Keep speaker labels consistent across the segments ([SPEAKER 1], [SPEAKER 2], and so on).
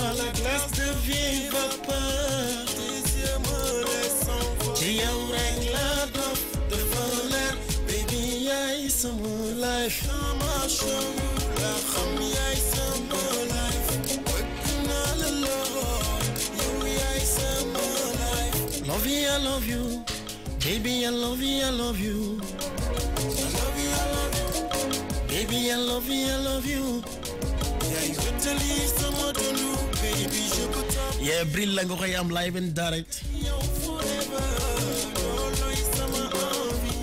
[SPEAKER 1] la glace vie, papa, tes yeux me de voler, baby, y'a life. la y'a life. you I love you. Baby, I love you, I love you. I love you, I love you. Baby, I love you, I love you. yee Bril la nga koy am live and direct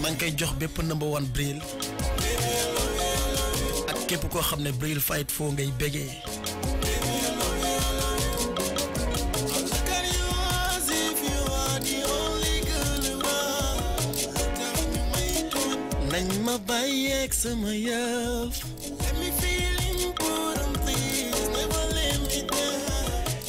[SPEAKER 1] maa ngi koy jox bépp number one Bril ak képp koo xam ne Bril fight foo ngay bégee nañ ma bàyyeeg sama yëf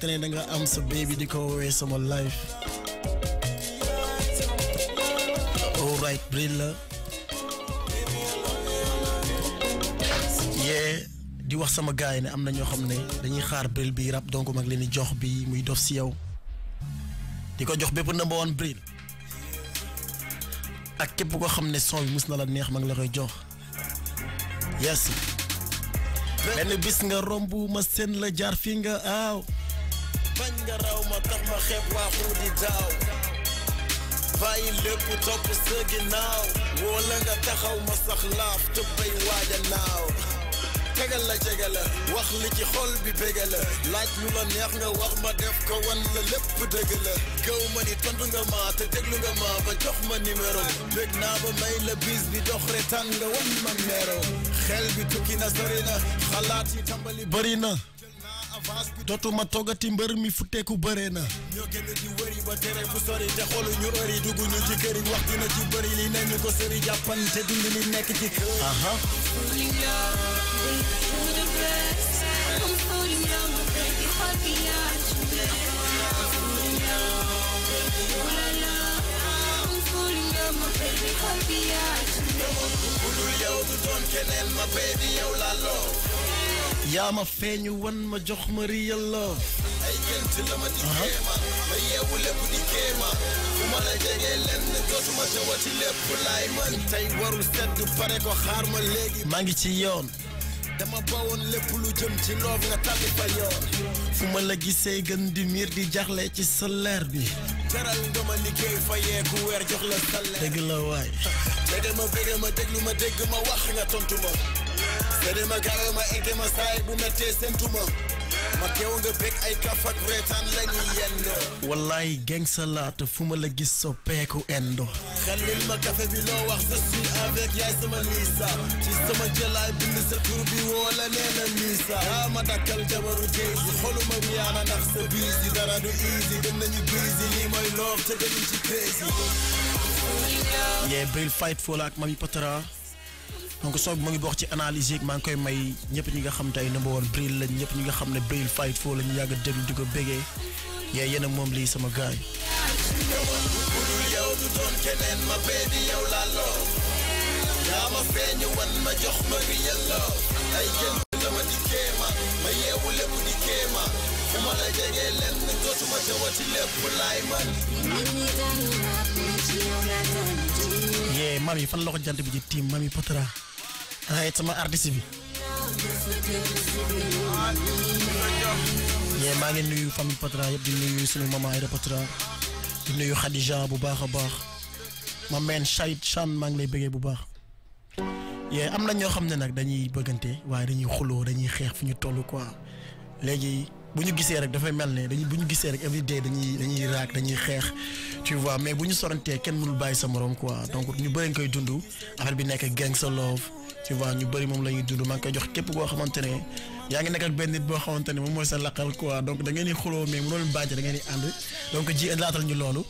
[SPEAKER 1] xamante ne da nga am sa baby di ko woowee sama life all right Bril la di wax sama gars ne am na ñoo xam ne dañuy xaar Bril bi rap donc mag leen di jox bi muy dof si yow di ko jox bépp number one Bril ak képp koo xam ne son bi mus na la neex mag la koy jox yes benn bis nga romb ma seen la jaar fi nga aaw bañ nga ma tax ma xeeb waaxu di daaw bàyyi topp sa ginnaaw wóola nga taxaw ma sax laaf te naaw tegal la jege wax li xol bi bége la laaj lu la neex nga wax ma def ko wan la lépp dëgg la gëw ma ni nga ma te déglu nga ma ba jox ma numéro bég naa ba may la bis bi dox retaan nga ma meero xel bi tukki na sori na xalaat yi tàmbali bëri na avance bi dootuma toggati mi futteeku bëree na ñoo génn di wëri ba tere fu sori te xolu ñu ëri dugg ñu ci këri wax dina ci bëri li nañu ko sori jàppante dund li nekk ci kër aha Baby, yow la yaa ma feeñu wan ma jox ma real love ay gént la ma di kéema ma yeewu lépp di ma la jegee lenn dootuma jawati lépp laay man tey warul sedd pare ko xaar ma léegi maa ngi ci yoon dama bawoon lépp lu jëm ci loof nga tàlli ba fu ma la gisee gën di miir di jaxle ci salaire bi jaral nga ma liggéey fayeeku weer jox la salaire dëgg la waay dégg ma bëgg ma déglu ma dégg ma wax nga tontu ma dégg ma garal ma egg ma saay bu mettee séntu ma wallaay geng sa laata fu ma la gis soppeeku endo xelil ma café bi loo wax je suis avec yaay sama Lisa ci sama jëlaay bind sa tur bi woo la nee na Lisa yaa ma dakkal jabaru jëy si xoluma Rihanna ndax sa biis yi dara du easy gën nañu biisi lii mooy loof te dañu ci crazy yeah Bril fight foo la ak Mami Patara donc soo mu ngi bokk ci analyse yeeg maa ngi koy may ñëpp ñi nga xam tey number one Bril lañ ñëpp ñi nga xam ne Bril fight foo la ñu yàgg a di ko bégee yee yéen moom lii sama gaay yee yi fan la ko jant bi di tiim mami Patara waaye sama artiste bi. yee maa ngi nuyu famille Patra yëpp di nuyu suñu maman Aïda di nuyu Khadija bu baax a baax ma meen Chait Chan maa ngi lay bëggee bu baax. yee am na ñoo xam ne nag dañuy bëggante waaye dañuy xuloo dañuy xeex fu ñu toll quoi léegi. bu ñu gisee rek dafay mel ne dañuy bu ñu gisee rek every day dañuy dañuy raak dañuy xeex tu vois mais bu ñu sorantee kenn mënul bàyyi sa morom quoi donc ñu bëri nga koy dund affaire bi nekk sa love tu vois ñu bëri moom la ñuy dund maa koy jox képp koo xamante ne yaa ngi nekk ak benn nit boo xamante ne moom mooy sa laqal quoi donc da ngeen di xuloo mais mënoo leen bàjj da ngeen ànd donc ji laatal ñu loolu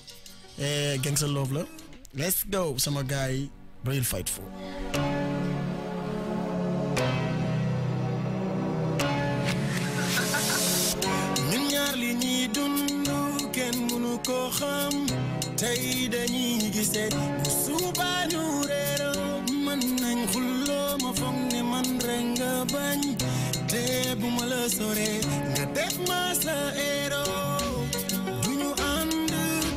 [SPEAKER 1] eh, sa love la let's go sama gars yi Bril Fight Foo dundu kenn mënu ko xam tey dañuy gise suba nu reeroo mën nañ xulloo ma foog ne man rek nga bañ te bu ma la sore nga def ma sa duñu ànd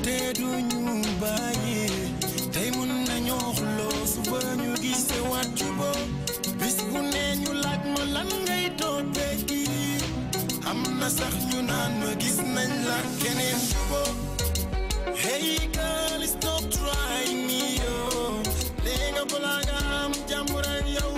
[SPEAKER 1] te duñu bàyyi na sax ñu naan ma gis nañ la keneen jubóo hey girl stop trying me yo nee nga nga am jàmbur ak yow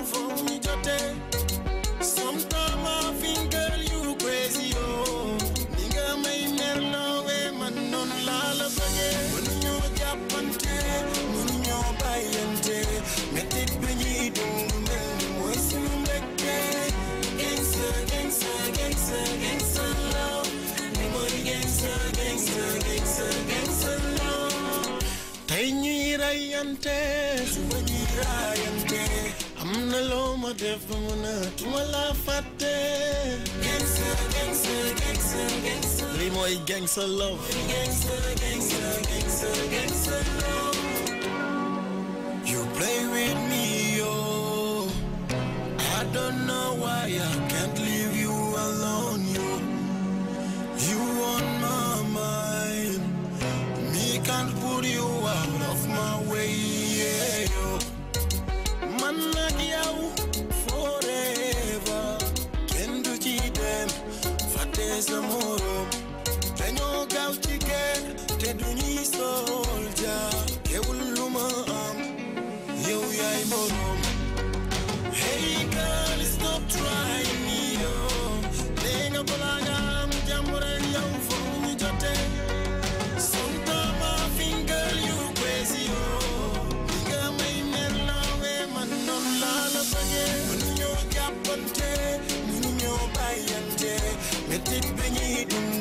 [SPEAKER 1] ante simanirayante amna lo ma def muna tuma la fatte gangsta gangsta gangsta gangsta love gangsta gangsta love you play with me oh i don't know why i can't leave you alone you you on my mind can't put you out of my way. Yeah, yo. Man, I forever. Can do them for days tomorrow. Then you go chicken, they do need soldier. Yo, Hey, girl, stop trying me, yo. They no yante, mini nyoba yante, metit benyi dum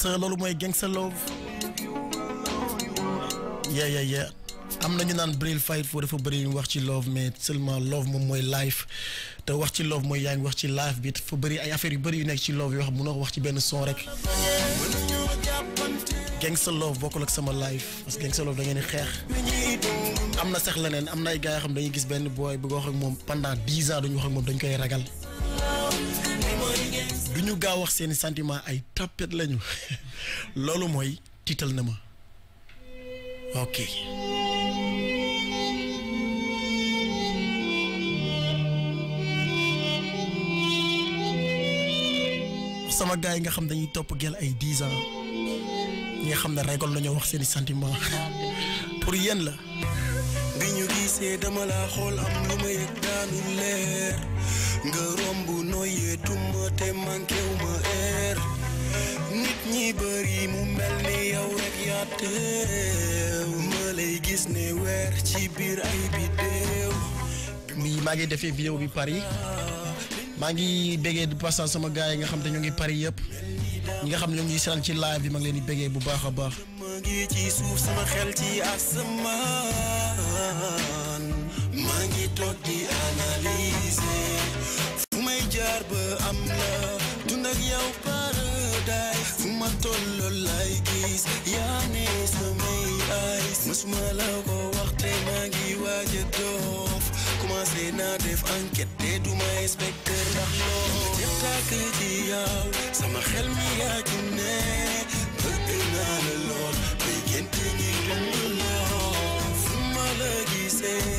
[SPEAKER 1] sa loolu mooy gangster love yeah yeah yeah am na ñu naan Bril Fight foo dafa bëri ñu wax ci love mais seulement love moom mooy life te wax ci love mooy yaa ngi wax ci life bi dafa bari ay affaire yu bari yu nekk ci love yoo xam mënoo wax ci benn son rek gangster love bokkul ak sama life parce que gangster love da ngeen di xeex am na sax leneen am na ay gars yoo xam dañuy gis benn booy bëgg wax moom pendant dix ans duñu wax ak moom dañ koy ragal. ñu gaaw wax seeni sentiment ay tappet lañu loolu mooy tiital na ma ok sama yi nga xam dañuy topp gel ay dix ans nga xam ne récolte la wax seeni sentiment pour yéen la bi ñu gisee dama laa xool am lu yëg daanu leer ngerombu noye noyee duma te mankew nit ñi bari mu mel ni yow rek yaa teew ma lay gis ne wer ci biir ay mi magi ngi vidéo bi Paris magi ngi bégee di sama gars yi nga xam te ñu ngi Paris yëpp ñi nga xam ñu ngi ñuy ci live bi ma ngi leen di bégee bu baax a baax. maa ngi toog di analyser fu may jaar ba am la dund ak yow paradise fu ma tollo lay gis yaa ne samay ay mësuma la ko waxte maa ngi waaj a doof commencé naa def enquête te du ma inspecteur ndax loo def tàkk ci yow sama xel mi yaa ci ne bëgg naa la lool bay gént ni dund
[SPEAKER 2] loo fu ma la gisee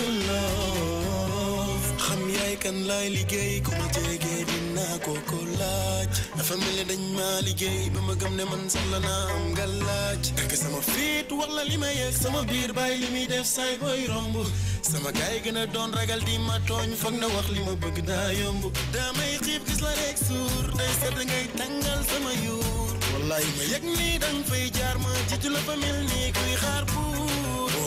[SPEAKER 1] kan laay liggéey ku ma jege dinaa ko ko a dafa mel ne dañ ma liggéey ba ma gëm ne man sax la naa am nga laaj dagg li ma yëg sama biir bàyyi li def saay booy romb sama gaay gën a doon ragal di ma tooñ foog wax li ma bëgg daa yomb damay xiib gis rek suur day sedd ngay tàngal sama yuur wallaay ma yëg nii danga fay jaar ma jiitu la fa mel kuy xaar buur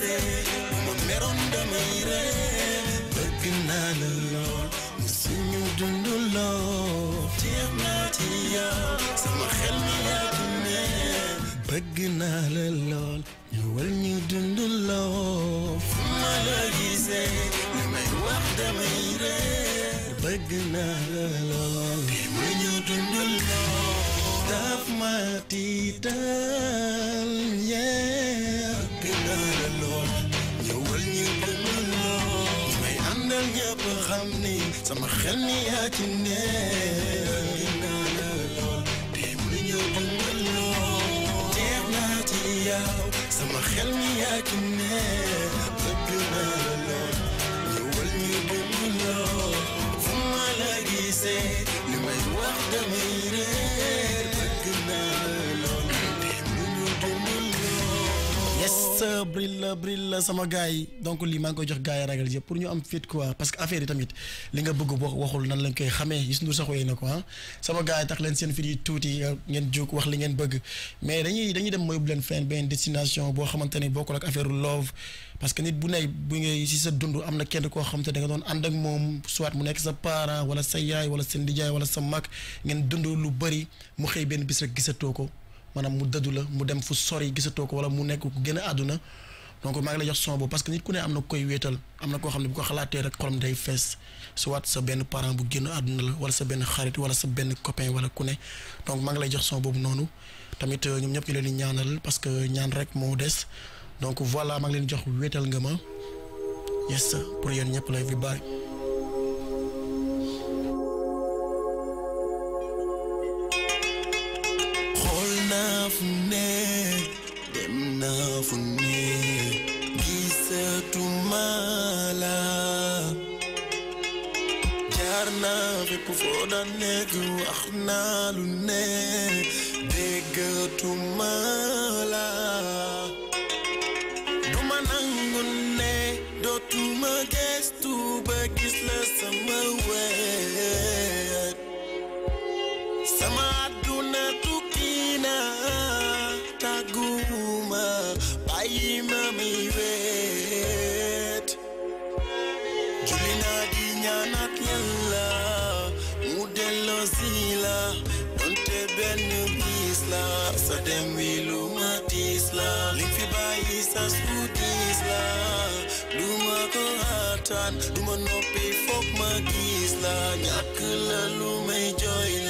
[SPEAKER 2] gisee ma meroon damay ree
[SPEAKER 1] bëgg naa la lool mu suñu dund lool jeex naa ci yow sama xel mi yaa ci neex bëgg naa la lool ñëwal ñu dund lool fu ma
[SPEAKER 2] la gisee li may wax damay
[SPEAKER 1] ree bëgg naa la lool ma ñu dund lool daf ma tiital yee تما خليك سما خلني يا كنان ضبنا اللون يولني بالله ثم لاقي سيد لما الوحدة ميرين sa brille brille sama gars yi donc lii maa ngi koy jox gars yi ragal yëpp pour ñu am fit quoi parce que affaire yi tamit li nga bëgg boo waxul nan lañ koy xamee gis ndur sax wéy ne ko ah. sama gars yi tax leen seen fit yi tuuti ah, ngeen jóg wax li ngeen bëgg mais dañuy dañuy dem mooy bu leen fenn benn destination boo xamante ne bokkul ak affaire love parce que nit bu ne bu ngay si sa dund am na kenn koo xam te danga doon ànd ak moom soit mu nekk sa parent wala sa yaay wala sa ndijaay wala sa mag ngeen dund lu bëri mu xëy benn bis rek gisatoo ko maanaam mu dëddu la mu dem fu sori gisatoo ko wala mu nekk ku gën àdduna donc maa ngi lay jox son boobu parce que nit ku ne am na koy wéetal am na koo xam ne bu ko xalaatee rek xolam day fees soit sa benn parent bu génn àdduna la wala sa benn xarit wala sa benn copain wala ku ne donc maa ngi lay jox son boobu noonu tamit euh, ñoom ñëpp ñu leen di ñaanal parce que ñaan rek moo des donc voilà maa ngi leen jox wéetal nga ma yes pour yéen ñëpp la everybody naa fu ne dem naa fu ne gisatuma la jaar naa fépp foo daan nekk wax naa lu ne déggatuma la sa dem wi lu ma la li fi bàyyi sa su tiis la du ma ko du ma noppi foog ma gis la ñàkk la lu may jooy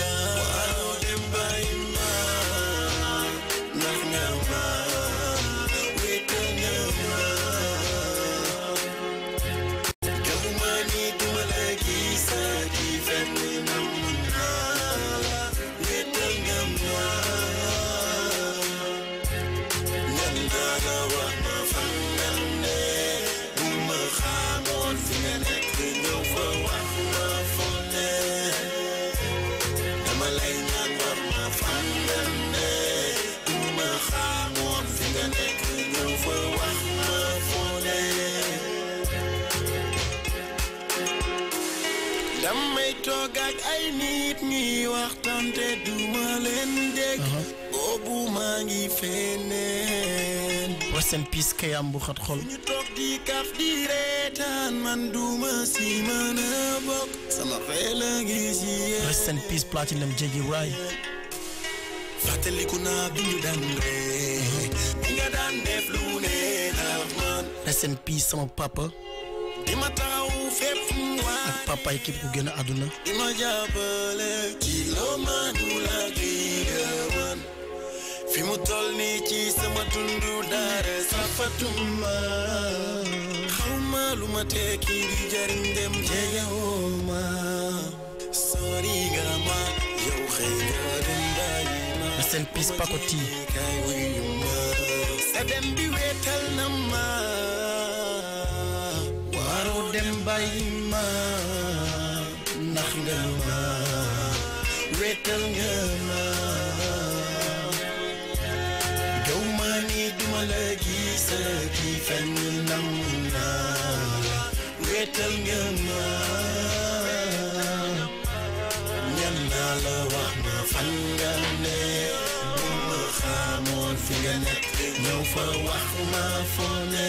[SPEAKER 1] wante duma leen dégg uh-huh. boobu maa ngi feneen wasen piis kayam bu xat xol ñu toog di kaf di reetaan man duma si mën a bokk sama xel a ngi si yéen wasen piis platinum jéggi raay fàttaliku naa bi ñu ree bi nga daan def lu ne daf man wasen piis sama papa di ma taxaw papaay képp ku génn àdduna fi mu toll nii ci sama dundu daara safatuma xaw ma lu ma tekki di jariñ dem jegewoo ma sori nga ma yow xëy nga dem ma seen pis pakoti kay bi weetal na ma waroo dem bàyyi kalngama gaumani dumalagi saki fannin namuna wetal ngama ñanna la wax ma fan nga ne bu ma xamoon fi nga nekk ñëw fa wax ma fo ne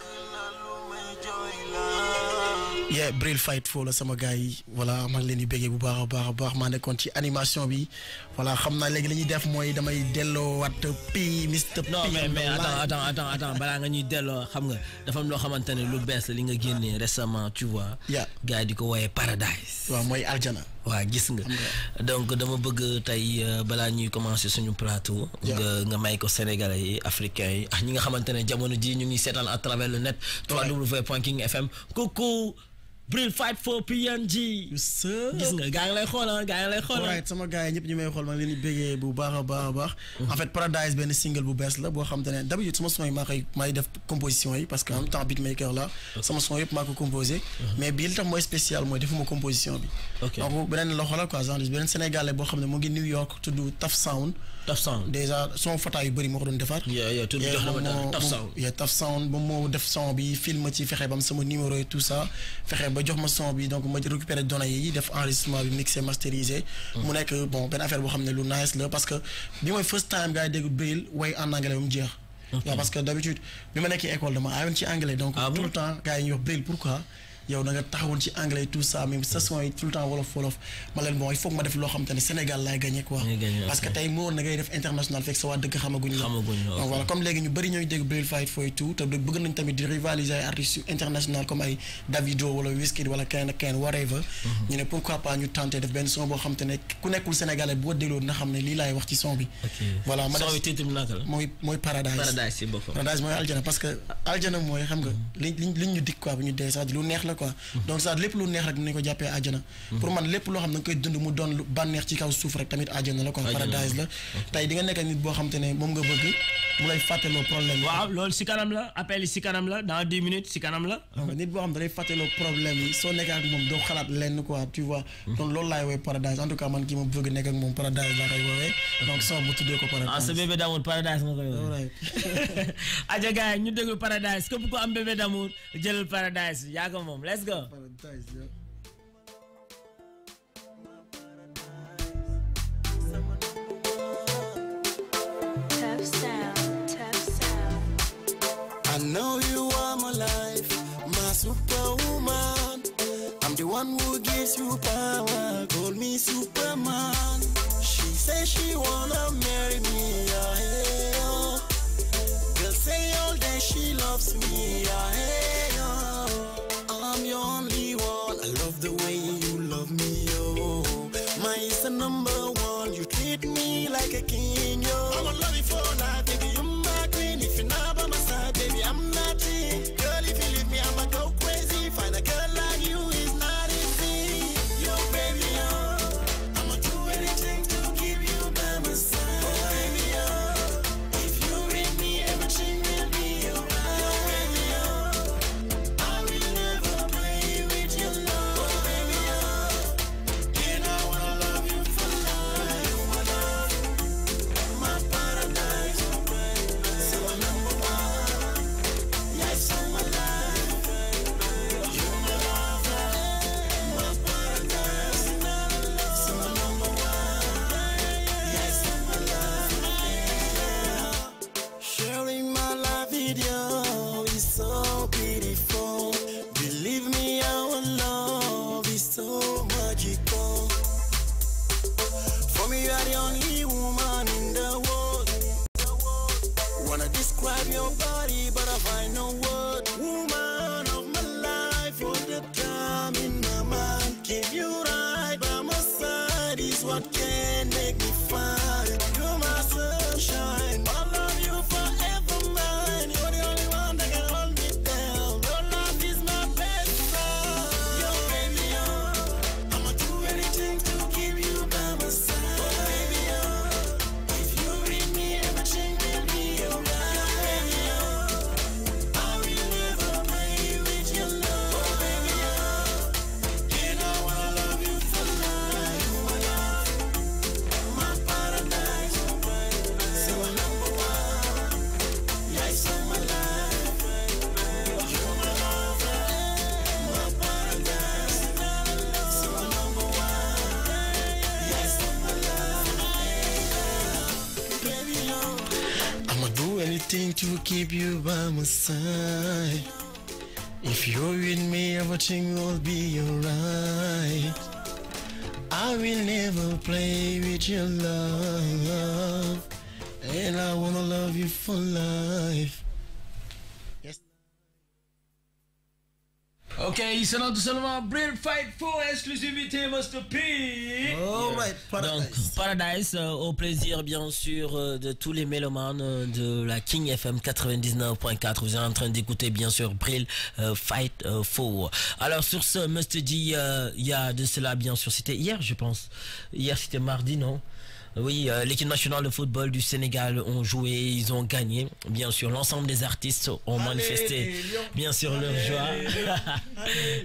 [SPEAKER 1] yeah Bril Fight foo la sama gars yi voilà maa ngi leen di béggee bu baax a baax a baax maa nekkoon ci animation bi voilà xam naa léegi li ñuy def mooy damay delloowaat P Mr P. non mais mais
[SPEAKER 3] balaa nga ñuy delloo xam nga dafa am loo xamante ne lu bees li nga génnee récemment tu vois. ya gars yi di ko wooyee Paradise. waaw mooy aljana. waaw gis nga donc dama bëgg tey euh, balaa ñuy commencer suñu plateau. nga nga may ko Sénégalais yi africains yi ah ñi nga xamante ne ji ñu ngi seetaan à travers Bril fight
[SPEAKER 1] for PNG. gis nga gaa ngi lay xool ah, lay xool. waaye sama gars yi ñëpp ñu may xool maa ngi leen bu baax a baax a baax. en fait Paradise benn single bu bees la boo xam te ne d'habitude sama son yi maa koy maay def composition yi parce que en même temps beatmaker la. sama son yëpp maa ko mais bii li tax mooy spécial mooy defuma composition bi. beneen loxo la beneen sénégalais boo xam ne mu ngi New York tudd Taf Sound. Tafsan déjà son fataa yu bëri moo ko doon defar. yaa tur bi jox na ma son bi film ci fexe ba sama numéro et tout ça fexe ba jox ma son bi donc ma récupéré données yi def enregistrement bi mixé masterisé. Mm. mu nekk bon benn affaire boo xam ne lu nice la parce que bi mooy first time gars dégg Bril way en anglais ba mu jeex. waaw parce que d'habitude bi ma nekkee école dama ayoon ci anglais. donc ah tout le temps gars yi ñuy pourquoi. yow da nga taxawoon ci anglais tout ça mais ça yi tout le temps wolof wolof ma leen bon il faut que ma def lo xam tane Sénégal lay gagner quoi. parce que tay mo na ngay def international fek sa wa dëkk xamaguñ la. donc voilà comme légui ñu bari ñoy dégg Bril Fight for tout te bëgg nañ tamit di rivaliser ay artistes international comme ay Davido wala whiskey wala kenn Ken whatever. Mhm. ñu ne pourquoi pas ñu tenter def ben son bo xam tane ku nekkul Sénégalais boo dégloo dina xam ne li lay wax ci son bi.
[SPEAKER 3] voilà ma son bi titre
[SPEAKER 1] Paradise. Paradise
[SPEAKER 3] si boppam Paradise mooy aljana parce
[SPEAKER 1] que aljana mooy xam nga li mhm. li ñu dikk quoi bu ñu dee sax lu neex la quoi donc ça lépp lu neex rek dinañ ko jàppee àjjana pour man loolu laay woowee paradise en tout cas man kii ma bëgg nekk moom paradise laa koy woowee donc ah,
[SPEAKER 3] ñu déglu paradise képp ku am bébé d'amour jëlal paradise yaa ko moom Let's go.
[SPEAKER 1] I know you are my life, my superwoman. I'm the one who gives you power, call me Superman. She says she wanna marry me, yeah, hey, oh. Girl say all day she loves me, yeah, hey, oh only one. I love the way you love me, yo. Oh. My is the number one. You treat me like a king, yo. I'm a love for If you're with me, everything will be alright. I will never play with your love, and I wanna love you for life. ici non tout seulement Brain Fight
[SPEAKER 3] 4 exclusivité Master P. Paradise. Paradise euh, au plaisir bien sûr euh, de tous les mélomanes euh, de la King FM 99.4. Vous êtes en train d'écouter bien sûr Brain Fight 4. Alors sur ce Mr. D, il y a de cela bien sûr c'était hier je pense. Hier c'était mardi non? Oui, euh, l'équipe nationale de football du Sénégal ont joué, ils ont gagné. Bien sûr, l'ensemble des artistes ont manifesté, bien sûr, leur joie.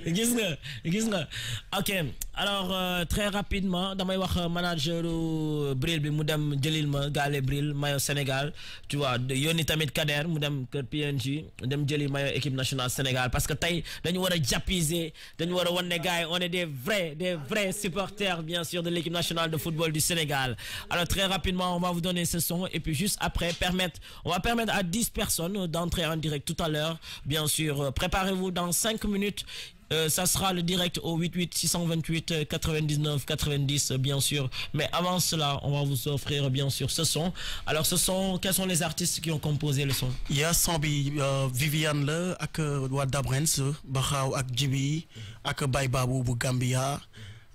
[SPEAKER 3] que... ok, alors euh, très rapidement damay wax euh, manager Bril bi mu dem jëlil ma gaale Bril Mayo Sénégal tu vois Yoni tamit Kader mu dem kër PNG dem jëli Mayo équipe nationale Sénégal parce que tey dañu war a dañu war gars on est des vrais des vrais supporters bien sûr de l'équipe nationale de football du Sénégal alors très rapidement on va vous donner ce son et puis juste après permettre on va permettre à 10 personnes d'entrer en direct tout à l'heure bien sûr euh, préparez-vous dans 5 minutes euh, ça sera le direct au 88 628 99 90 bien sûr mais avant cela on va vous offrir euh, bien sûr ce son alors ce son quels sont les artistes qui ont composé le son
[SPEAKER 1] il y a son euh, Viviane le ak waa Dabrens ak Jibi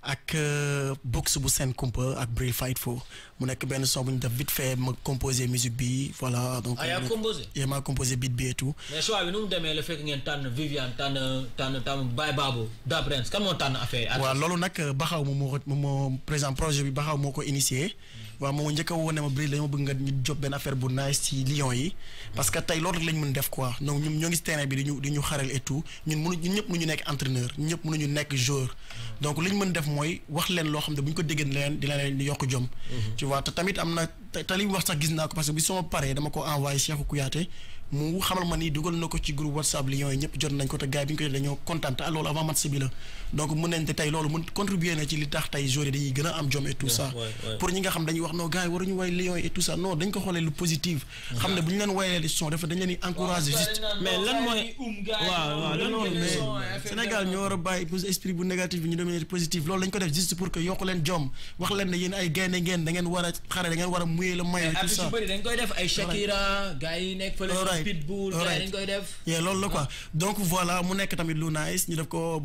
[SPEAKER 1] ak euh, box bu seen kumpa ak Bril Fight foo mu nekk benn son bu ñu def vite fait ma composé musique bi voilà. donc ah yaa euh, composé bi et tout.
[SPEAKER 3] mais bi nu mu demee la fekk ngeen tànn Viviane tànn tànn tànn Baye baabo Da Prince kan moo tànn affaire yi. waaw loolu
[SPEAKER 1] nag Baxaw moom moo moom moo présent projet bi Baxaw moo ko initié. waaw moom njëkk a woo ne ma Bril dañoo bëgg nga ñu job benn affaire bu nice ci Lions yi parce que tey loolu rek lañ def quoi donc ñu nekk entraîneur tamit am na te wax sax gis naa ko parce que bi sama paree dama ko envoyé Cheikhou Kouyaté mu xamal ma ni dugal na ko ci groupe WhatsApp Lions yi ñëpp jot nañ ko te gars bi ñu ko jot dañoo kontaan te loolu avant match bi la donc mën nañ te tey loolu mën contribuer na ci li tax tey joueurs yi dañuy gën a am jom et tout ça pour ñi nga xam dañuy wax non gars yi waruñu waay Lions et tout ça non dañ ko xoolee lu positif xam ne bu ñu leen wayalee li son dafa dañ leen di encourager juste mais Sénégal ñoo war a bàyyi esprit bu négatif bi ñu demee positif loolu dañ ko def juste pour que yokk leen jom wax leen ne yéen ay gaynde ngeen da war a xare da war a muyee la maye tout ça dañ koy def ay Shakira
[SPEAKER 3] koy def
[SPEAKER 1] loolu la quoi donc voilà mu nekk tamit lu nice ñu def ko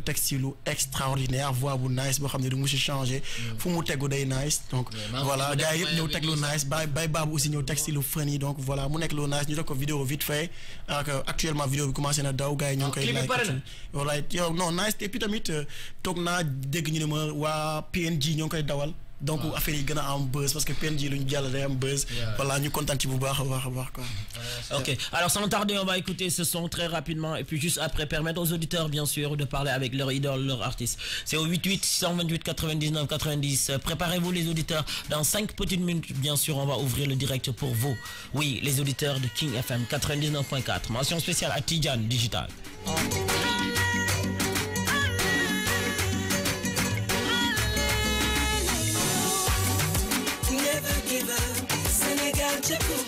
[SPEAKER 1] ñëw extraordinaire voix vous nice bo changé mm. fu mu day nice donc voilà gars yi yëpp nice bay bay babu aussi si donc voilà mu éclat nice ñu rek ko vidéo vite fait alors que actuellement vidéo bi commencé na daw gars koy ah, like voilà non nice et puis tamit euh, toog naa dégg ñu PNG ñoo koy dawal donc ah. affaire yi fait buzz parce que PNJ lui ñu buzz. voilà ñu kontaan ci bu baax baax baax quoi. Mm-hmm. ok alors sans
[SPEAKER 3] tarder on va écouter ce son très rapidement et puis juste après permettre aux auditeurs bien sûr de parler avec leur idole leur artiste c'est au 88 128 99 90 préparez-vous les auditeurs dans cinq petites minutes bien sûr on va ouvrir le direct pour vous oui les auditeurs de King FM 99.4 mention spéciale à Tidian Digital.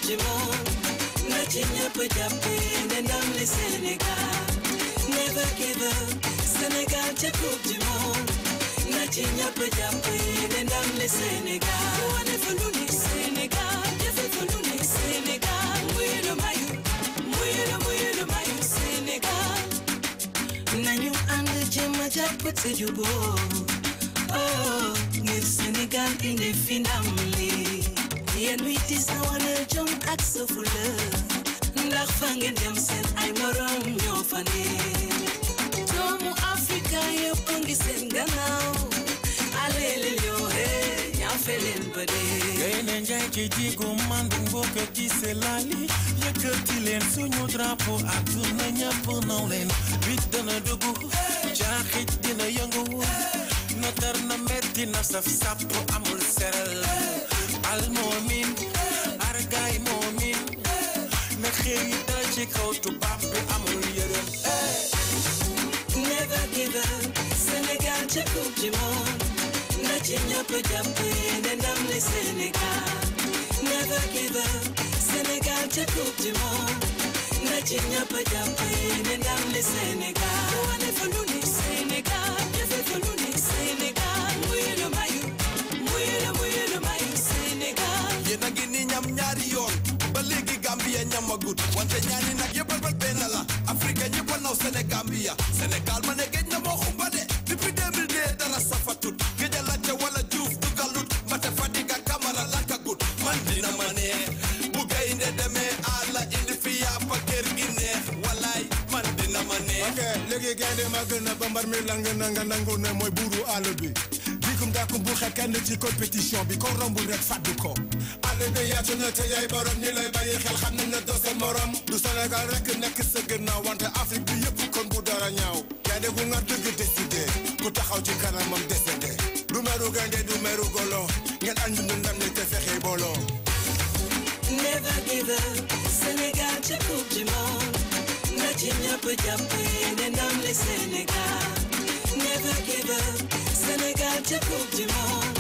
[SPEAKER 2] judgment. Nothing you put up in and only Senegal. Never give up, Senegal to prove the moon. Nothing you put up in and only Senegal. Wonderful Luni Senegal, different Luni Senegal. Muyo Mayu, Muyo Muyo Mayu Senegal. Nanyu and the Jimaja puts it you go. Oh, give Senegal in the finale. yéen wi tiis na wane jom ak sa ndax fa ngeen seen ay morom ñoo fa ne doomu Afrika yëpp ngi seen gannaaw alele yoo hee ñaa fe leen ba dee
[SPEAKER 4] gaynde njaay ci jigo man du mbokk selali yëkkati leen suñu drapeau àdduna ñëpp naw leen bit dana dugg jaaxit dina yëngu na tar metti na saf sàpp amul seral
[SPEAKER 2] Never give up, Senegal Jacob Jimon. Nothing jump in and i Senegal. Never give up, Senegal Jacob Jimon. Nothing jump in and i Senegal. One if Senegal, Senegal, we're my yee ñamagut wante ñaani nag
[SPEAKER 4] yëppal ba benn la Afrique ñëpp a naw Sénégambia Sénégal ma ne géej na moo xumba de depuis dara safatut géej a laajte wala juuf dugalut mbate fadiga kamara
[SPEAKER 2] lakkagut man dina ma neex bu gaynde demee àlla indi fi yàpp kër
[SPEAKER 1] gi neex walaay man dina ma neex ok léegi gaynde màgg na ba mbar mi lang na nga nangu ne mooy buuru àll bi dikum daakum bu xekkandi ci compétition bi ko rombul rek fàddu ko xale bi yaatu na te yaay borom ñi lay bàyyi xel bu dara ñaaw gaynde gu nga
[SPEAKER 2] booloo Never give up Sénégal ca coupe du monde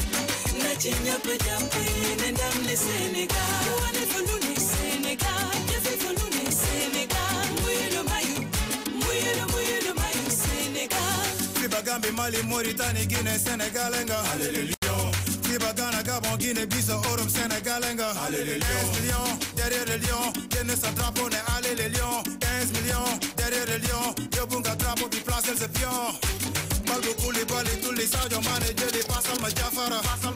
[SPEAKER 2] Catching up and I'm Senegal. You want it for Lunis, Senegal. You feel for Lunis, Senegal.
[SPEAKER 1] Kibagambi, Mali, Sénégal, Kibagana, Gabon, Guinea, Bissau, Orum, Sénégal, Enga. Alléluia. millions, derrière le lion. Guinée, sa drapeau, ne est 15 millions, derrière le lion. Yobunga, drapeau, puis place, elle se pion. Malgo, Koulibaly, tous les sages, on manage, les passes, Jafara. Passal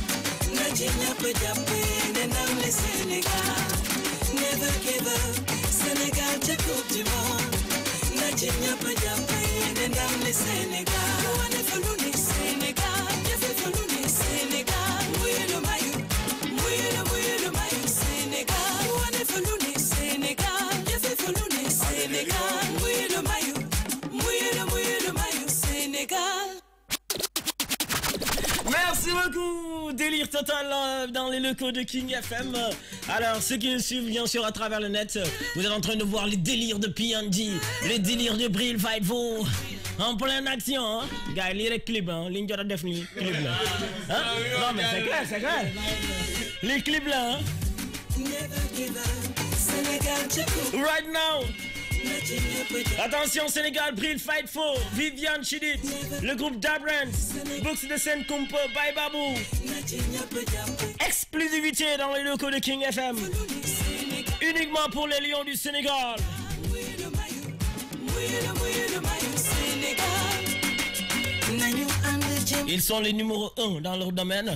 [SPEAKER 2] Virginia put up in and only Senegal. Never give up, Senegal to Coupe du Monde. Virginia put up in and only Senegal. Wonderful, Senegal. Merci beaucoup Délire total euh,
[SPEAKER 3] dans les locaux de King FM. Alors, ceux qui nous suivent, bien sûr, à travers le net, vous êtes en train de voir les délires de PNG, les délires de Bril Fight En pleine action, hein. Gars, les clips, hein. de Defni, là. Hein? Non, mais c'est clair, c'est clair. Les clips là, hein. Right now. Attention Sénégal, Bril Fight for Viviane Chidit, le groupe Dabrance, box de scène Kumpo, Bye Babou. Exclusivité dans les locaux de King FM. Uniquement pour les Lions du Sénégal. Ils sont les numéros 1 dans leur domaine.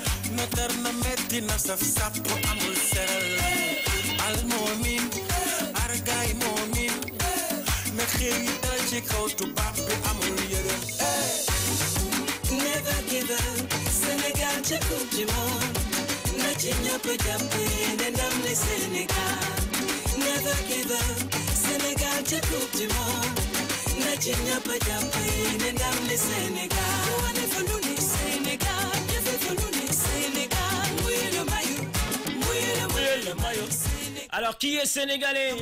[SPEAKER 4] eternamente na amul serel al momin momin ci kaw amul
[SPEAKER 2] never give up Sénégal ci coupe du na ci ndam Sénégal never give up Sénégal ci coupe du na ci ndam Sénégal
[SPEAKER 3] Alors, qui est sénégalais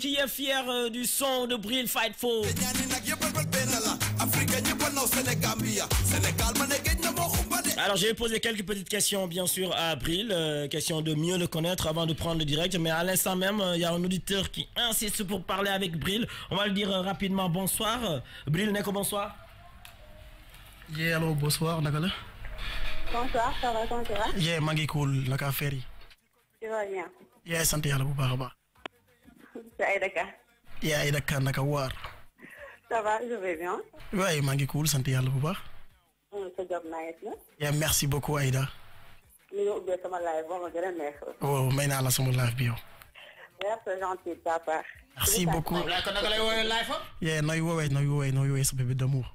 [SPEAKER 3] Qui est fier euh, du son de Bril Fight For alors j'ai posé quelques petites questions bien sûr à Brille. Euh, question de mieux le connaître avant de prendre le direct, mais à l'instant même, euh, il y a un auditeur qui insiste pour parler avec Bril. On va le dire rapidement bonsoir. Bril Neko, bonsoir.
[SPEAKER 1] Yeah, bonsoir,
[SPEAKER 5] Bonsoir, ça va, comment ça va Yeah,
[SPEAKER 1] Mangi Cool, la
[SPEAKER 5] yaay
[SPEAKER 1] sant yàlla bu baax a baax. yaay Dakar naka waar.
[SPEAKER 5] ça va je vais bien.
[SPEAKER 1] waaye maa ngi cool sant yàlla bu baax.
[SPEAKER 5] sa job nice na.
[SPEAKER 1] Yeah, merci beaucoup Aïda.
[SPEAKER 5] li nga ubbee sama live ba ma gën a neex.
[SPEAKER 1] waaw may naa la sama live bi yow.
[SPEAKER 5] merci gentil papa. merci beaucoup.
[SPEAKER 1] Yeah, noy woowee noy woowee noy woowee sa bébé d'amour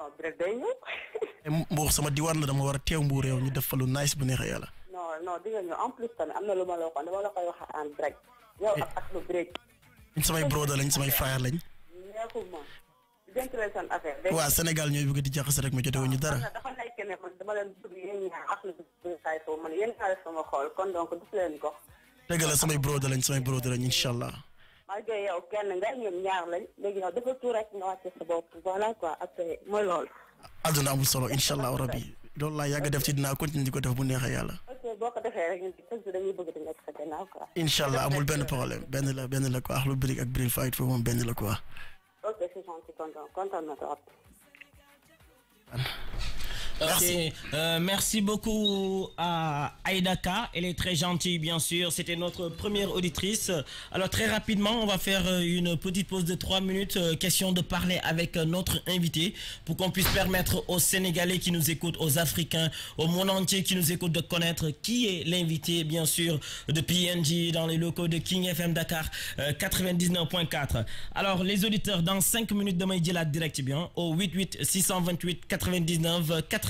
[SPEAKER 1] non Bref day ñëw. sama diwaan la dama war a teew Mbour yow ñu def fa lu nice bu neexee yàlla.
[SPEAKER 5] non non di nga en plus tamit am na lu ma la waxoon dama la koy wax
[SPEAKER 1] eh. lañ samay frère lañ.
[SPEAKER 5] neexuma. jëndalee
[SPEAKER 1] ñooy bëgg di jaxase rek ma jote wuñu dara.
[SPEAKER 5] dafa nekk ne leen xool kon donc ko. la
[SPEAKER 1] samay broda lañ samay broda lañ incha
[SPEAKER 5] rajo yow kenn nga ñoom ñaar lañ léegi yow dafa tuur rek nga wàcce sa bopp voilà après mooy loolu.
[SPEAKER 1] àdduna amul solo incha allahu rabi loolu laa yàgg def ci dinaa continuer di ko def bu neexee yàlla.
[SPEAKER 5] ok amul benn problème
[SPEAKER 1] benn la benn la quoi Akhlou Brick ak Bril Fight foofu moom benn la quoi.
[SPEAKER 5] Merci.
[SPEAKER 3] Euh, merci beaucoup à Aïdaka. Elle est très gentille, bien sûr. C'était notre première auditrice. Alors, très rapidement, on va faire euh, une petite pause de 3 minutes. Euh, question de parler avec notre invité pour qu'on puisse permettre aux Sénégalais qui nous écoutent, aux Africains, au monde entier qui nous écoutent de connaître qui est l'invité, bien sûr, de PNG dans les locaux de King FM Dakar 99.4. Alors, les auditeurs, dans 5 minutes de la Direct, eh bien, au 88 628 99 80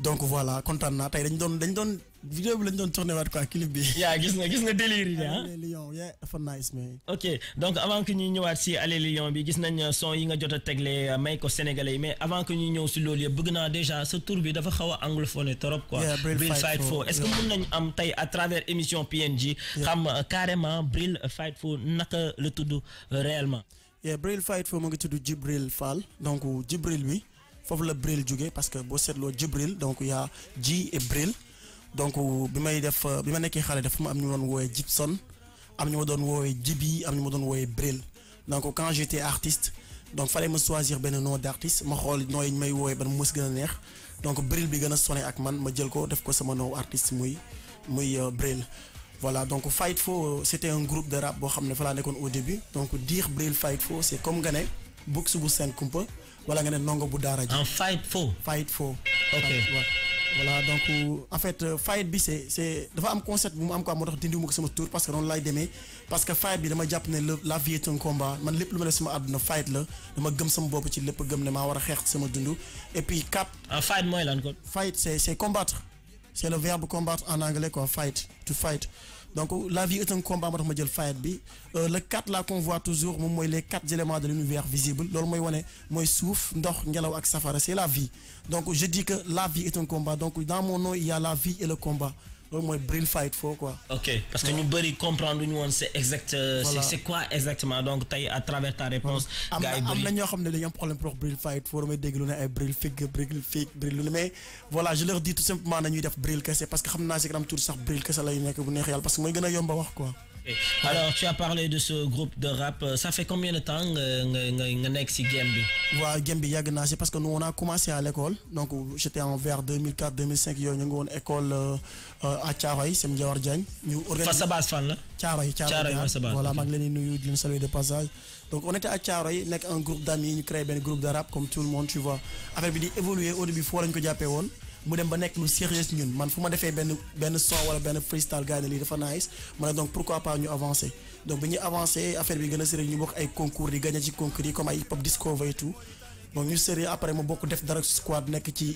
[SPEAKER 1] donc voilà content naa tey dañ doon dañ doon vidéo bi lañ doon tourner wat quoi clip bi. ya gis nga gis nga délire yi ah. Lion yeah dafa nice mais.
[SPEAKER 3] ok donc avant que ñu ñëwaat ci Allez Lion bi gis nañ son yi nga jot a tegle euh, may ko sénégalais mais avant que ñu ñëw ci loolu yëpp bëgg déjà ce tour bi dafa xawa anglophone trop quoi. Fight for. est-ce que mën nañ am tay à travers émission PNG, xam euh, carrément fight for naka le tudd euh, réellement.
[SPEAKER 1] yeah fight for mo ngi tudd Jibril Fall donc Jibril bi fof le Bril jugé parce que boo seetloo Jibril donc il y a J et Bril donc bi may def bi ma nekkee xale dafa ma am ñu won doon woowee am ñu ma doon woowee Jibi am ñu ma doon Bril donc quand j'étais artiste donc fallait me choisir benn nom d'artiste ma xol no ñu may ben ban mës gën neex donc Bril bi gëna a ak man ma jël ko def ko sama nom artiste muy muy euh, Bril voilà donc fight Fo, euh, c'était un groupe de rap boo xam ne fa laa au début donc dire Bril Fo, c'est comme nga ne bokk bu seen kumpa wala nga nongo bu dara ji. en fight for fight for ok voilà donc en fait euh, fight bi c'est c'est dafa am concept bu mu am quoi moo tax dindiwuma ko sama tour parce que non lay démé parce que fight bi dama japp né la vie est un combat man lepp lu ma def sama aduna fight la dama gëm sama bopp ci lepp gëm né ma wara a sama dundu et puis cap. en ah, fight mooy lan ko. fight c'est c'est combattre c'est le verbe combattre en anglais quoi fight to fight donc la vie est un combat moo tax ma jël euh, le 4 la qu'on voit toujours moi les 4 éléments de l'univers visible safara c'est la vie donc je dis que la vie est un combat donc dans mon nom il y a la vie et le combat loolu mooy Bril Fight Fo quoi.
[SPEAKER 3] ok parce que ñu bëri comprendre lu ñu woon c'est exact. Euh, c'est quoi exactement donc tey à travers ta réponse. gars yi bëri am ñoo xam
[SPEAKER 1] dañu am problème pour wax Fight Fo mais dégg lu ne ay Bril Fig Bril Fig Bril lu mais voilà je leur dis tout simplement nañuy def Bril kese parce que xam naa si kanam tuuti sax Bril kese lay nekk bu neex yàlla parce que mooy gën a yomb a wax quoi.
[SPEAKER 3] Alors, tu as parlé de ce groupe de rap. Euh, ça fait combien de temps que tu es ici,
[SPEAKER 1] Ouais, Gembi, c'est parce que nous, on a commencé à l'école. Donc, j'étais en vers 2004-2005. Nous avons une école euh, euh, à Tcharoy, c'est Mdiawar Tu Face à base, fan, là Tcharoy, Tcharoy. Voilà, Magdalene, nous avons salué de passage. Donc, on était à Tcharoy, avec un groupe d'amis. Nous créons un groupe de rap, comme tout le monde, tu vois. Avec évoluer au début, il faut que rap, mu dem ba nekk lu sérieux ñun man fu ma freestyle nice donc pourquoi pas avancer donc bi avancer affaire bi concours concours comme hip hop discover et tout donc ñu après squad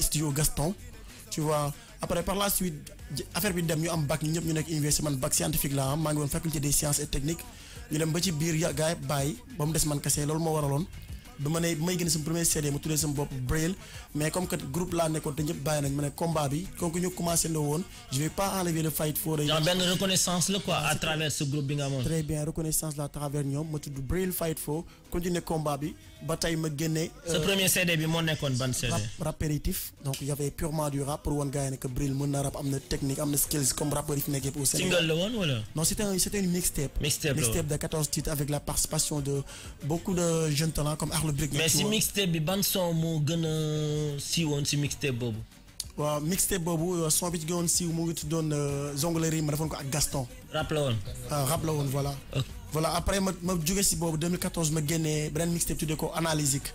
[SPEAKER 1] studio Gaston tu vois après par la suite affaire bi dem ñu bac la faculté des sciences et techniques ñu dem ba ci biir gars bi ne may génn sama premier CD ma tuddee sama bopp Braille mais comme que groupe laa nekkoon te ñëpp bàyyi nañ ma ne combat bi kooku ñu commencé le woon je vais pas enlever le fight for. genre benn reconnaissance la quoi à travers ce groupe bi nga amoon. très bien reconnaissance la à travers ñoom ma tudd Braille fight for continuer combat bi ba ma génne. sa euh, premier
[SPEAKER 3] CD bi moo nekkoon
[SPEAKER 1] ban CD. rappéritif donc il y avait purement du rap pour woon gars yi que Bril mën rap am technique am skills comme rappeur yi fi nekk au single le voilà. non c'était c'était un une mixtape. mixtape mixtape de 14 titres avec la participation de beaucoup de jeunes talents comme Arlo Brick. mais si mixtape bi ban son moo gën si on si mixtape bob. Wa mixtape on euh, son bit ci si siiw mu ngi tuddoon euh, Zonglerie ma defoon ko Gaston. rap la woon. Ah, rap le one voilà voilà après ma ma jóge si boobu 2014 ma génnee benen mixtape tuddee ko Analysique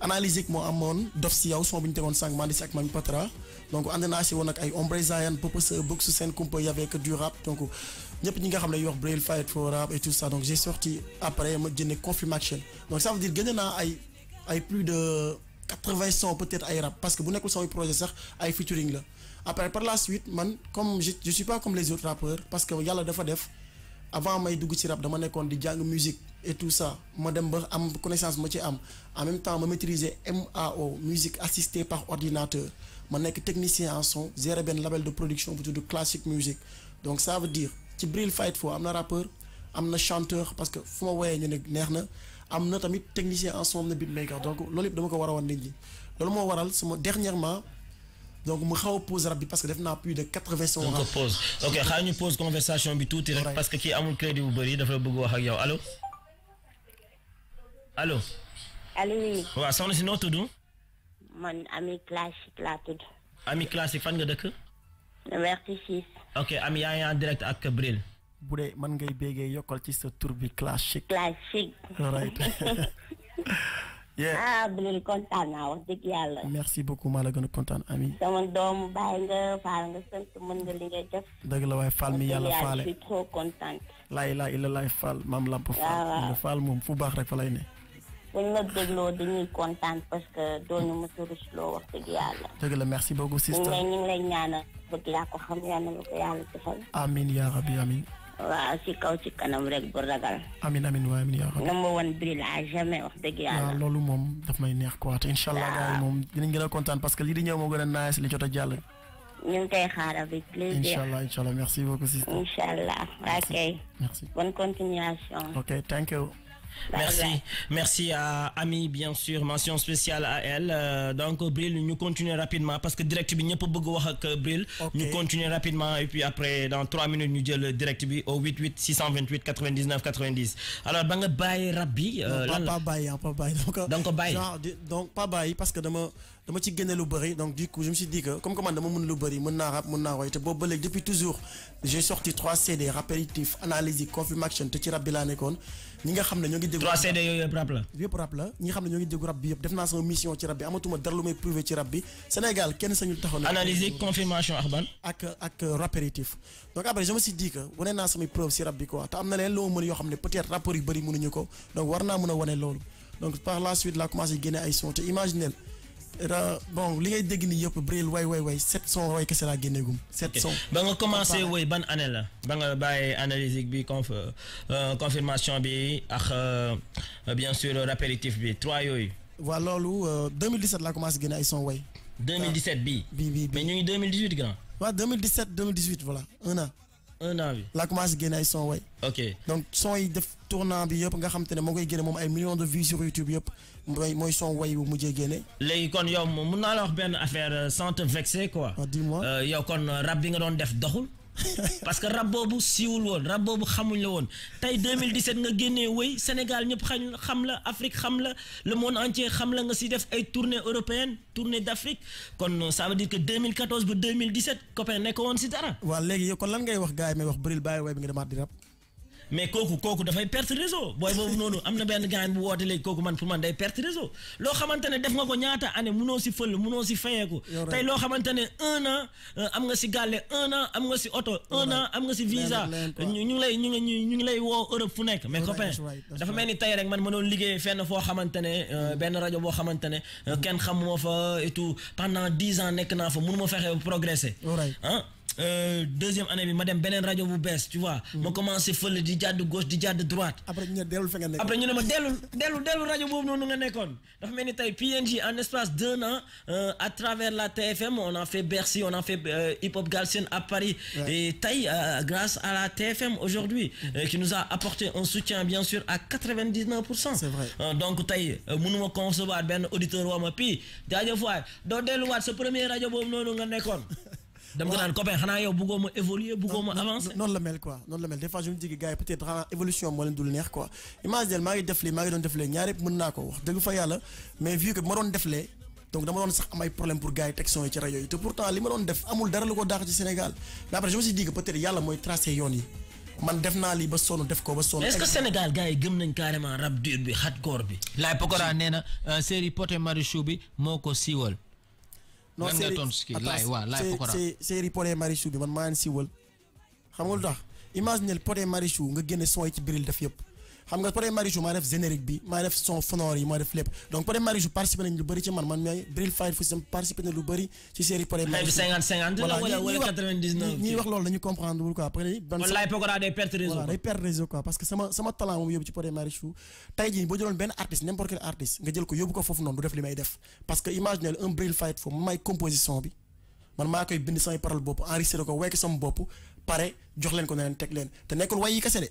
[SPEAKER 1] Analysique mo amone dof si yow son buñ ñu sang sànq maa ak Mami Patra donc andena ci won ak ay Ombre Zayan Popose Boxu Sen Kumpa y avait que du rap donc ñep ñi nga xam ne wax Braille Fight for rap et tout ça donc j'ai sorti après ma jëndee Confirmation donc ça veut dire génne na ay ay plus de 80 sons peut-être ay rap parce que bu nekkul samay projet sax ay featuring la après par la suite man comme je je suis pas comme les autres rappeurs parce que yalla dafa def avant may dugg ci rap dama nekkoon di jang musique et tout ça ma dem ba am connaissance ma ci am en même temps ma maîtriser MAO musique assistée par ordinateur ma nek technicien en son gérer un label de production autour de classique musique donc ça veut dire ci Bril Fight Fo amna rappeur amna chanteur parce que fuma woyé woyee ñu ne neex na tamit technicien en son na beatmaker donc loolu dama ko wara won nit ñi loolu mo waral sama dernièrement donc mu xaw poser parce que def naa plus de quatre-vingts sons. donc pause ok
[SPEAKER 3] xaar ñu pause conversation bi tout direct parce que a mon crédit bu bëri dafa bëgg wax ak yow Allô Allô? allo oui. waaw soxna si do. tudd.
[SPEAKER 5] man ami classique là tudd.
[SPEAKER 3] ami classique fan de dëkk.
[SPEAKER 5] Liberté 6.
[SPEAKER 3] ok ami y a en direct ak Cabril. Boude,
[SPEAKER 1] dee mën ngay béegee yokkal ci sa tour bi classique.
[SPEAKER 6] classique.
[SPEAKER 5] Yeah. ah Abdoulaye kontaan naa wax dëgg yàlla.
[SPEAKER 1] merci beaucoup maa la gën a kontaan Ami.
[SPEAKER 5] sama doomu bàyyi nga faal nga sant mën nga li ngay def.
[SPEAKER 1] dëgg la waaye faal yàlla maam làmp faal. faal moom fu baax rek fa lay ne.
[SPEAKER 5] bu ñu la dégloo dañuy kontaan parce que dooñu mos a rusloo wax dëgg yàlla.
[SPEAKER 1] dëgg la merci beaucoup. sister ñu lay ñu
[SPEAKER 5] ngi lay laa ko xam yàlla na ko yàlla defal.
[SPEAKER 1] amiin yaa rabbi amiin.
[SPEAKER 5] waaw ci kaw ci kanam rek bu ragal.
[SPEAKER 1] amiin amiin waaye amiin yaa xam à jamais wax dëgg yàlla. loolu moom daf may neex quoi te incha allah gars yi moom dinañ gën a kontaan parce que lii di ñëw moo gën a nice li jot a jàll.
[SPEAKER 5] ñu ngi koy xaar avec plaisir. incha
[SPEAKER 1] allah incha allah merci beaucoup. incha allah
[SPEAKER 5] ok. merci bonne continuation. ok thank you. Merci.
[SPEAKER 1] Merci à
[SPEAKER 3] Ami, bien sûr. Mention spéciale à elle. Euh, donc, Bril, nous continuons rapidement parce que direct, nous euh, pas Bril. Nous continuons rapidement et puis après, dans 3 minutes, nous disons le direct au 88 628 99 90. Alors, Banga Baye Rabi. Euh, non, pas,
[SPEAKER 1] Baye, pas Baye. Hein, donc, euh, donc, Baye. Genre, donc, pas Baye parce que demain. dama ci lu bëri donc du coup je me suis dit que comme comme man dama mon lu bëri mën rap te depuis toujours j'ai sorti 3 CD répétitif analyse confirmation te ci rap ñi nga xam ne ñoo ngi dégg 3 CD yooyu yëpp rap la ñi nga xam ne ñoo ngi dégg rap bi yëpp def naa sama mission ci rap bi amatuma dara lu may prouvé ci rap bi Sénégal kenn sañul taxaw na analyser confirmation ak ban ak ak donc après je me suis dit naa samay preuve ci rap bi quoi te am na leen loo mën yoo xam ne peut-être rappeurs yu bëri mënuñu ko donc war naa mën a wane loolu donc par la suite la commencé génne ay son te bon li ngay dégg nii yëpp Bril way way way 700 way kese laa génneegum. 700 ba nga commencé
[SPEAKER 3] way ban année la ba nga bàyyi analyse bi conf euh, confirmation bi ak euh, bien sûr répétitif bi trois yooyu.
[SPEAKER 1] voilà loolu 2017 euh, la commencé génne ay son way.
[SPEAKER 3] 2017 bi bii b mais ñu ngi 2018 grand.
[SPEAKER 1] waaw 2017 2018 voilà un an. un an bi la commencé génne ay son way. ok donc son yi def tournant bi yëpp nga xam te ne moo koy génne moom ay millions de vues sur YouTube yëpp moy son way bu mujjee génne.
[SPEAKER 3] léegi kon yow mun la wax ben affaire euh, sans te vexer quoi. Ah, dis-moi euh, yow kon euh, rap bi nga don def doxul. parce que rap bobu siwul woon rap bobu xamuñ la won tay 2017 nga génnee wéy Sénégal ñëpp xañ xam la Afrique xam la le monde entier xam la nga si def ay tournée européenne tournée d'Afrique. kon ça veut dire que 2014 ba 2017 copain nekk won ci dara.
[SPEAKER 1] wa léegi yow kon lan ngay wax gaay yi may wax bëril baye way bi nga demaat di rap
[SPEAKER 3] mais kooku kooku dafay perte réseau booy boobu noonu am na benn gaañ bu woote léegi kooku man pour man day perte réseau loo xamante ne def nga ko ñaata année munoo si munoo si fayeeku tey loo xamante ne un an euh, am nga si gàlle un an am nga si oto un an am nga si visa ñu ngi lay ñu ngi ñu ngi lay woo Europe fu nekk mais copain dafa mel ni tey rek man ma doon fenn foo xamante ne euh, mm. benn rajo boo xamante ne euh, kenn xam moo fa et tout pendant dix ans nekk naa fa mënu ma fexe progresser ah Euh, deuxième année bi ma dem beneen rajo bu bees tu vois. Hmm. ma commencé fële di de gauche di de
[SPEAKER 1] droite. après ñu ne dellul fa nga nekkoon après ñu ne ma dellul
[SPEAKER 3] dellul dellul rajo boobu nga nekkoon. dafa mel ni tey en espace d'un an euh, à travers la TFM on a fait Bercy on a fait euh, Hip Hop Galsen à Paris. et taï grâce à la TFM aujourd'hui hmm. qui nous a apporté un soutien bien sûr à 99%. vingt dix neuf pour c'est vrai donc tey mënuma concevoir ben auditeur waa ma pii fois, waay doo delluwaat ce premier radio boobu nous nga nekkoon.
[SPEAKER 1] dama ko naan copain xanaa yow bëggoo ma évoluer bëggoo ma avancer. noonu la mel quoi noonu la mel des fois je me ah, doon naa ko wax dëgg fa yàlla mais sax am ay problème pour gars yi teg yi ci rajo yi te pourtant li ma doon def amul dara lu ko daax ci Sénégal mais après je me suis mooy tracé yoon yi man naa lii ba sonn def ko ba sonn. est-ce
[SPEAKER 3] que gëm nañ carrément rap dur bi hardcore bi. Laye Pokora nee na euh, série Pod et bi moo ko siiwal non série
[SPEAKER 1] série Pod et Marichou bi man maa si wal xam nga lu tax imaginez Pod et Marichou nga génne son yi ci biril def yëpp xam nga premier Marichou ma def générique bi ma def son sonore yi ma def lépp donc premier Marichou participé nañ lu bari ci man man maay Bril Fire Foussem sam participé na lu bari ci série premier Marichou 50 50 wala 99 ñuy wax loolu dañu comprendre wul quoi après wallaay Pogora des pertes réseau day pertes réseau quoi parce que sama sama talent mom yob ci premier Marichou tay jii bo jëloon ben artiste n'importe quel artiste nga jël ko yob ko fofu non du def limay def parce que imaginez un Bril Fire foofu may composition bi man ma koy bind samay parole bopp enregistré ko wéki sama bop paré jox len ko ne tek len té te nekkul way yi kese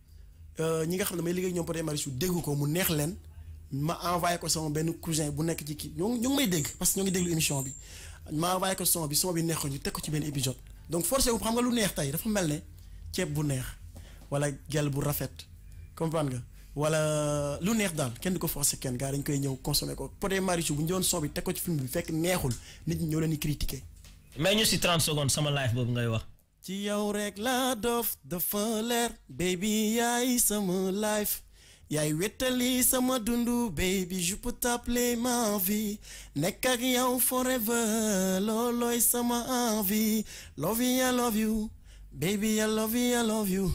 [SPEAKER 1] Euh, ñi nga xam ne may liggéey ñoom Pod Marichou dégg ko mu neex leen ma envoyé ko sama benn cousin bu nekk ci kii ñoo ngi may dégg parce que ñoo ngi déglu émission bi ma envoyé ko son bi son bi neexoon ñu teg ko ci benn épisode donc forcé wu xam nga lu neex tey dafa mel ne ceeb bu neex wala gel bu rafet comprendre nga wala lu neex daal kenn du ko forcé kenn gars dañ koy ñëw consommer ko Pod Marichou bu ñu doon son bi teg ko ci film bi fekk neexul nit ñi ñoo leen di critiqué.
[SPEAKER 3] mais ñu si 30 secondes sama live boobu ngay wax.
[SPEAKER 1] ci yow rek laa dof dafa leer baby yaay sama life yaay wétali sama dundu baby je peux t'appeler ma vie nekk ak yow forever loolooy sama envie love you I love you baby I love you I love you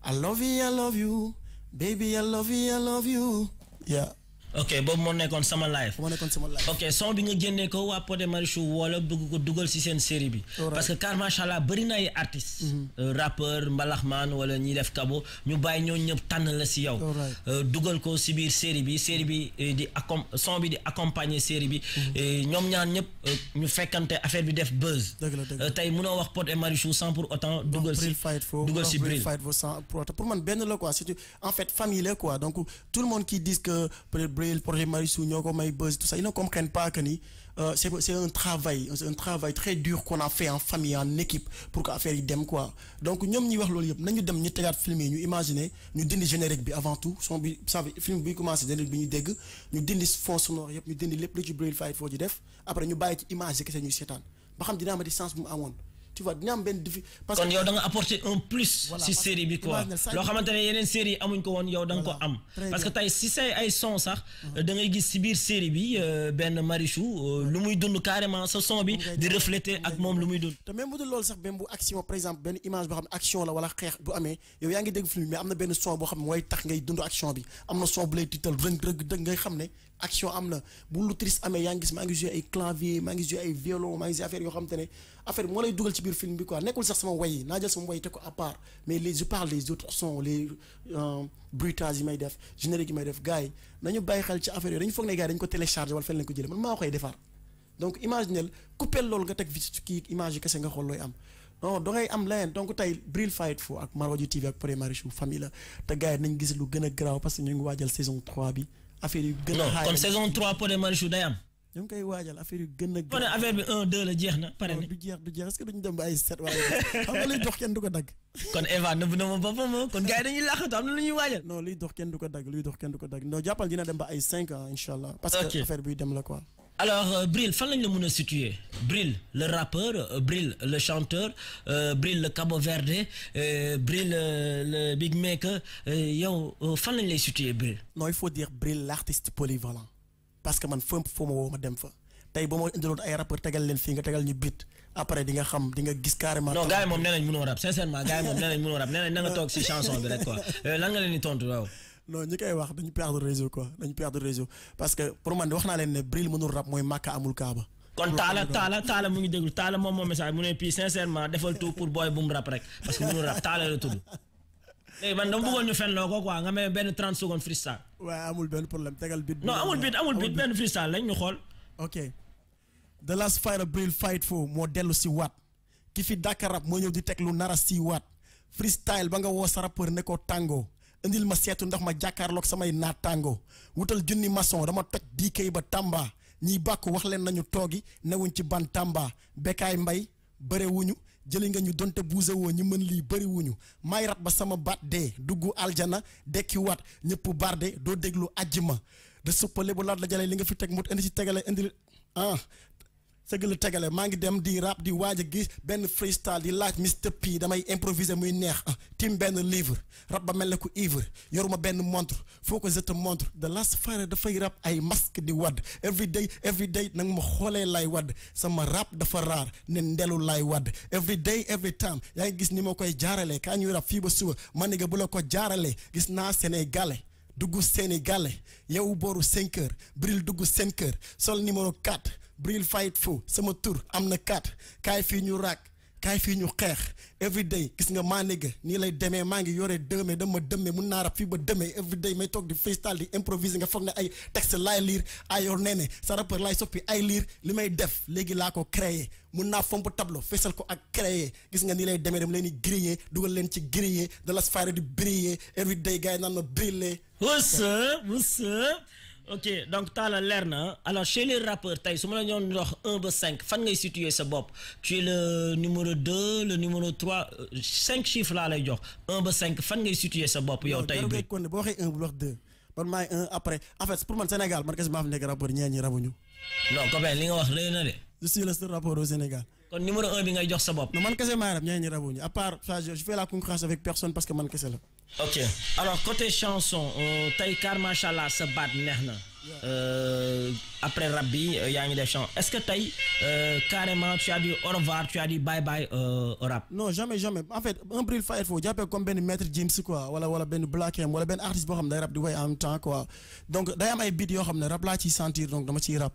[SPEAKER 1] I love you I love you baby I love you I love you
[SPEAKER 3] yeah ok boobu moo nekkoon sama live. moo nekkoon sama live ok son bi nga génnee ko waa et Marichou wala bëgg ko si série bi. parce que car macha allah bëri na ay artistes. Mm-hmm. Euh, rappeur mbalaxmaan wala ñi def kabo ñu bàyyi ñoo ñëpp tànn la si yow. Euh, dugal ko si série bi série bi euh, di accom son bi di accompagner série bi. Mm-hmm. ñoom ñaan ñëpp ñu affaire bi def buzz. tey wax Marichou sans pour autant. dugal si
[SPEAKER 1] dugal Bril pour man benn la quoi c'est en fait famille quoi donc tout le monde qui dit que le projet Marissou, My Buzz, tout ça, ils ne comprennent pas que euh, c'est un travail, un travail très dur qu'on a fait en famille, en équipe, pour quaffaire idem quoi. Donc, nous avons dit que nous dem nous filmé, nous imaginer, nous générique avant tout, son film commence nous nous du Fight for the après nous avons image que nous nous avons sens tu vois dina ben benn parce que kon nga apporter un plus si série bi quoi lo xamante
[SPEAKER 3] yenen série amuñ ko won yow dang ko am parce que tay si say ay son sax euh, da ngay gis si biir série bi ben Marichou euh, lu muy dund carrément ce son bi di refléter ak mom lu muy dund
[SPEAKER 1] te même bu dul sax ben bu action par exemple ben image bo xam action la wala xeex bu amé yow yaa ngi dégg film mais amna ben son bo xam moy tax ngay dund action bi amna son bu lay tiital reug rëng dëgg ngay xam ne action am na bu lu triste amee yaa ngi gis maa ngi joué ay clavier ma ngi joué ay violon ma ngi joué affaire yo xam te affaire mo lay dugal ci biir film bi quoi nekul sax sama way na jël sama way te ko à part mais les je parle les autres sons les euh, bruitages yi may def générique yi may def gars nañu bàyyi xel ci affaire yooyu dañu fogné ne dañ ko télécharger wala fen lañ ko jël man ma koy défar donc imaginel couper loolu nga tek vite ki image yi kese nga xol loy am non da ngay am lén donc tay Bril Fight Foo ak Marodi TV ak premier et Marichou famille la te gars yi nañ gis lu gëna a parce que ñu ngi wajal saison 3 bi affaire yu gën a. comme saison 3 Pod et Marichou day koy waajal affaire yu gën a. gën a affaire bi 1 2 la jeex na pare na. du jeex du jeex est ce que duñu ay set waaye xam nga luy dox kenn du ko dagg. kon Eva nëbb na ma boppam ah. kon gars yi dañuy am na lu ñuy waajal. non luy dox kenn du ko dagg luy dox kenn du ko dagg non jàppal dina dem ba ay 5 ans ah, incha allah. parce dem la quoi.
[SPEAKER 3] alors euh, Bril fan lañ la mën a situer Bril le rappeur euh, Bril le chanteur euh, Bril le Cabo Verde Bril le big maker yow
[SPEAKER 1] fan lañ lay situer Bril. non il faut dire Bril l'artiste polyvalent parce que man foo foo ma woo ma dem fa tey ba ma indiloon ay rappeurs tegal leen fii nga tegal ñu bit après di nga xam di nga gis carrément. non gars yi moom nee nañ mënoo rap sincèrement gars yi moom nee nañ mënoo rap nee nañ na nga toog si chanson bi rek quoi lan nga leen di tontu waaw. non ñi koy wax dañu perdre réseau quoi dañu réseau parce que pour wax naa leen ne Bril mënul rap mooy màkka amul kaaba. kon taala taala taala mu
[SPEAKER 3] ngi déglu taala moom moom message mu ne puis sincèrement defal tout pour booy bu mu rap rek parce que mënul rap taala la tudd léegi man dama bëggoon ñu fen loo ko quoi nga may benn 30 secondes freestyle.
[SPEAKER 1] waaw amul benn problème tegal bit. non amul bit amul bit benn freestyle ñu xool. ok the last fight of fight for moo dellu si waat ki fi Dakar moo ñëw di teg lu si waat freestyle ba nga woo sa rappeur ne ko tàngoo. indil ma seetu ndax ma jàkkaarloog samay naataango wutal junni maçon dama toj diikay ba Tamba ñiy bàkku wax leen nañu toogi newuñ ci ban Tamba bekkaay Mbay bëre wuñu nga ñu donte buuse woo ñu mën lii bëri wuñu ba sama baat dee dugg aljana dekki waat ñëpp barde doo déglu ma de suppale bu laat la jale li nga fi teg mut indi ci tegale indi ah sëgg la tegale maa ngi dem di rap di waaj gi gis benn freestyle di laaj Mr P damay improviser muy neex ah, tim benn livre rap ba mel ne ku ivre yoruma benn montre foo ko jete montre de last fare dafay rap ay masque di wadd every day every day nanga ma xoolee lay wadd sama rap dafa raar ne ndelu lay wadd every day every time yaa ngi gis ni ma koy jaaralee kaa ñuy rap fii ba suba man nga bu la ko jaaralee gis naa Sénégalais dugg Sénégalais yow booru 5 heures dugg 5 sol numéro 4 bril fight foo sama tur am na kat kaay ñu raak kaay fi ñu xeex everyday gis nga maa nigga nii lay demee maa ngi yore dëme dama dëme mun naa ba dëme everyday may talk di freestyle di improvising nga foog ne ay texte laay liir ay yor nene, ne sa rappeur laay soppi ay liir li def léegi laa ko créer mun naa fomp tableau feesal ko ak créer gis nga nii lay demee dama leen griller dugal ci griller fire di briller everyday guy yi naan ma briller. what's up what's up
[SPEAKER 3] ok donc as l'air, na alors chez les rappeurs tu as 1, 2, 1, un 2, cinq fan ngay situer ce tu es le numéro 2, le numéro 3, 5 euh, chiffres là, lay jox un cinq fan ngay situer ce bopp yow tey bi
[SPEAKER 1] kon 2, un 2, Bon, 2, un après en fait pour man Sénégal man 2, maa fi nekk rappeur ñee un rabuñu
[SPEAKER 3] non copain li nga wax
[SPEAKER 1] je suis le seul rappeur au Sénégal quand numéro un bi ngay jox sa bob. non man kese maa rab ñeneen ñi à part ça je fais la concurrence avec personne parce que man kese là.
[SPEAKER 3] ok alors côté chanson euh, tey car macha allah sa baat na. Euh, après Rabbi, bi euh, yaa ngi des chants. est-ce que euh, carrément tu as dit au revoir tu as dit bye bye au rap.
[SPEAKER 1] non jamais jamais en fait un bril fire, il faut jàppee comme benn maître James quoi wala wala ben Black M wala ben artiste boo xam day rap di way en même temps quoi donc day am ay beat yoo rap là, tu sentir donc dama ciy rap.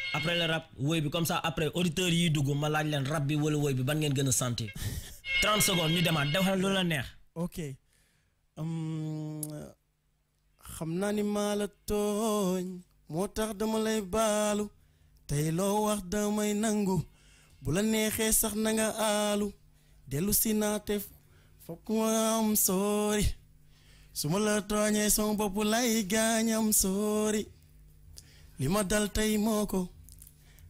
[SPEAKER 3] après le rap woy bi comme ça après auditeur yi dugg ma laaj leen rap bi wala woy bi ban ngeen gën a sentir 30 secondes ñu demaat defal lu la neex.
[SPEAKER 1] ok xam naa ni maa la tooñ moo tax dama lay baalu tey loo wax damay nangu bu la neexee sax na nga aalu dellu si naa te fokk ma am soori su ma la tooñee sama bopp lay gaañam soori li ma dal tey moo ko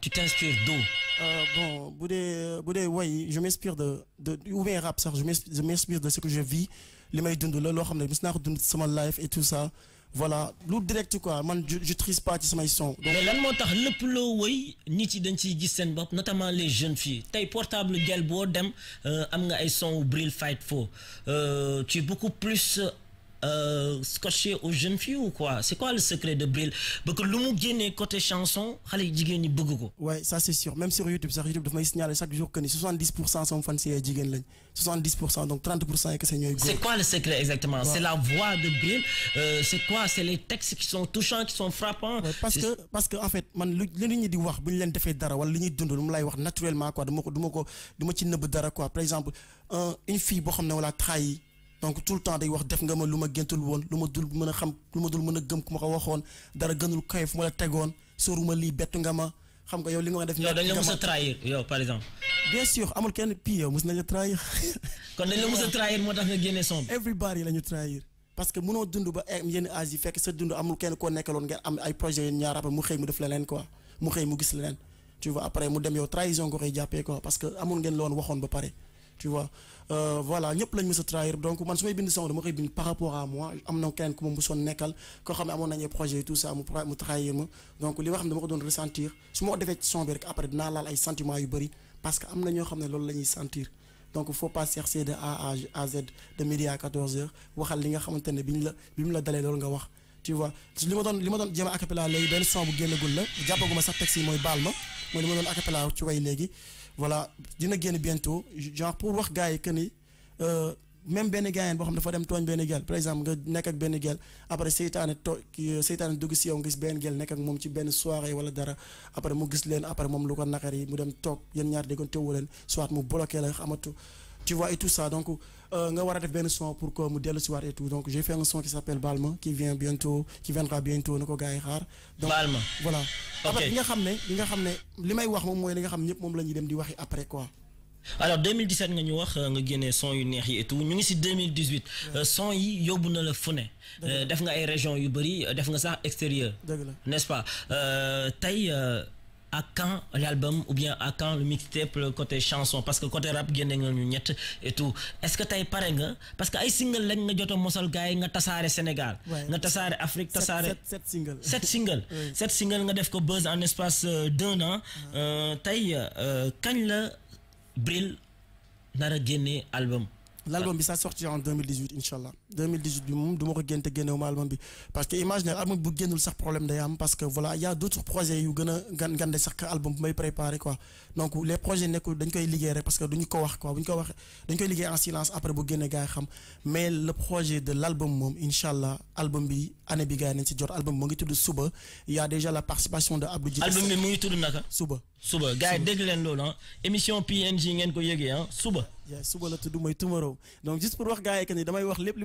[SPEAKER 1] tu t'inspires d'où euh, bon, Boudé, Boudé, oui, je m'inspire de, de, ou bien rap, ça, je m'inspire de ce que je vis, les mecs d'une de l'or, les mecs sama life et tout ça. Voilà, l'autre direct quoi, man, je, je trise pas sama son. Mais là, mon tard,
[SPEAKER 3] le plus oui, ni ti d'un bop, notamment les jeunes filles. T'as portable gel bo dem, euh, amga et son ou brille fight faux. Euh, tu es beaucoup plus euh, scotché aux jeunes filles ou quoi C'est quoi le secret de Bril Parce que l'homme guéné côté chanson,
[SPEAKER 1] allez, digène, beaucoup quoi. Ouais, ça c'est sûr. Même sur YouTube, sur YouTube, je me signale chaque jour que 70% sont fans de digène. 70%, donc 30% est que c'est C'est
[SPEAKER 3] quoi le secret exactement C'est la voix de Bril. Euh, c'est quoi C'est les textes qui sont touchants, qui sont frappants. parce que,
[SPEAKER 1] parce que en fait, man, le ligne de voir, le ligne de faire d'ara, le ligne de voir naturellement quoi, de mon de mon quoi. Par exemple, une fille, qui a trahi donc tout le temps day wax def nga ma lu ma géntul woon dul meuna xam luma dul meuna gem gëm ma ko waxoon dara gënul kayf fu ma la tegoon sóoruma lii bettu nga ma xam nga yow li nga ma def. yow dañ la trahir
[SPEAKER 3] yow par exemple.
[SPEAKER 1] bien sûr amul kenn pire yow mës nañ la trahir. kon dañ la mës trahir motax tax nga génne sombre. everybody lañu trahir. parce que mënoo dund ba yenn âge yi fekk sa dund amul kenn ko nekkaloon ngeen am ay projet yéen ñaar après mu xey mu def leneen quoi mu xey mu gis leneen tu vois après mu dem yow trahison ko koy jappé quoi parce que amul ngeen loon waxoon ba paré tu vois euh, voilà ñep lañ mës a trahir donc man su may bind sama dama koy bind par rapport à moi am na keneen ku ma mosoon nekkal ko xamé ne nañu projet et tout ça mu mu trahir ma donc li wax dama ko doon ressentir su ma ko ci son bi après dinaa laal ay sentiments yu bëri parce que am na ñoo xam ne loolu la sentir donc il faut pas chercher de A à Z de midi à 14h waxal li nga xamantene biñ la bi mu la dalé lool nga wax tu vois li ma don li ma don jéem a acapella léegi benn son bu génnagul la jappaguma sax taxi moy balma moy li ma don acapella ci way légui voilà dina génn bientôt genre pour wax gars yi que ni euh, même benn gars boo xam dafa dem tooñ benn gel par exemple nga nekk ak benn gel après seytaane to euh, seytaane dugg si yow nga gis benn gel nekk ak moom ci benn soirée wala dara après mu gis leen après moom lu ko naqar yi mu dem toog yéen ñaar déggoon teewu leen soit mu bloqué la amatu. tu vois et tout ça donc euh, nga wara def ben son pour que mu dellu si waat et tout donc j'ai fait un son qui s'appelle Balma qui vient bientôt qui viendra bientôt na gaay gars xaar. donc Balma voilà. ok li nga xamné li nga xamné limay wax mom moy li nga xam ñep mom lañuy dem di waxi après quoi. alors 2017
[SPEAKER 3] nga ñu wax euh, nga génnee son yu neex yi et tout ñu ngi ci 2018 euh, son yi yóbbu na la fune def nga ay régions yu bari def nga sax extérieur. dëgg la n'est-ce pas Euh... tey à quand l'album ou bien à quand le mixtape côté chanson parce que côté rap y a et tout est-ce que tu as parlé parce que ay single lañ singles jot a mosal gars yi nga tasaare Sénégal. nga tasaare Afrique tasaare.
[SPEAKER 1] sept single sept singles.
[SPEAKER 3] sept single nga def fait buzz en espace euh, d'un an. Euh, tey quand euh, la Bril n'a a gagné album.
[SPEAKER 1] l'album bi ça sortir en 2018 Inch'Allah. 2018 bi moom du ma ko génte génnewu album bi parce que imagine album bu génnul sax problème day am parce que voilà il y a d'autres projets yu gëna a gande sax que album bu may préparer quoi donc les projets nekkul dañ koy liggéey rek parce que duñ ko wax quoi buñ ko wax dañ koy liggéey en silence après bu genné gaay xam mais le projet de l'album, mom inshallah album bi année bi gaay yi nañ si jot album mo ngi tudd suba y a déjà la participation de Abdou Djité album bi
[SPEAKER 3] mu ngi tudd naka suba suba gars dégg leen loolu ah émission PNG ngeen ko yëgee ah suba
[SPEAKER 1] suba la tudd moy tomorrow donc juste pour wax gars yi que ni damay wax lepp li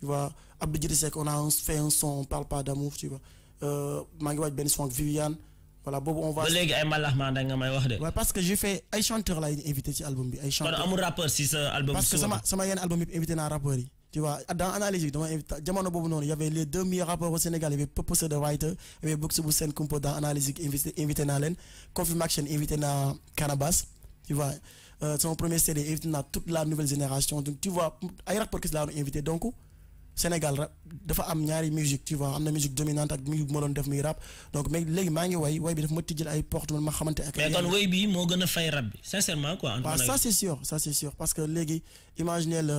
[SPEAKER 1] tu vois Abdou Djiri qu'on on a fait un son on parle pas d'amour tu vois euh ngi son Viviane voilà bobo on va. le gars ay
[SPEAKER 3] malax maa nga may wax de.
[SPEAKER 1] ouais parce que j'ai fait ay chanteur là invité sur album bi. ay un
[SPEAKER 3] rappeur si ce album. parce que sama
[SPEAKER 1] sama yenn album invité un rappeur tu vois dans analyse bi dama invité jamono non il y avait les deux meilleurs rappeurs au Sénégal il y avait Popo de Writer il y avait Boks Sen Kumpo dans analyse invité invité na len Confirmation invité na Cannabis tu vois euh, son premier CD invité na toute la nouvelle génération donc tu vois ay rappeurs kese laa invité donc. Sénégal rap dafa am ñaari musique tu vois amna musique dominante ak musique mo ma def mi rap donc mais légui maa ngi way way bi dafa ma tijjal ay porte man ma xamanté ak mais kon way
[SPEAKER 3] bi mo gëna fay rap bi sincèrement quoi waaw ça
[SPEAKER 1] c'est sûr ça c'est sûr parce que légui imaginez le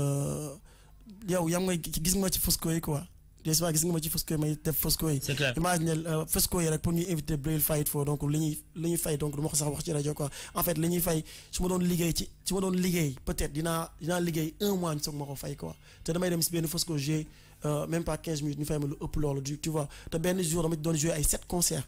[SPEAKER 1] yow yam nga gis nga ci fusco yi quoi des fois gis nga ma ci Fosco yi may def Fosco yi imaginel Fosco yi rek pour ñuy invité Bril Fight foo donc li ñuy li ñuy fay donc du ma ko sax wax ci radio quoi en fait li ñuy fay su ma doon liggéey ci su ma doon liggéey peut-être dina dinaa liggéey un mois ñu soog ma ko fay quoi te damay dem si benn Fosco jouer euh, même pas 15 minutes ñu fay ma lu ëpp loolu tu vois te benn jour dama doon jouer ay 7 concerts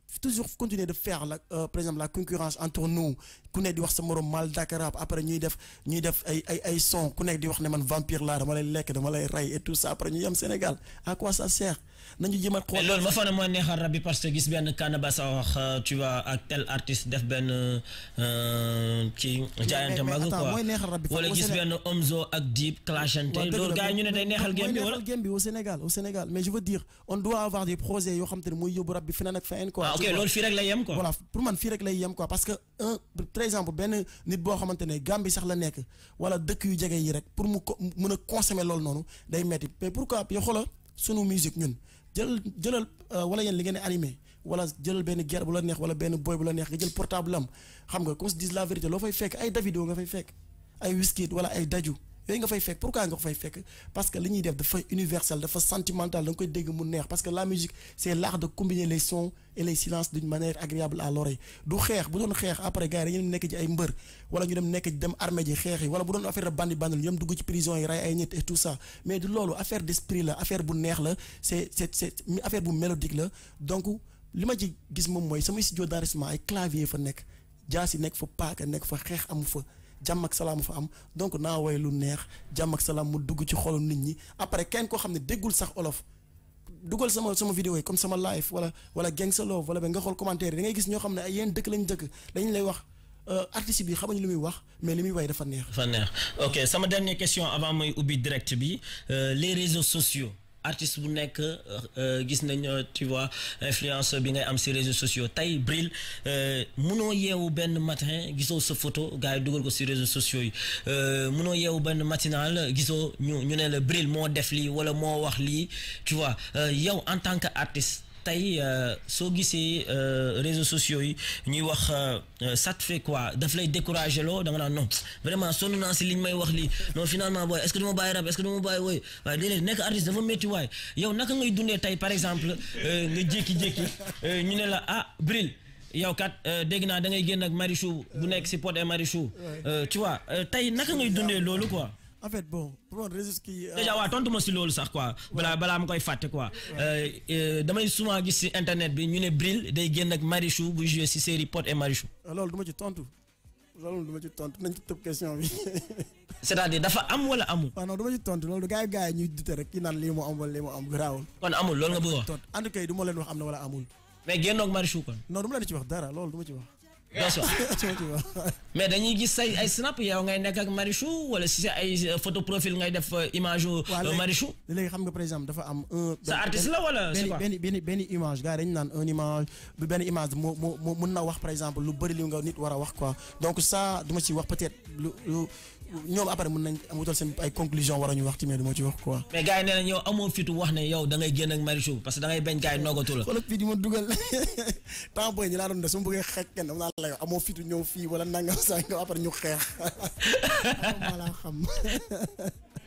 [SPEAKER 1] toujours continuer de faire euh, par exemple la concurrence entre nous ku di wax sa morom mal dakaraab après ñuy def ñuy def ay ay ay son ku di wax ne man vampire laa dama lay dama lay ray et tout ça après ñu yem Sénégal à quoi ça sert
[SPEAKER 3] nañu jéem a Lol, ma fa ne mooy neexal rabbi parce que gis benn Kanaba sa euh, tu vois ak tel artiste def benn ci euh, jaayante mag quoi wala gis benn Omzo ak Dip clashante loolu gars yi ñu ne day neexal game bi wala
[SPEAKER 1] game au Sénégal au Sénégal mais je veux dire on doit avoir des projets Yo, xam te ne mooy rabbi rab ak feneen quoi ah, ok lol, fii rek lay yem quoi voilà pour man fii rek lay yem quoi parce que un par exemple ben nit boo xamante ne Gambie sax la nekk wala dëkk yu jege yi rek pour mu mën a consommer loolu noonu day metti mais pourquoi yow xoolal sunu musique ñun jël jëlal euh, wala yéen li ngeen di animé wala jëlal benn guerre bu la neex wala benn booy bu la neex nga jël portable am xam nga comme se dise la vérité loo fay fekk ay Davido nga fay fekk ay Wizkid wala ay Daju yooyu nga fay fekk pourquoi nga ko fay fekk parce que li ñuy def dafa universel dafa sentimental da nga koy mu neex parce que la musique c'est l'art de combiner les sons et les silences d' manière agréable à l'oreille du xeex bu doon xeex après gars yi dañu nekk ci ay mbër wala ñu dem nekk dem armée ji xeex yi wala bu doon affaire bandi bandi ñu dem dugg ci prison yi rey ay nit et tout ça mais du loolu affaire d'esprit esprit la affaire bu neex la c' est affaire bu mélodique la donc li ma ci gis moom mooy sama studio d'enregistrement ay clavier fa nek jaas nek nekk fa nek fa xeex amu fa jàmm ak salaam fa am donc na way lu neex jàmm ak salaam mu dugg ci xolu nit ñi après kenn ko xam déggul sax olof dugal sama sama vidéo yi comme sama live wala wala gang solo wala ba nga xol commentaire da ngay gis ño xam ne ay yenn dëkk lañ dëkk dañ lay wax euh, artiste bi xamuñ lu muy wax mais li muy way dafa neex. dafa
[SPEAKER 3] neex ok sama dernière question avant mooy ubi direct bi euh, les réseaux sociaux. artiste bu nekk euh, euh, gis nañu tu vois influence bi ngay am si réseaux sociaux tey Bril euh, munoo yeewu benn matin gisoo sa photo gars yi dugal ko si réseaux sociaux yi munoo yeewu benn matinal gisoo ñu ñu ne la Bril moo def lii wala moo wax lii tu vois yow en tant que artiste. Tai euh, so gisee euh, réseaux sociaux yi ñuy wax euh, ça te fait quoi daf lay découragé lo da nga non vraiment sonn naa si liñ may wax li, non finalement boy est-ce que tu ma rap est-ce que par way dafa metti way yow naka ngay par exemple nga ñu ah Bril yow kat dégg da ngay génn ak Marichou bu nekk si pot et Marichou tu vois naka ngay quoi
[SPEAKER 1] en fait bon pour rendre euh,
[SPEAKER 3] ma si loolu sax quoi. balaa balaa ma koy fàtte quoi. Euh, euh, damay souvent gis si internet bi ñu ne Bril day génn ak Marichou bu si série Pod et Marichou.
[SPEAKER 1] Ah, loolu du ma ci tontu loolu du ma ci tontu nañ ci tëb question bi. c'est-à-dire dafa am wala amul. waaw ah, non du ma ci tontu loolu gars yi gars ñuy dute rek kii naan lii moo am wala lii moo am garaawul. kon amul loolu nga bëgg a wax. en tout leen wax am na wala amul. mais génn ak kon. non du leen ci wax dara loolu du ma ci wax.
[SPEAKER 3] bien
[SPEAKER 1] mais dañuy gis say ay snap yow ngay nekk ak
[SPEAKER 3] Marichou wala si sa ay euh, photo profil ngay def euh, image yu euh, Marichou
[SPEAKER 1] léegi xam nga par exemple dafa am un sa wala c'est quoi benn benn benn image gars dañu naan un image bu benn image moo moo mun na wax par exemple lu bëri li nga nit war a wax quoi donc ça duma si wax peut-être lu ñoom après mën nañ amutal seen ay conclusion war a ñu wax ci mais du ma ci wax quoi.
[SPEAKER 3] mais gars yi nee nañ yow amoo fitu wax ne yow da ngay génn ak Marichou parce que da yi noggatu la.
[SPEAKER 1] xoolal fii di ma dugal temps booy ñu laa doon def su ma bëggee xeex dama laa xam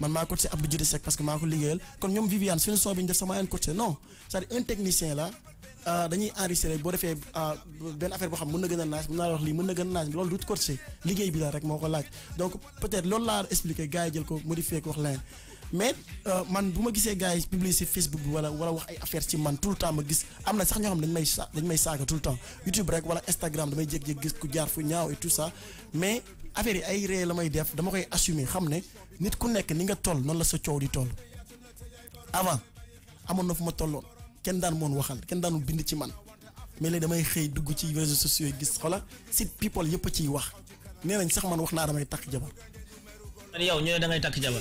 [SPEAKER 1] man maa ci Abdou Djiri Seck parce que maa ko liggéeyal kon ñoom Viviane suñu son bi ñu def sama yeneen coaché non c'est-à-dire un technicien la euh, dañuy enregistré boo defee euh, benn affaire boo xam mën na gën a naaj mën naa wax lii mën na gën a naaj loolu du coaché liggéey bi la rek moo ko laaj donc peut-être loolu laa expliquer gars yi jël ko modifier ko wax leneen mais euh, man bu ma gisee gars yi publier si Facebook bi wala wala wax ay affaire ci man tout le temps ma gis am na sax ñoo xam dañ may dañ may saaga tout le temps YouTube rek wala Instagram damay jékki-jékki gis ku jaar fu ñaaw et tout ça mais affaire yi ay ree la may def dama koy assumer xam ne nit ku nekk ni nga toll noonu la sa coow di toll avant amoon na fu ma tolloon kenn daan moon waxal kenn daanul bind ci man mais léegi damay xëy dugg ci réseaux sociaux yi gis xola site people yëpp a ciy wax nee nañ sax man wax naa damay takk jabar. man yow ñu ne dangay takk jabar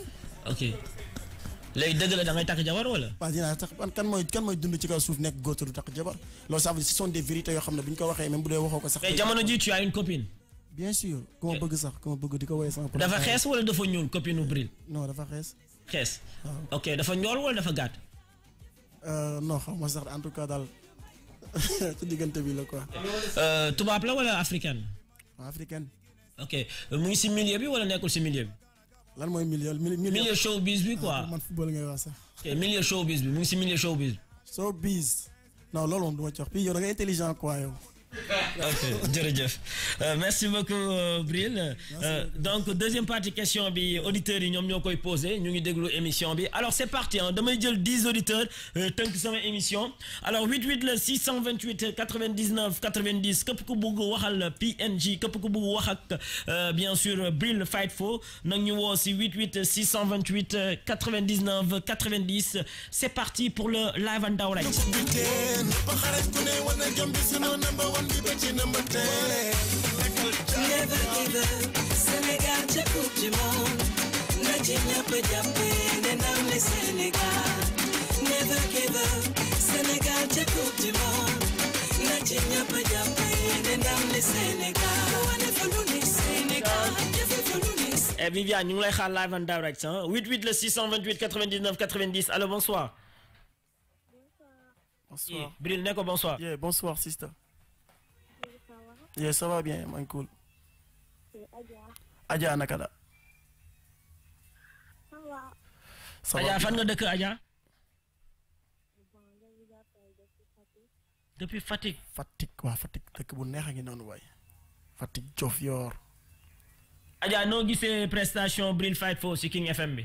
[SPEAKER 1] ok léegi dëgg la dangay dinaa tax kan mooy mooy dund ci kaw suuf nekk góor du takk jabar loolu ça veut dire ce sont yoo xam ne bu ñu ko waxee même bu dee waxoo ko sax. mais jamono ji tu as une bien sûr bëgg sax bëgg diko sama. wala copine Bril. non dafa xess xees ok dafa ñool wala dafa euh, non sax en tout cas Tu ci diggante bi la quoi.
[SPEAKER 3] Euh, tubaab la wala africaine. ok mu ci milieu bi wala nekkul ci milieu bi.
[SPEAKER 1] lan mooy showbiz bi quoi ah, man football ngay showbiz bi mu ci showbiz. showbiz non loolu moom du wax da intelligent quoi
[SPEAKER 3] jërëjëf euh, merci beaucoup euh, Bril euh, donc deuxième partie question bi auditeurs ñom ñoom poser ñu ngi déglu émission bi alors c'est parti ah damay jël auditeurs émission alors 88 628 99 90 képp ku PNG bien sûr Bril Fight for. nag aussi 88 628 99 90 c'est parti pour le live and direct
[SPEAKER 1] your
[SPEAKER 2] number 10. Never give up, Sénégal, tu coupe du monde. Nadine peut taper, nomme les Sénégal. Never give up, Sénégal, tu coupe du monde. Nadine peut taper, nomme les Sénégal. Wonderful, Sénégal, beautiful,
[SPEAKER 3] Eh Viviane, ñu ngi lay xaar live en direct hein 88 le 628 99 90 Allô, bonsoir.
[SPEAKER 1] Bonsoir. Bonsoir. Bril ne bonsoir. Yeah, bonsoir sister. yee ça va bien man cool. Adja naka la.
[SPEAKER 5] ça va Adja fan nga dëkk
[SPEAKER 1] Adja. depuis Fatick. Fatick waa dëkk bu neex a ngi noonu waay Fatick Diofior. noo gisee prestation
[SPEAKER 3] Bril Fight Fo si FM bi.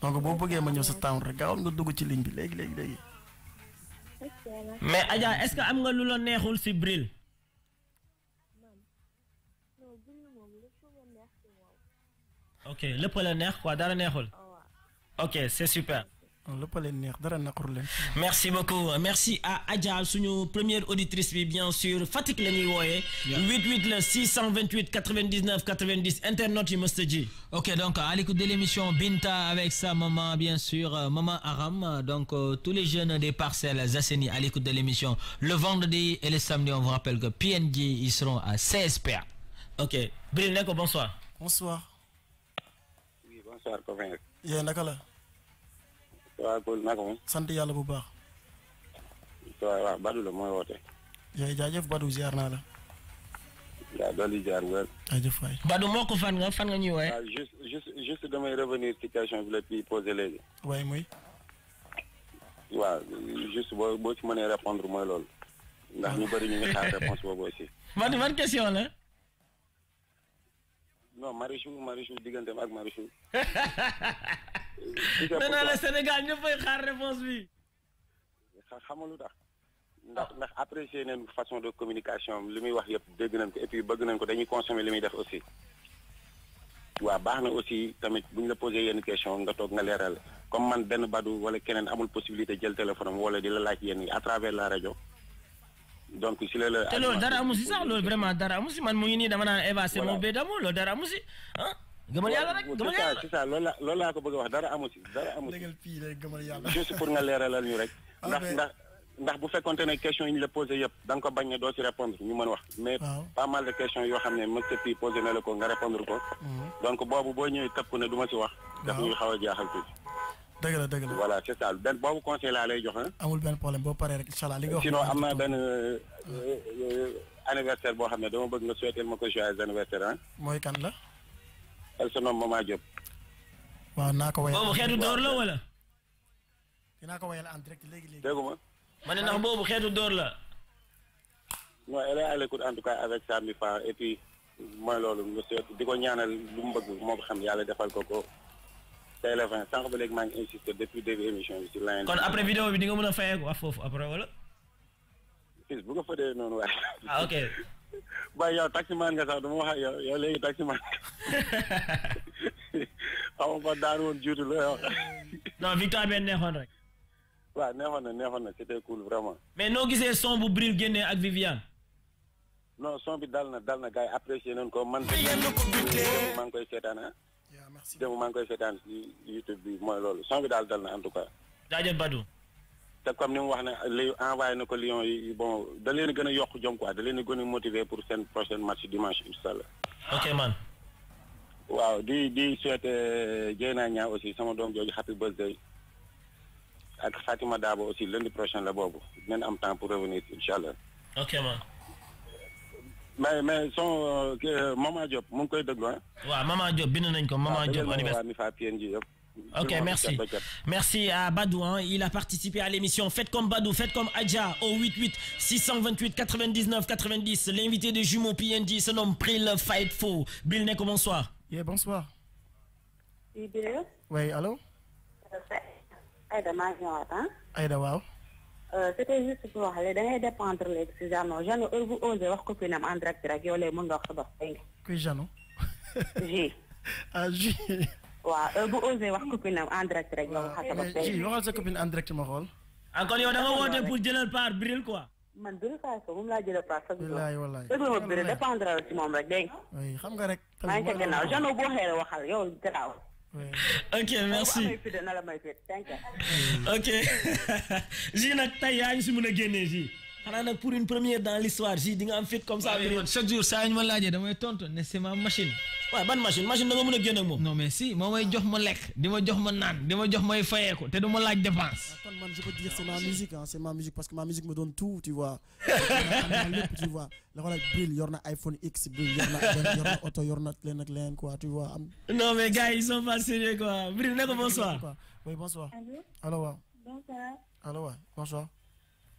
[SPEAKER 1] donc boo bëggee ma ñëw sa town rek gaawal nga dugg ci ligne bi léegi léegi léegi.
[SPEAKER 5] mais
[SPEAKER 3] Adja est-ce que am nga lu la neexul si Bril. ok lépp la neex quoi dara neexul.
[SPEAKER 1] Ah ok c'est super.
[SPEAKER 3] merci beaucoup merci à Adja Sounou, première auditrice bien sûr Fatik la 88 628 99 90 internet, ok donc à l'écoute de l'émission Binta avec sa maman bien sûr euh, maman Aram donc euh, tous les jeunes des parcelles Zasseni à l'écoute de l'émission le vendredi et le samedi on vous rappelle que PNG ils seront à 16 16h. ok Neko, bonsoir.
[SPEAKER 1] bonsoir. oui bonsoir
[SPEAKER 4] waaw Koul naka moom.
[SPEAKER 1] sant yàlla bu baax.
[SPEAKER 4] waaw waaw Badou la mooy woote.
[SPEAKER 1] yaay jaajëf Badou ziar naa la.
[SPEAKER 4] waaw dolli ziar nga. jaajëf waay. Badou moo ko fan nga fan nga ñuy wooye. waaw ah, juste juste juste damay revenir ci question bi la kii posé léegi. waaye muy. waaw juste boo boo ci mënee répondre mooy loolu. ndax ñu bëri ñu ngi xaar réponse boobu aussi. man man question la. non Marichou Marichou digganteem ak Marichou. nee naa la Sénégal ñëpp fay xaar réponse bi. xam nga lu tax. ndax ndax apprécier nañ façon de communication li muy wax yëpp dégg nañ ko et puis bëgg nañ ko dañuy consommer li muy def aussi. waa baax na aussi tamit bu ñu la posé yenn question nga toog nga leeral comme man benn badu wala keneen amul possibilité jël téléphone am wala di la laaj yenn yi à travers la rajo. donc si la la. te loolu dara amu
[SPEAKER 3] sax loolu vraiment dara amu si man mu ngi nii dama naan Eva c'est mon bédamo loolu dara amu si ah. rek gëmal yàlla
[SPEAKER 4] la loolu laa ko bëgg wax dara amu si dara amu
[SPEAKER 1] si.
[SPEAKER 4] juste pour nga leeralal ñu rek. Ah, ndax ndax ndax bu fekkonte ne question yi ñu la posé yëpp da nga ko bañ ne doo si répondre ñu man wax. mais pas mal de questions yoo xam ne monsieur Pi posé na la ko nga répondre ko. Mhm. donc boobu boo ñëwee tëpp ne du ma si wax. daf ñuy xaw a jaaxal tuuti dëgg la dëgg la voilà c' est ça benn boobu conseil laa lay jox
[SPEAKER 1] amul benn problème boo paree rek incha allah li nga wax sinon am na
[SPEAKER 4] benn anniversaire boo xam ne dama bëgg nga souhaiter ma ko joyeux anniversaire ah. mooy kan la. elle se nomme Mama Diop.
[SPEAKER 1] waaw naa ko wayal boobu xeetu door la wala. dinaa ko wayal en direct
[SPEAKER 4] léegi léegi. déggu ma. ma ne ndax boobu xeetu door la. non elle est à l'écoute en tout cas avec Sami Fa et puis mooy loolu nga souhaiter di ko ñaanal lu mu bëgg moo xam yàlla defal ko ko. tey la fin sànq ba léegi maa ngi insister depuis début émission bi si la. kon après
[SPEAKER 3] vidéo bi di nga mën a fayee quoi foofu après wala.
[SPEAKER 4] fii bu ko fëtee noonu waaye. ah ok. waaye yow man nga sax dama wax ak yow yow léegi taximaan nga. xaw ma ko daan woon juutu la yow.
[SPEAKER 3] non victoire bi neexoon rek.
[SPEAKER 4] waaw neexoon na neexoon na c'était cool vraiment.
[SPEAKER 3] mais noo gisee son bu Bril génnee ak Viviane.
[SPEAKER 4] non son bi dal na dal na gars yi apprécié nañ ko man. maa ngi koy seetaan ah. merci démb maa ngi koy seetaan YouTube bi mooy loolu son bi daal dal na en tout cas. jaajëf Badou. te comme ni mu wax na li envoyé na ko Lions yi bon da leen gën a yokk jom quoi da leen gën a motiver pour seen prochaine match dimanche incha allah. ok man. waaw di di souhaiter euh, naa Niang aussi sama doom jooju happy birthday ak Fatima Dabo aussi lundi prochain la boobu dinañ am temps pour revenir incha allah. ok man. mais mais son euh, euh, Maman Diop mon koy deug hein
[SPEAKER 3] wa Maman Diop bin nañ ko ah, Maman Diop.
[SPEAKER 4] anniversaire Ok, merci.
[SPEAKER 3] Merci à Badou. Hein. Il a participé à l'émission Faites comme Badou, faites comme Adja au 88 628 99 90. L'invité de jumeaux PNJ se nomme Pril Fightful. Neko, bonsoir. Yeah, bonsoir.
[SPEAKER 5] Oui,
[SPEAKER 1] allô? Aïda, waouh.
[SPEAKER 5] Euh, c'était juste pour wax léegi da ngay dépendre léegi si Jeannot Jeannot heure bu osé wax copine am en direct rek yow léegi mën nga wax sa bopp dégg nga. kuy Jeannot. J. ah J. waaw heure bu osé wax copine am en direct rek yow wax sa bopp dégg nga.
[SPEAKER 1] waxal sa copine en direct ma xool.
[SPEAKER 5] ah kon yow da nga woote pour jëlal part Bril quoi. man Bril ko moom laa jëlal part. wallaahi wallaahi dëgg la Bril dépendre la ci moom rek dégg nga. oui xam nga rek. maa ngi ca gannaaw Jeannot boo xeeree waxal ok, merci. Oh, ok. J'ai une taille, je suis mon
[SPEAKER 3] égénégie xanaa pour une première dans l'histoire si di nga am fit comme ça. chaque jour saa ñu ma laajee damay tontu ne c'est ma machine. waaw ban machine machine da nga mën a ak moom. non mais si moo may jox ma lekk di ma jox
[SPEAKER 1] ma naan di ma jox may fayeeku te du ma laaj dépense. Ah, kon man je peux dire c'est ma musique ah c'est ma musique parce que ma musique me donne tout tu vois. lépp tu vois la wala Bril yor na iPhone X Bril yor na yor na oto yor na leen ak leen quoi tu vois non mais gars ils sont pas sérieux quoi Bril ne ko bonsoir. oui
[SPEAKER 5] bonsoir. allo allo waaw. bonsoir.
[SPEAKER 1] allo waaw bonsoir.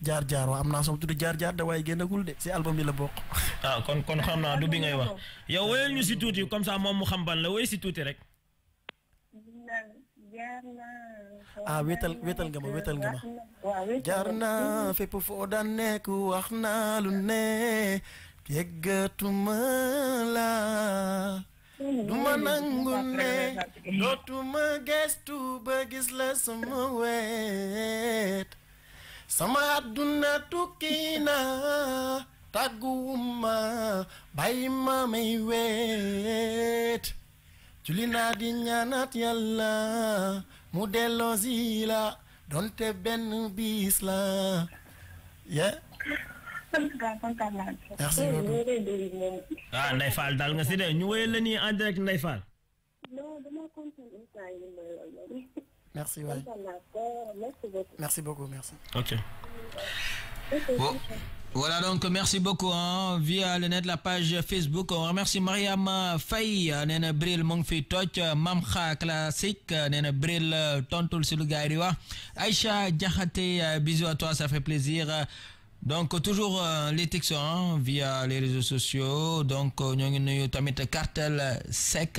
[SPEAKER 1] jar jar, am naa sama jar jar, dawai da waaye de si album bi la bok ah kon kon xamna du bi ngay wax yow wéyal ñu ci tuuti
[SPEAKER 3] comme ça mom mu xam ban la way ci tuuti rek.
[SPEAKER 1] ah wetal wetal nga ma wetal nga ma. jar na fepp fo da nek wax lu ne yeggatuma la. duma nangune ne gestu ba gis la sama wet sama àdduna tukki na tàgguwuma bàyyi ma may weet julli naa di ñaanat yàlla mu delloosi la donte benn bis la ye
[SPEAKER 5] merci beaucoup
[SPEAKER 3] ah Ndeye ñu wéyal la nii en direct Merci,
[SPEAKER 5] Merci
[SPEAKER 1] beaucoup, merci.
[SPEAKER 3] Ok. Voilà donc, merci beaucoup. Hein. Via le net la page Facebook, on remercie Mariam Faye, Nene Bril Mongfi Toch, mamcha Classique, Nene Bril le Silugariwa, Aïcha Djahate, bisous à toi, ça fait plaisir. donc toujours euh, les textes hein, via les réseaux sociaux donc euh, nous nuyu tamit cartel sec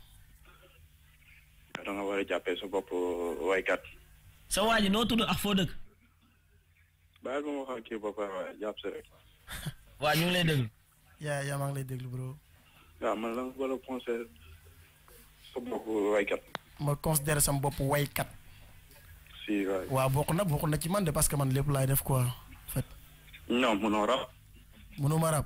[SPEAKER 4] da war a jàppee sa bopp waykat.
[SPEAKER 3] sa waa ji noo tudd ak foo dëkk.
[SPEAKER 4] bàyyil ma
[SPEAKER 1] ñu ngi lay déglu. yaa maa ngi lay déglu bro.
[SPEAKER 4] waaw la wala conseil sa bopp waykat.
[SPEAKER 1] ma considéré sama bopp waykat.
[SPEAKER 4] si waay. bokk
[SPEAKER 1] na bokk na ci man de parce que man lépp laay def quoi en fait.
[SPEAKER 4] non rab. mënuma rab.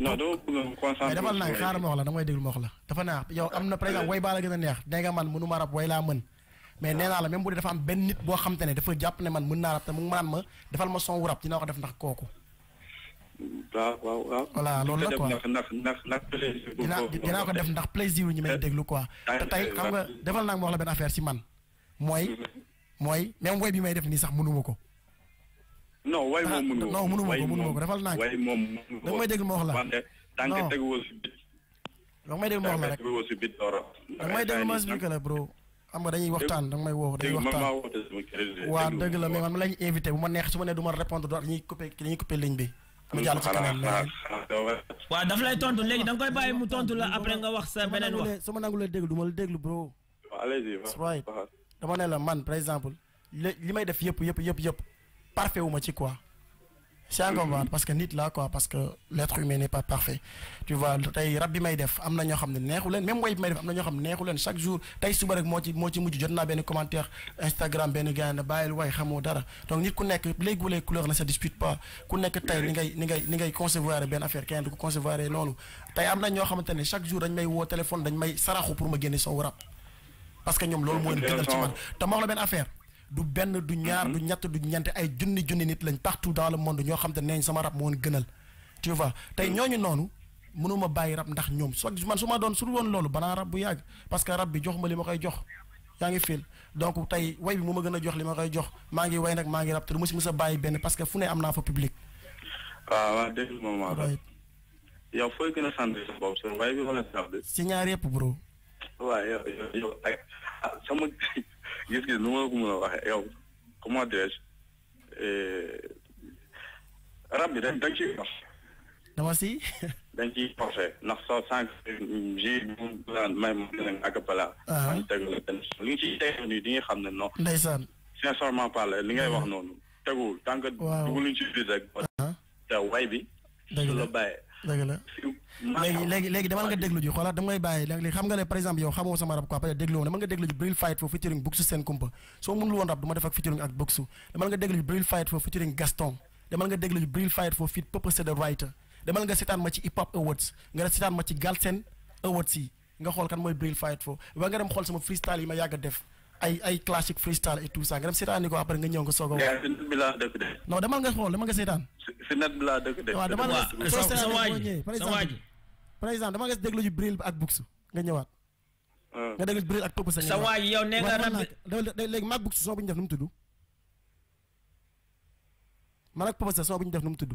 [SPEAKER 4] non dama bëgg a defal naa xaaral moo
[SPEAKER 1] wax la damay déglu moo wax la dafa neex yow am na par exemple way baa la gën a neex nee nga man mënu ma rab way laa mën mais nee naa la même bu dee dafa am benn nit boo xam ne dafa jàpp ne man mën naa rab te mu ngi ma defal ma son wu rab ko def ndax kooku
[SPEAKER 4] loolu la quoi ndax ndax dinaa dinaa ko def
[SPEAKER 1] ndax plaisir ñu may déglu quoi.
[SPEAKER 4] te tey xam nga
[SPEAKER 1] defal naa ma wax la benn affaire si man.
[SPEAKER 4] mooy mm-hmm.
[SPEAKER 1] mooy même way bi may def nii sax mënuma ko
[SPEAKER 4] non way ah, moom mënu non mënu ma ko naa way moom mënu ko may dégg ma wax la wante tànk teguwoo si bit da may dégg ma wax la rek teguwoo da may dégg ma expliqué la
[SPEAKER 1] bro xam nga dañuy waxtaan da may woo dañuy waxtaan
[SPEAKER 4] waaw dëgg la mais man
[SPEAKER 1] ma lañu invité bu ma neex su ma ne du ma répondre do dañuy coupé dañuy coupé ligne bi mu jàll ci kanam la waaw daf lay tontu léegi da nga koy bàyyi mu tontu la après nga wax sa beneen wax su ma nangu la déglu du ma la déglu bro dama ne la man par exemple li may def yëpp yëpp yëpp yëpp parfait ou ma ci quoi c'est un combat mm-hmm. parce que nit la quoi parce que l'être humain n'est pas parfait tu vois tay rabbi may def amna na ñoo xam neexu même way may def amna na ñoo xam neexu chaque jour tay suba rek mo ci mo ci mujj jot naa benn commentaire Instagram ben gars na bàyyil way xamo dara donc nit ku nekk lay les couleurs ne se dispute pas ku nekk tay ni ngay ni ngay ni ngay concevoir ben affaire kenn du ko concevoir noonu tey am ñoo chaque jour dañ may wo téléphone dañ may saraxu pour ma génne son rap. parce que ñom lolu moo gënal ci man Ta ma la affaire du benn du ñaar du mm-hmm. ñett du ñeent ay junni junni nit lañ partout dans le monde ñoo xam te neñ sama rap moon gënal tu vois tey mm-hmm. ñooñu noonu mënuma bàyyi rap ndax ñoom so man su ma doon su woon loolu banaa rab bu yàgg parce que rab bi jox ma li ma koy jox yaa ngi fil donc tey way bi mu ma gën a jox li ma koy jox maa ngi way nag maa ngi rab te du ma si bàyyi benn parce que fu ne am naa fa public
[SPEAKER 4] waaw ah, waaw dégg moom maa yow fooy gën a sant sa bopp sa way bi wala sa si
[SPEAKER 1] ñaar yëpp bro
[SPEAKER 4] waaw yow yow ak ah, sama gis-gis nu ma ko mën a waxee yow comment dirais-je euh, rab bi da nga ciy forcé. dama si. da nga ciy forcé ndax soo sànq ji mu may ma benn acapella. Ah. maa ngi tegu la benn li nga ciy tegu nii di nga xam ne non. ndeysaan. sincèrement parler li ngay wax ah. noonu. teguwul tant que. waaw dugg luñ ci biir ah. te way bi. dëgg la bàyyee.
[SPEAKER 1] dëgg la léegi léegi léegi demal nga déglu ji a damay bàyyi léegi xam nga ne par exemple yow xamoo sama rab quoi peut-être déglu woon demal nga déglu ji Fight foofu featuring Buxu seen kumpa soo mënul woon rab du def ak featuring ak Buxu demal nga déglu ji Fight foofu featuring Gaston demal nga déglu ji Fight foofu feat Papa Seda nga seetaan ma ci Hip Hop Awards nga def seetaan ma ci Galsen Awards yi nga xool kan mooy Bril Fight foofu ba nga ma yàgg a def ay ay classique freestyle et tout ça nga dem seetaani ko après nga ñëw nga
[SPEAKER 4] a
[SPEAKER 1] nga xool demal
[SPEAKER 4] si net bi laa dëkk de. waaw dama des sa waa ji par exemple
[SPEAKER 1] par exemple dama des déglu ji Bril ak Bux nga ñëwaat.
[SPEAKER 6] Ah. nga déglu Bril ak Topp sa. sa waa yow nee nga rab
[SPEAKER 1] léegi maag Bux soo bu ñu def nu mu tudd. man ak Topp sa soo ñu def nu mu tudd.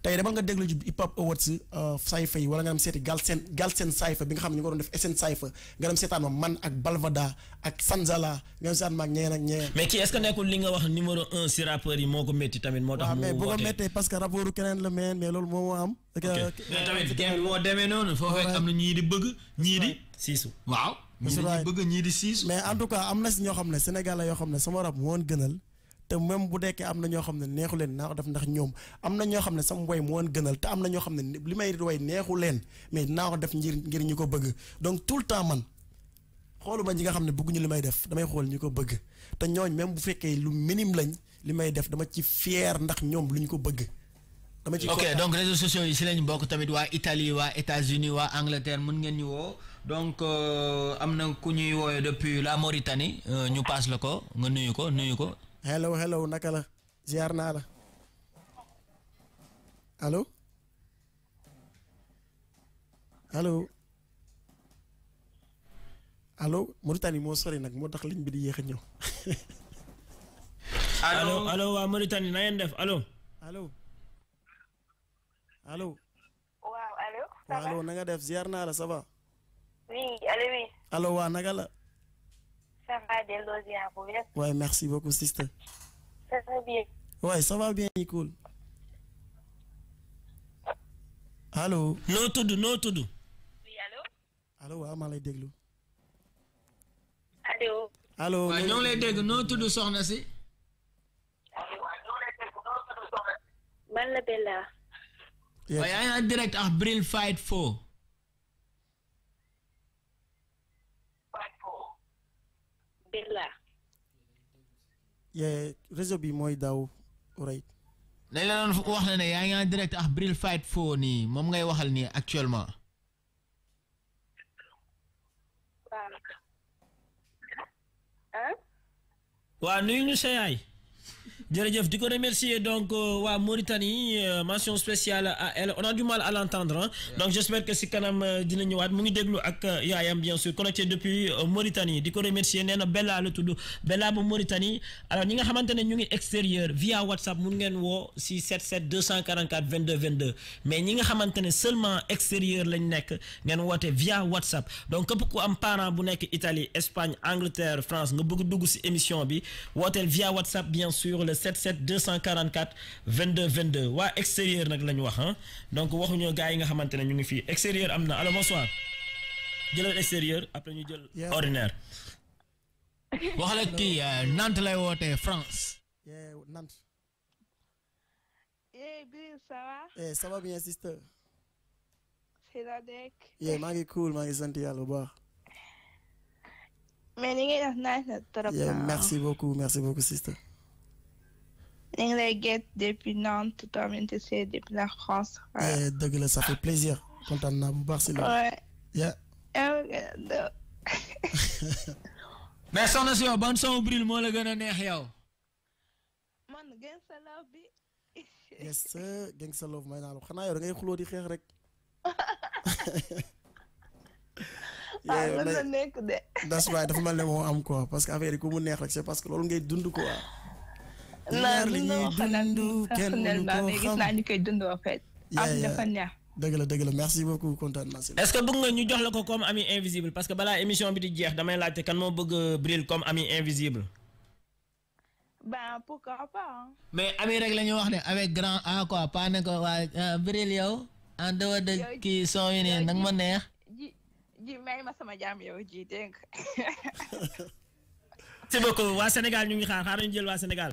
[SPEAKER 1] tey demal nga déglu ci hip hop awards sayfa euh, yi wala nga dem seeti Galsen Galsen sayfa bi nga xam ne ñu ko doon def SN sayfa nga dem seetaan ma man ak Balvada ak Sanzala nga dem seetaan ma ak ñeneen ak ñeneen. mais kii est
[SPEAKER 3] ce yi moo ko tamit. moo tax mu mais
[SPEAKER 1] que rapportu keneen la mais mais loolu moo
[SPEAKER 3] demee noonu. foofee am na ñii di bëgg. ñii di siisu waaw. ñii di
[SPEAKER 1] bëgg mais en tout cas am na si ñoo xam ne Sénégal la yoo xam ne sama rap moo gënal te même bu dekkee am na ñoo xam ne neexu leen naa ko def ndax ñoom am na ñoo xam ne sama way moo gënal te am na ñoo xam ne li may way neexu leen mais naa ko def ngir ngir ñu ko bëgg donc tout le temps man xooluma ñi nga xam ne bëgguñu li may def damay xool ñu ko bëgg te ñooñ même bu fekkee lu minime lañ li may def dama ci fier ndax ñoom lu ñu ko bëgg. dama ci ok
[SPEAKER 3] donc réseaux sociaux yi si lañ bokk tamit waa Italie waa États-Unis waa Angleterre mun ngeen ñu woo donc euh, am na ku ñuy woowee depuis la Mauritanie euh, ñu paas la ko nga nuyu ko nuyu ko.
[SPEAKER 1] hello hello naka la ziar naa la allo allo allo Mauritanie moo sori nag moo tax ligne bi di yéex a ñëw. allo allo waa Mauritanie def allo. allo allo. waaw allo. def ziar naa la ça va.
[SPEAKER 6] oui allo oui. allo waa ça
[SPEAKER 1] Ouais, merci beaucoup, sister. Ça va bien. Ouais, ça va bien, Nicole. Allô? Non, tout doux, non, tout doux. Oui, allô? Allô, ah, malé déglo. Allô? Allô? Ouais, non, les non, tout doux,
[SPEAKER 6] la bella.
[SPEAKER 3] Ouais, direct à Fight 4.
[SPEAKER 6] billah
[SPEAKER 1] réseau bi mooy daw right dañ la doon wax na ne yaa ngi en direct ak Bril Fight Fo nii moom ngay waxal nii actuellement
[SPEAKER 3] waaw nuyu ñu sa yaay jërëjëf di remercier donc euh, wa Mauritanie euh, mention spéciale à elle on a du mal à l'entendre hein. donc j'espère que si kanam euh, dina ñëwaat mu ngi déglu ak yaayam bien sûr connecté depuis Mauritanie di ko remercier néna Bella la tudd Bella bu Mauritanie alors ñi nga xamantene ñu ngi extérieur via WhatsApp mu ngeen wo si 77 244 22 22 mais ñi nga xamantene seulement extérieur lañ nek ngeen woté via WhatsApp donc képp ku am parent bu nek Italie Espagne Angleterre France nga bëgg dugg ci émission bi via WhatsApp bien sûr le 77 244 22 22 wa extérieur nak lañ wax hein donc waxuñu gars nga xamante ñu ngi fii extérieur amna na allo bonsoir jël extérieur après ñu jël ordinaire. wax
[SPEAKER 1] la ki Nantes lay wootee France. yeah Nantes.
[SPEAKER 6] eh bien ça va.
[SPEAKER 1] eh ça va bien sister.
[SPEAKER 6] c'est la dëkk.
[SPEAKER 1] eh maa cool maa ngi sant yàlla
[SPEAKER 6] mais ni nga def nice na trop. Hein? merci
[SPEAKER 1] beaucoup merci beaucoup sister
[SPEAKER 6] depuis Nantes depuis la France.
[SPEAKER 1] Eh, là, ça fait plaisir kontaan naa bu baax Ouais. Yeah. mais soxna si soirée, son brille, moi le gars, on Je
[SPEAKER 2] man Gangsta Love
[SPEAKER 1] Gangsta Love man, alors, da ngay ah, de. parce qu'avec affaire Je ku c'est parce que ngay quoi.
[SPEAKER 6] la li nga koy dund en fait. am
[SPEAKER 1] dëgg la dëgg la merci beaucoup kontaan naa si.
[SPEAKER 6] que
[SPEAKER 3] bëgg nga ñu jox la ko comme ami invisible parce que balaa émission bi di jeex damay laajte kan moo bëgg brille comme ami invisible. mais ami rek la wax ne avec grand A quoi pas ne ko waa brille yow. en dehors de kii son yi nag ma neex.
[SPEAKER 6] ji ji ma sama jaam yow ji dégg nga.
[SPEAKER 3] merci waa Sénégal ñu ngi xaar xaar ñu jël waa Sénégal.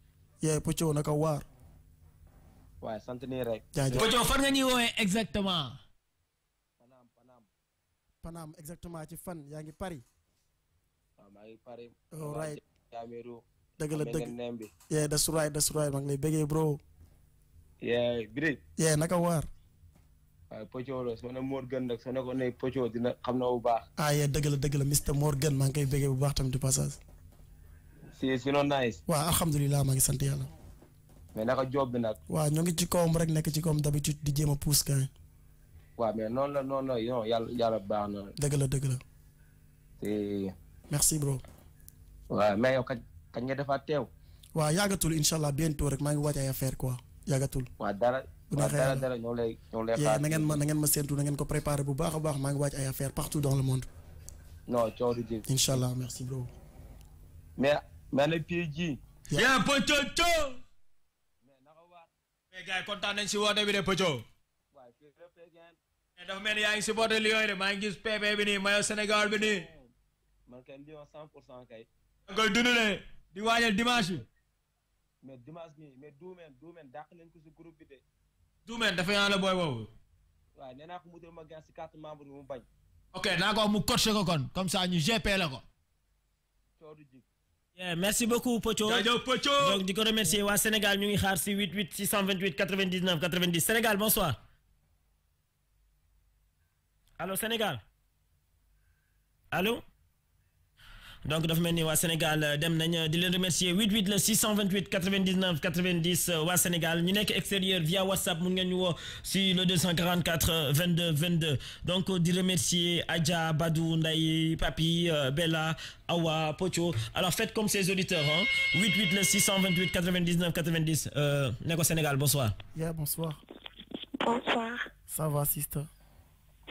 [SPEAKER 1] yeah, pocho naka war
[SPEAKER 4] waaye sant nii rek. jaajëf Pothio fan nga
[SPEAKER 1] ñuy exactement. Panam Panam. Panam exactement ci fan ya ngi pari.
[SPEAKER 4] waaw ah, pari. ngi pari all right. pari,
[SPEAKER 1] la dëgg yeah that's right that's right maa ngi lay bëggee bro.
[SPEAKER 4] yeah Biré.
[SPEAKER 1] yeah naka war
[SPEAKER 4] waaye pocho la soo Morgan nag soo ne ko ne Pothio dina xam na bu baax.
[SPEAKER 1] ah yeah dëgg la la Mr Morgan maa ngi koy bëggee bu baax tamit du passage
[SPEAKER 4] si sinon nice.
[SPEAKER 1] waaw alhamdulillah, maa ngi sant yàlla.
[SPEAKER 4] mais naka job bi nag.
[SPEAKER 1] waaw ñoo ngi ci kawam rek nekk ci kawam d'habitude di jéem pousse kañ.
[SPEAKER 4] waaw mais noonu la noonu la baax na. la la. si. merci bro. waaw mais yow kañ nga defaat teew.
[SPEAKER 1] allah bientôt rek maa ngi waaj affaire quoi yàggatul.
[SPEAKER 4] waaw dara. le monde. non coow merci bro. mais mel ne PG. yaa Pocho co. mais gars yi kontaan nañ si woote bi de Pocho. mais dafa mel yaa ngi supporté Lions de maa ngi gis PP bi nii maillot Sénégal bi nii. pour cent kay. da koy di waajal dimanche bi. mais dimanche bi mais duumeen duumeen dàq nañ ko si groupe de.
[SPEAKER 3] duumeen dafa yaa la booy boobu.
[SPEAKER 4] waaw nee mu dul ma
[SPEAKER 3] ko kon comme ça ñu GP la ko. merci beaucoup Pocho jaajëf Pocho donc di ko remercier wa Sénégal ñu ngi xaar ci 88 628 99 90 Sénégal bonsoir allo Sénégal allo donc nous vous wa Sénégal euh, dem nañ euh, di remercier 88 le 628 99 90 Au Sénégal ñu sommes extérieur via WhatsApp Nous ngeen ñu le 244 22 22 donc euh, di remercier Adja Badou Ndaye Papi Bella Awa Pocho alors faites comme ces auditeurs 88 le 628 99 90 euh au Sénégal bonsoir.
[SPEAKER 1] yeah bonsoir. bonsoir. ça va sister.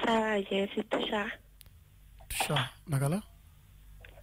[SPEAKER 5] ça va je tout Toucha. Toucha Nagala.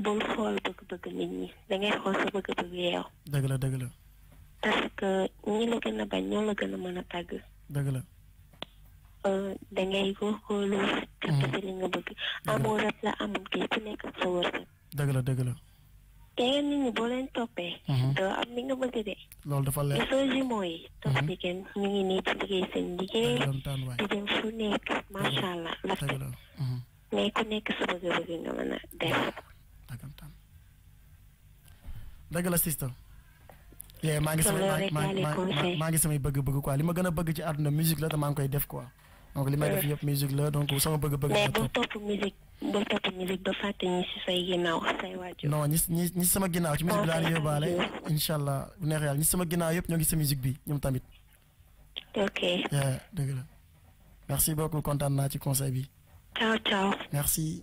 [SPEAKER 5] bul xool bëgg-bëgg nit ñi dangay xool sa bëgg-bëgg yeew dëgg la dëgg la parce que ñi la gën a bañ la gën a mën a tàgg dëgg la euh, dangay góorgóorlu ci mm-hmm. li nekk sa dëgg la dëgg la te ngeen nit ñi mm-hmm. doo am li bëgg de
[SPEAKER 1] loolu dafa leer soo
[SPEAKER 5] jumeaux yi mm-hmm. topp di kenn ñu ngi nii ci liggéey seen liggéey di dem fu nekk macha allah mais ku nekk sa bëgg-bëgg nga mën a def
[SPEAKER 1] dëgg la sista yee maa ngi samay maa ngi samay bëgg-bëgg quoi li ma gën a bëgg ci àdduna musique la te maa ngi koy def quoi donc li may def yëpp musique la donc sama bëgg-bëgg. mais bul
[SPEAKER 5] topp musique bul topp musique
[SPEAKER 1] ñi sama ginnaaw ci musique bi daal di allah bu neex ñi sama ginnaaw yëpp ñoo ngi sa musique bi ñoom tamit. ok. dëgg la merci beaucoup kontaan naa ci conseil bi. ciao ciao. merci.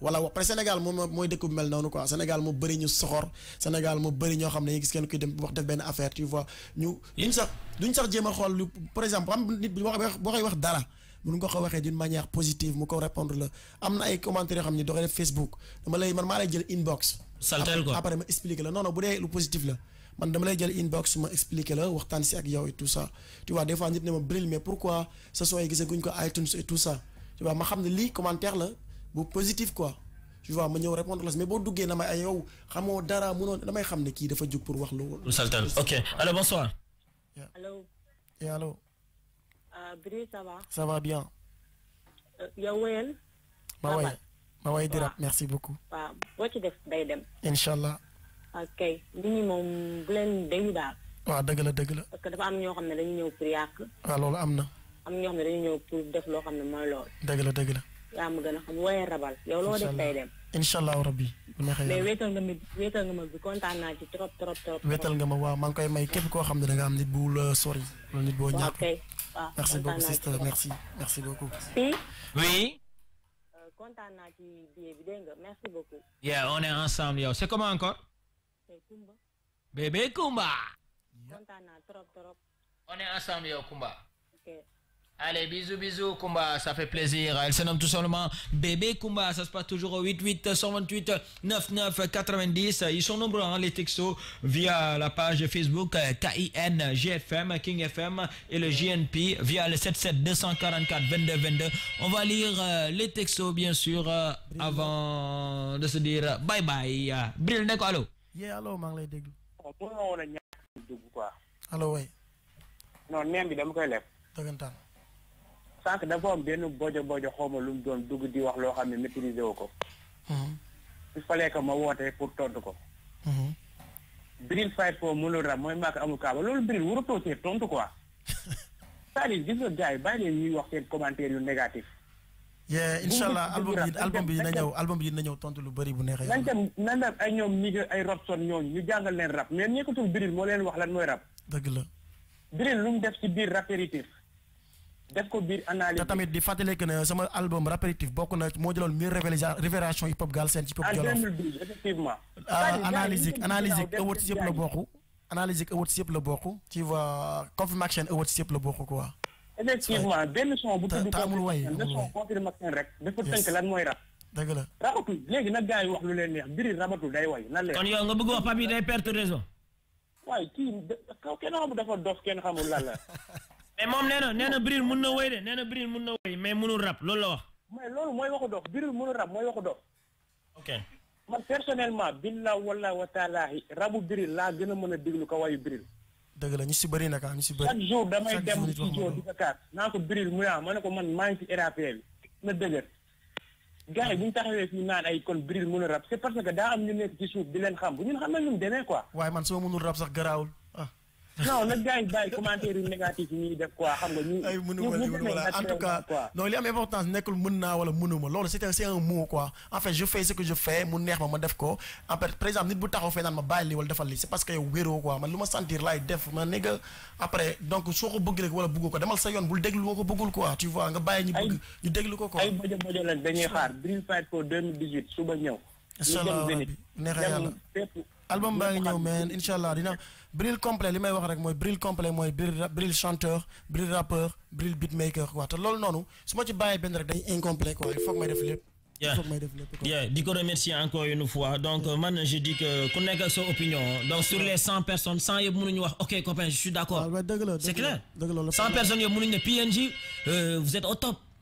[SPEAKER 1] wala wax parce Sénégal mo mooy dëkk bu mel noonu quoi Sénégal mo bëri ñu soxor Sénégal mo bëri ño xam ne gis kenn kuy dem wax def ben affaire tu vois ñu duñ sax duñ sax jéem xol par exemple am nit bo koy wax dara mun ko waxé d'une manière positive mu ko répondre le amna ay commentaires xamni do def Facebook dama lay man maa lay jël inbox saltel ko après ma expliquer la non non bu dé lu positif la man dama lay jël inbox ma expliquer la waxtan ci ak yow et tout ça tu vois des fois nit ne ma brille mais pourquoi Ça sooy gisee guñ ko iTunes et tout ça tu vois ma xam li commentaire la bu positif quoi tu vois ma ñëw répondre mais boo duggee na ma ay yow xamoo dara mënoo damay xam ne kii dafa jug pour wax lu. lu saltal ok alors bonsoir. allo. et allo. Biri ça va. ça va bien.
[SPEAKER 5] Euh, yow wéyal.
[SPEAKER 1] ma way ma way dirab merci beaucoup.
[SPEAKER 5] waaw boo ci def day dem. incha ok nit ñi moom bu leen dañu la dëgg la. parce que dafa am ñoo xam ne dañu ñëw pour yàq. waaw loolu am na. am ñoo xam ne dañu ñëw pour def loo xam ne mooy loolu. la dëgg la. yaa ma gën a xam wooyee rabal yow loo def tay dem
[SPEAKER 1] incha allahu rabbi bu neexee mais
[SPEAKER 5] wéetal nga ma wéetal nga ma bi kontaan naa ci trop trop trop wéetal
[SPEAKER 1] nga ma waaw maa ngi koy may képp koo xam ne da nga am nit bu la sori wala nit boo ñàkk
[SPEAKER 5] merci beaucoup sister
[SPEAKER 1] merci merci beaucoup si oui eh,
[SPEAKER 5] kontaan naa ci billet bi dégg nga merci beaucoup
[SPEAKER 3] yeah on est ensemble yow comment encore c'est Kumba bébé Kumba
[SPEAKER 6] kontaan naa trop trop on est
[SPEAKER 3] ensemble yow Kumba Allez, bisous, bisous, Kumba, ça fait plaisir. Elle se nomme tout simplement Bébé Kumba. Ça se passe toujours au 88 128 99 90. Ils sont nombreux, hein, les textos, via la page Facebook euh, KIN, GFM, King FM et le GNP via le 77 244 22 22. On va lire euh, les textos, bien sûr, euh, avant de se dire bye bye. Bril Neko, allô?
[SPEAKER 1] Yeah, allô, Marley oh, Allô, oui.
[SPEAKER 4] Non, Nembi, Doggantaan. sànq dafa am benn bojo bojo xaw ma lu mu doon dugg di wax loo xam ne maîtriser wu ko. Mhm. il fallait que ma woote pour tontu ko. Mhm. Bril Fight foo mënul rab mooy maaka amul kaaba loolu Bril warutoo see tontu quoi. c'est-à-dire gis nga gars bàyyi leen ñuy wax seen commentaire yu négatif.
[SPEAKER 1] yee incha allah album bi album bi dina ñëw album bi dina ñëw tontu lu bari bu neexee. nan
[SPEAKER 4] tam nan tam ay ñoom ñi ay Robson ñooñu ñu jàngal leen rab mais nekkatul Bril moo leen wax lan mooy rab. dëgg la. Bril lu mu def ci biir rap
[SPEAKER 1] def ko biir analyse. te tamit di fàttali que ne sama album Rappétitif bokk na moo jëloon mille révélation hip hop Galsen ci hip hop Jolof. en
[SPEAKER 4] 2012 effectivement. Ah, analyse analyse awards yëpp la bokk.
[SPEAKER 1] analyse awards yëpp la bokk. tu vois confirmation awards yëpp la bokk quoi.
[SPEAKER 4] effectivement benn son bu tudd. te amul waay amul waay confirmation rek. dafa tënk lan mooy rap. dëgg la rabatu léegi nag gars yi wax lu leen neex biri rabatu day way na leen. kon yow nga bëgg wax papi day perte raison.
[SPEAKER 3] waaye kii kenn
[SPEAKER 4] xamul dafa dof kenn xamul lan
[SPEAKER 3] la. mais moom nee na nee na Bril mun na
[SPEAKER 4] wéy de nee na Bril mun na wéy mais munul rap loolu la wax. mais loolu mooy waxu dof Bril munul rap mooy waxu dof. ok man personnellement billah wallah wa taalaahi rabu Bril laa gën a mën a déglu ko wayu Bril. dëgg la si bëri nag ah, ñu si bëri. chaque jour damay dem studio di ko kaat naa ko Bril mu ne ah, ma ne ko man maa ngi ci bi na dëgër. gars yi ñu taxawee fii naan ay kon Bril mun a rap c'est daa am ñu nekk ci suuf di leen xam bu ñun xam ne ñun demee quoi. waaye man soo munul rap sax garaawul. non nag gars yi bàyyi commentaire yu yi ñuy def
[SPEAKER 1] tout cas non li am nekkul mën naa wala mënuma loolu c' est un mot ma def ko en fait par exemple nit bu ma bàyyi lii wala parce que yow wéroo quoi man lu ma sentir laay def ma rek wala bëggu ko demal sa yoon bul déglu ko
[SPEAKER 4] bëggul quoi tu vois nga bàyyi ñu bëgg ñu ko quoi. ay bojo bojo lañ dañuy xaar Dream Fight for 2018 suba ñëw. incha yàlla
[SPEAKER 1] album bang ngi ñew mais inshallah dina Bril complet li wax rek moy Bril complet Bril Bril chanteur Bril rappeur Bril beatmaker quoi te loolu nonu. ci baye ben rek incomplet quoi il faut que may def
[SPEAKER 2] lépp. yeah
[SPEAKER 3] di ko encore une fois donc euh, man je dis que ku nekk son opinion donc sur les 100 personnes 100 personnes, ok copain je suis d'accord ah, c'est clair 100 personnes ne PNJ
[SPEAKER 1] euh, vous êtes au top.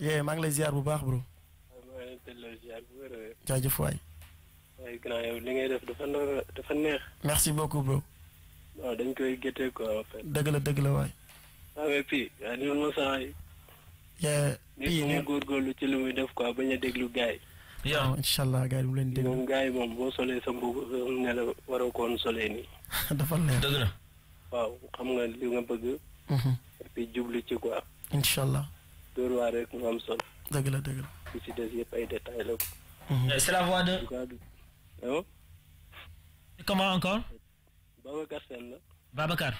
[SPEAKER 1] yee maa ngi ziar bu baax bro. jaajëf waay.
[SPEAKER 4] waaye li ngay def dafa dafa neex.
[SPEAKER 1] merci beaucoup bro.
[SPEAKER 4] waaw dañ koy géttee quoi en fait. dëgg la dëgg la waaye ni ma ci li muy def quoi bañ déglu gars
[SPEAKER 1] yi. waaw ah, incha allah gars yi mu leen
[SPEAKER 4] déglu moom gars yi moom boo solee sa mbubb ne la waroo koon solee nii.
[SPEAKER 1] dafa neex dëgg la.
[SPEAKER 4] waaw xam nga li nga bëgg. Mm-hmm. et jublu ci quoi. incha allah. Dóor waar rek mu am solo. dëgg la dëgg la. li ci des yëpp ay détails la. Mm-hmm. c'est la voix de. comment encore. Babacar Sène la.
[SPEAKER 3] Babacar.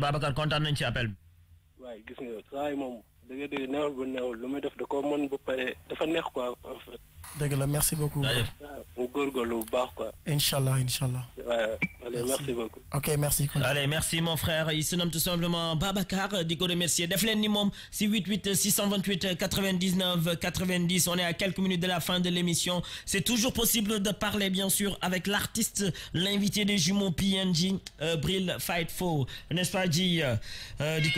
[SPEAKER 3] Babacar kontaan nañ ci appel bi.
[SPEAKER 4] waaye gis nga saa yi moom dëgg-dëgg neexul bu neexul lu muy def da ko mën ba pare dafa neex quoi en fait. merci beaucoup. mu góorgóorlu
[SPEAKER 1] allez merci beaucoup. ok merci.
[SPEAKER 3] allez merci mon frère il se nomme tout simplement Babacar euh, diko de remercier def leen ni 628 99 90 on est à quelques minutes de la fin de l'émission c'est toujours possible de parler bien sûr avec l'artiste l'invité des jumeaux PNJ euh, Bril Fight Fo n'est-ce pas diko euh, di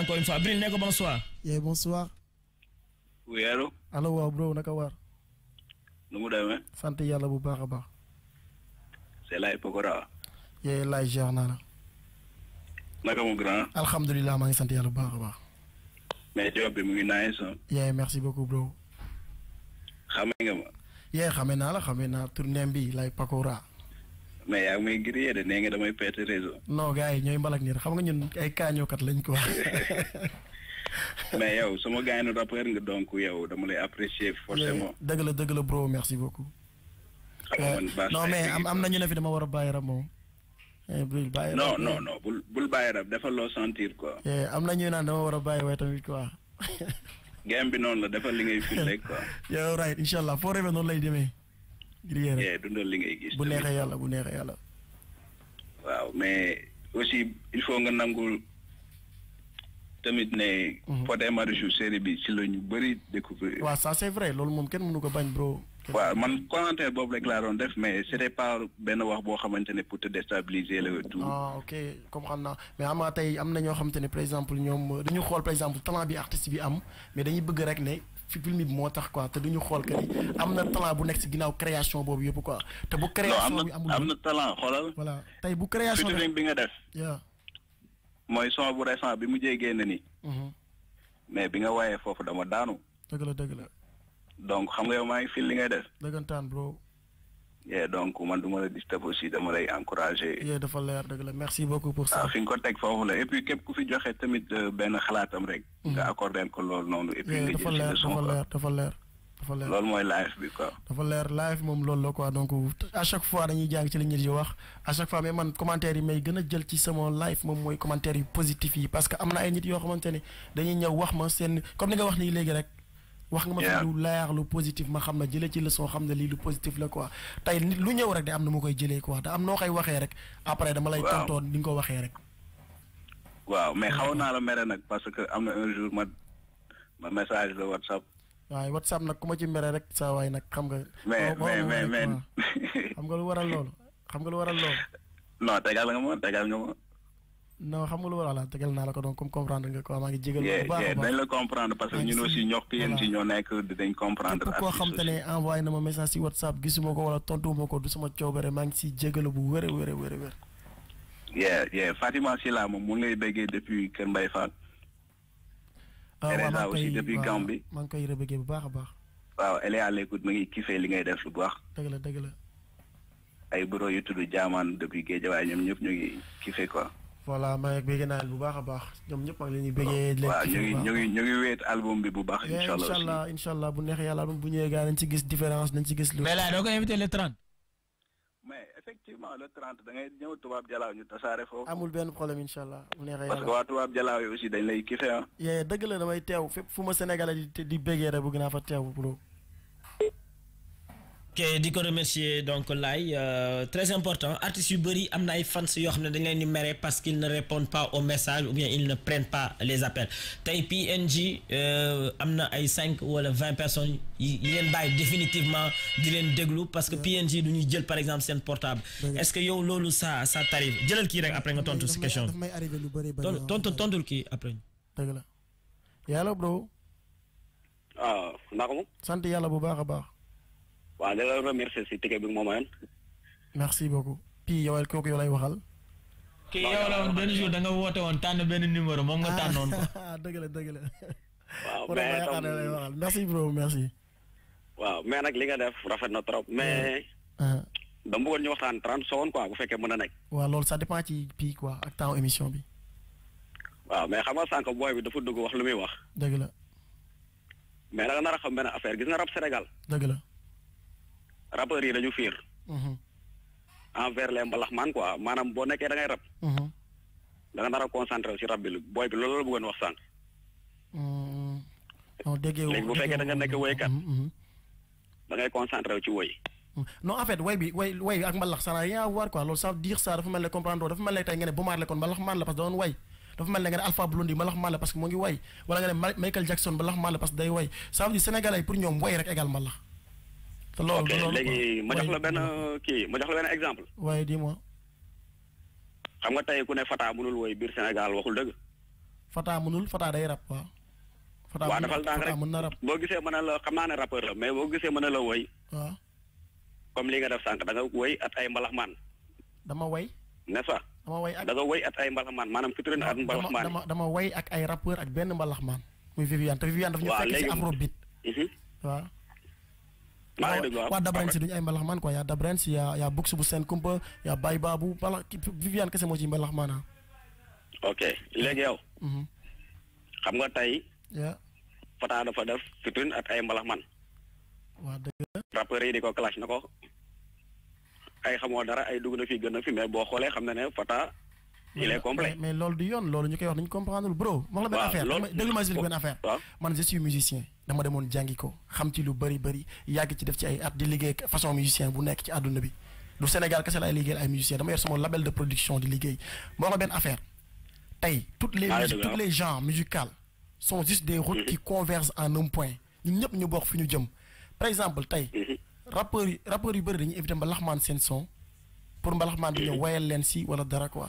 [SPEAKER 3] encore une fois Bril Nego
[SPEAKER 1] bonsoir. bonsoir. oui hello. Allô, bro Nakawa. nu mu demee eh? sant yàlla bu baax a baax
[SPEAKER 4] c'est lay pokora
[SPEAKER 1] yee ya, lay jeex naa la
[SPEAKER 4] naka mu grand
[SPEAKER 1] alhamdulilah maa ngi sant yàlla bu baax a baax
[SPEAKER 4] mais job bi mu ngi eh, yee
[SPEAKER 1] ya, ya, merci beaucoup bro xame nga ma yee xame naa la xame naa tournée bi lay pakora
[SPEAKER 4] mais yaa ngi may grillé de nee nga damay pété réseau eh,
[SPEAKER 1] non gars yi ñooy mbalak nii xam kan nga ñun ay kan lañ
[SPEAKER 4] mais yow sama gaynde rappeur nga donc yow dama lay apprécier forcément. dëgg
[SPEAKER 1] la dëgg la bro merci beaucoup.
[SPEAKER 4] Euh, non mais am na
[SPEAKER 1] ñu ne dama war a bàyyi rab moom. Eh, bul bàyyi
[SPEAKER 4] non bàyyi rab dafa loo sentir quoi.
[SPEAKER 1] Eh, am na ñu naan dama war a bàyyi waaye tamit quoi.
[SPEAKER 4] game bi noonu la defal li ngay fil rek quoi.
[SPEAKER 1] right incha allah foo rebe noonu lay demee.
[SPEAKER 4] grillé dundal li ngay gis. bu neexee yàlla bu neexee yàlla. waaw mais aussi il faut nga nangul. tamit ne. Pod mhm. et Marichou série bi ci la ñu bëri découvrir. waaw ça
[SPEAKER 1] c'est vrai loolu moom kenn mënu ko bañ bro.
[SPEAKER 4] waaw man commentaire boobu rek laa doon def mais c'était pas benn wax boo xamante ne pour te déstabiliser le tout. Ah,
[SPEAKER 1] ok comme xam naa mais am naa tey am na ñoo xamante ne par exemple ñoom dañu xool par exemple talent bi artiste bi am mais dañuy bëgg rek ne fi bi moo tax quoi te duñu xool que ni am na talent bu nekk si ginnaaw création boobu yëpp quoi. te bu création bi amul am na talent xoolal.
[SPEAKER 4] nga def. mooy son bu récent bi mu jégee na ni. Mhm. mais bi nga waayee foofu dama daanu. dëgg la dëgg la. donc xam nga yow maa ngi fil li ngay def.
[SPEAKER 1] dëggantaan bro.
[SPEAKER 4] yee donc man du ma la disturb aussi dama lay encouragé.
[SPEAKER 1] yee dafa leer dëgg la merci beaucoup pour ça. Ah, fi
[SPEAKER 4] nga ko teg foofu la et képp ku fi joxe tamit euh, benn xalaatam rek. Mhm. nga leer
[SPEAKER 1] dafa leer. dafa leer loolu mooy
[SPEAKER 4] live bi quoi.
[SPEAKER 1] dafa leer live moom loolu la quoi donc à chaque fois dañuy jàng ci li nit yi wax à chaque fois mais man commentaire yi may gën a jël ci sama live moom mooy commentaire yu positif yi parce que am na ay nit yoo xamante ne dañuy ñëw wax ma seen comme ni nga wax nii léegi rek. wax nga ma fi lu leer lu positif ma xam ne jëlee ci leçon xam ne lii lu positif la quoi tey nit lu ñëw rek day am na ma koy jëlee quoi da am noo koy waxee rek. après dama lay. waaw tontoon ni nga ko waxee rek.
[SPEAKER 4] waaw mais xawoon naa la mere nag parce que am na un jour ma ma message la
[SPEAKER 1] waaye whatsapp nag ku ma ci mbere rek sa waay nag xam nga.
[SPEAKER 4] xam
[SPEAKER 1] nga lu waral loolu xam
[SPEAKER 4] nga lu waral loolu. non tegal nga ma tegal nga ma.
[SPEAKER 1] non xam nga lu waral tegal naa la ko donc comme comprendre nga ko maa ngi jégal. bu baax dañ la
[SPEAKER 4] comprendre parce que ñun aussi ñoo yéen si ñoo nekk dañ comprendre.
[SPEAKER 1] ko xam te ne envoyé na ma message si whatsapp gisuma ko wala tontuwuma ko du sama coobare maa ngi si jégalu bu wér a wér a wér a wér.
[SPEAKER 4] yeah yeah Fatima Sylla moom mu ngi lay déggee depuis Kër Mbaye Fall. RSA ah, aussi depuis Gambie
[SPEAKER 1] maa ngi koy rëbëgee bu baax a baax.
[SPEAKER 4] waaw elle est à l'écoute mu ngi li ngay def lu baax. dëgg la dëgg la. ay bureau yu tudd jaamaan depuis Guédiawaye ñoom ñëpp ñu ngi kiffee quoi.
[SPEAKER 1] voilà maa ngi bëgg naa bu baax a baax ñoom ñëpp maa ngi leen di bëggee. leen ñu ngi
[SPEAKER 4] ñu ngi wéet album bi bu baax. incha allah
[SPEAKER 1] incha allah bu neexee yàlla album bu ñëwee gars dañ ci gis différence dañ ci gis. lu mais doo ko invité le
[SPEAKER 4] effectivement le 30 da ngay ñëw tubaab jalaaw ñu tasaare foofu. amul
[SPEAKER 1] benn problème incha allah mu parce que waa
[SPEAKER 4] tubaab jalaaw yi aussi dañ lay kife ah.
[SPEAKER 1] yee dëgg la damay teew fépp fu ma Sénégalais di di bégee rek bëgg naa fa teew bu
[SPEAKER 3] Je di remercier donc euh, très important artistes fans parce qu'ils ne répondent pas aux messages ou bien ils ne prennent pas les appels tay euh, PNG personnes yi définitivement di parce que PNG par exemple un portable est-ce que yow ça ça t'arrive rek après nga question
[SPEAKER 1] après bro ah
[SPEAKER 4] waaw di la remercier si ticket bi nga ma mayoon.
[SPEAKER 1] merci beaucoup. kii yow kooku yow lay waxal. kii yow la woon benn jour da nga woote woon tànn benn numéro moom nga tànnoon ko. Ah, dëgg la dëgg la.
[SPEAKER 4] waaw mais tam lay waxal
[SPEAKER 1] merci bro merci.
[SPEAKER 4] waaw mais nag li nga def rafet na trop mais. Uh-huh. dama bëggoon ñu waxtaan trente secondes quoi bu fekkee mën a nekk.
[SPEAKER 1] waaw loolu ça dépend ci bii quoi ak temps émission bi.
[SPEAKER 4] waaw mais xam nga sànq booy bi dafa dugg wax lu muy wax. dëgg la. mais da nga nar a xam benn affaire gis nga rap Sénégal. dëgg la rapper yi dañu fiir mhm. envers les mbalax quoi maanaam boo nekkee ya da ngay rap mhm. da nga nar a concentré si rap bi boy bi loolu la bëggoon ya, wax sànq
[SPEAKER 1] non déggee léegi bu fekkee
[SPEAKER 4] da nga nekk woykat da ngay concentré ci woy
[SPEAKER 1] non en fait way bi way way ak mbalax sa rien voir quoi loolu ça dire ça dafa mel ne comprendre dafa mel ne tey nga ne Bomaar la kon mbalax maan la parce que da doon way dafa mel ne nga ne Alpha blondi mbalax maan la parce que mo ngi way wala nga ne Michael Jackson mbalax maan la parce que day way ça veut dire sénégalais pour ñoom way rek égal mbalax
[SPEAKER 4] te loolu ok léegi ma jox la benn kii ma jox la benn exemple. waaye dis-moi. xam nga tey ku ne Fata mënul woy biir Sénégal waxul dëgg.
[SPEAKER 1] Fata mënul Fata day rap waaw. Fata waaw dafal daan rek mën
[SPEAKER 4] na rap boo gisee mën na la xam naa ne rappeur la boo gisee mën na la woy. waaw. comme li nga def sànq da nga woy at ay mbalaxmaan. dama woy. n'est-ce pas. dama woy ak da nga ay mbalaxmaan maanaam fitiri na at mbalaxmaan. dama
[SPEAKER 1] dama woy ak ay rappeur ak benn mbalaxmaan. muy Viviane te Viviane daf ñu fekk ci afrobeat. Mhm. waaw Iya, wa da branch duñ ay man quoi ya da branch ya ya box bu sen kumpa ya bay babu bala Vivian kese mo ci mana?
[SPEAKER 4] ok legi yow hmm xam nga tay ya fata dafa def fitun at ay mbalaxmaan
[SPEAKER 1] wa deug
[SPEAKER 4] rappeur yi diko clash nako ay xamoo dara ay dugg na fi gën na fi mais boo xoolee xam na ne fata il est complet
[SPEAKER 1] mais loolu du yoon loolu ñu wax dañu comprendre bro wax la benn affaire déglu ma explique benn affaire man je suis musicien dama demone jàngi ko xam ci lu bari bari, yag ci def ci ay at di liggéey façon musicien bu nek ci aduna bi du Sénégal kese lay liggéeyal ay musicien dama yor sama label de production di liggéey mo ko ben affaire tay toutes les ah, toutes les genres musicales sont juste des routes qui mhm. convergent en un point ñun ñëpp ñu bok fi ñu jëm par exemple tay mhm. rappeur rappeur yu bari dañuy éviter mbalaxmaan sen son pour mbalaxmaan dañu mhm. wayal len si wala dara quoi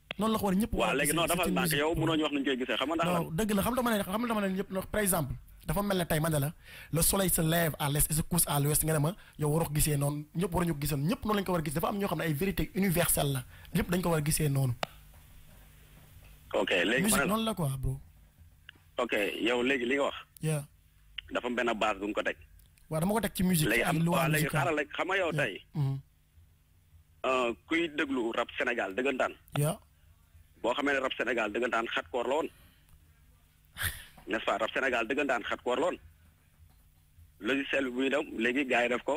[SPEAKER 1] noonu la ko war ñëpp waaw léegi non dafa ndànk yow mënoo
[SPEAKER 4] ñu wax nuñ koy gisee xam nga
[SPEAKER 1] man de la le soleil se lève à l'est et se couche à l'ouest nga ne ma yow ko gisee noonu ñëpp waruñu ko gisee noonu la ko war a gisee ok léegi
[SPEAKER 4] yow léegi li nga wax yeah dafa am benn base bu nga ko teg
[SPEAKER 1] waaw dama ko teg ci musique léegi am waaw léegi xaaral
[SPEAKER 4] rek xam nga yow tey mm-hmm. euh, kuy déglu rap Sénégal dëggantaan boo xamee ne rab Sénégal dëggantaan xat koor la woon n'est-ce pas rab Sénégal dëggantaan xat koor la woon logiciel bi dem léegi gars yi def ko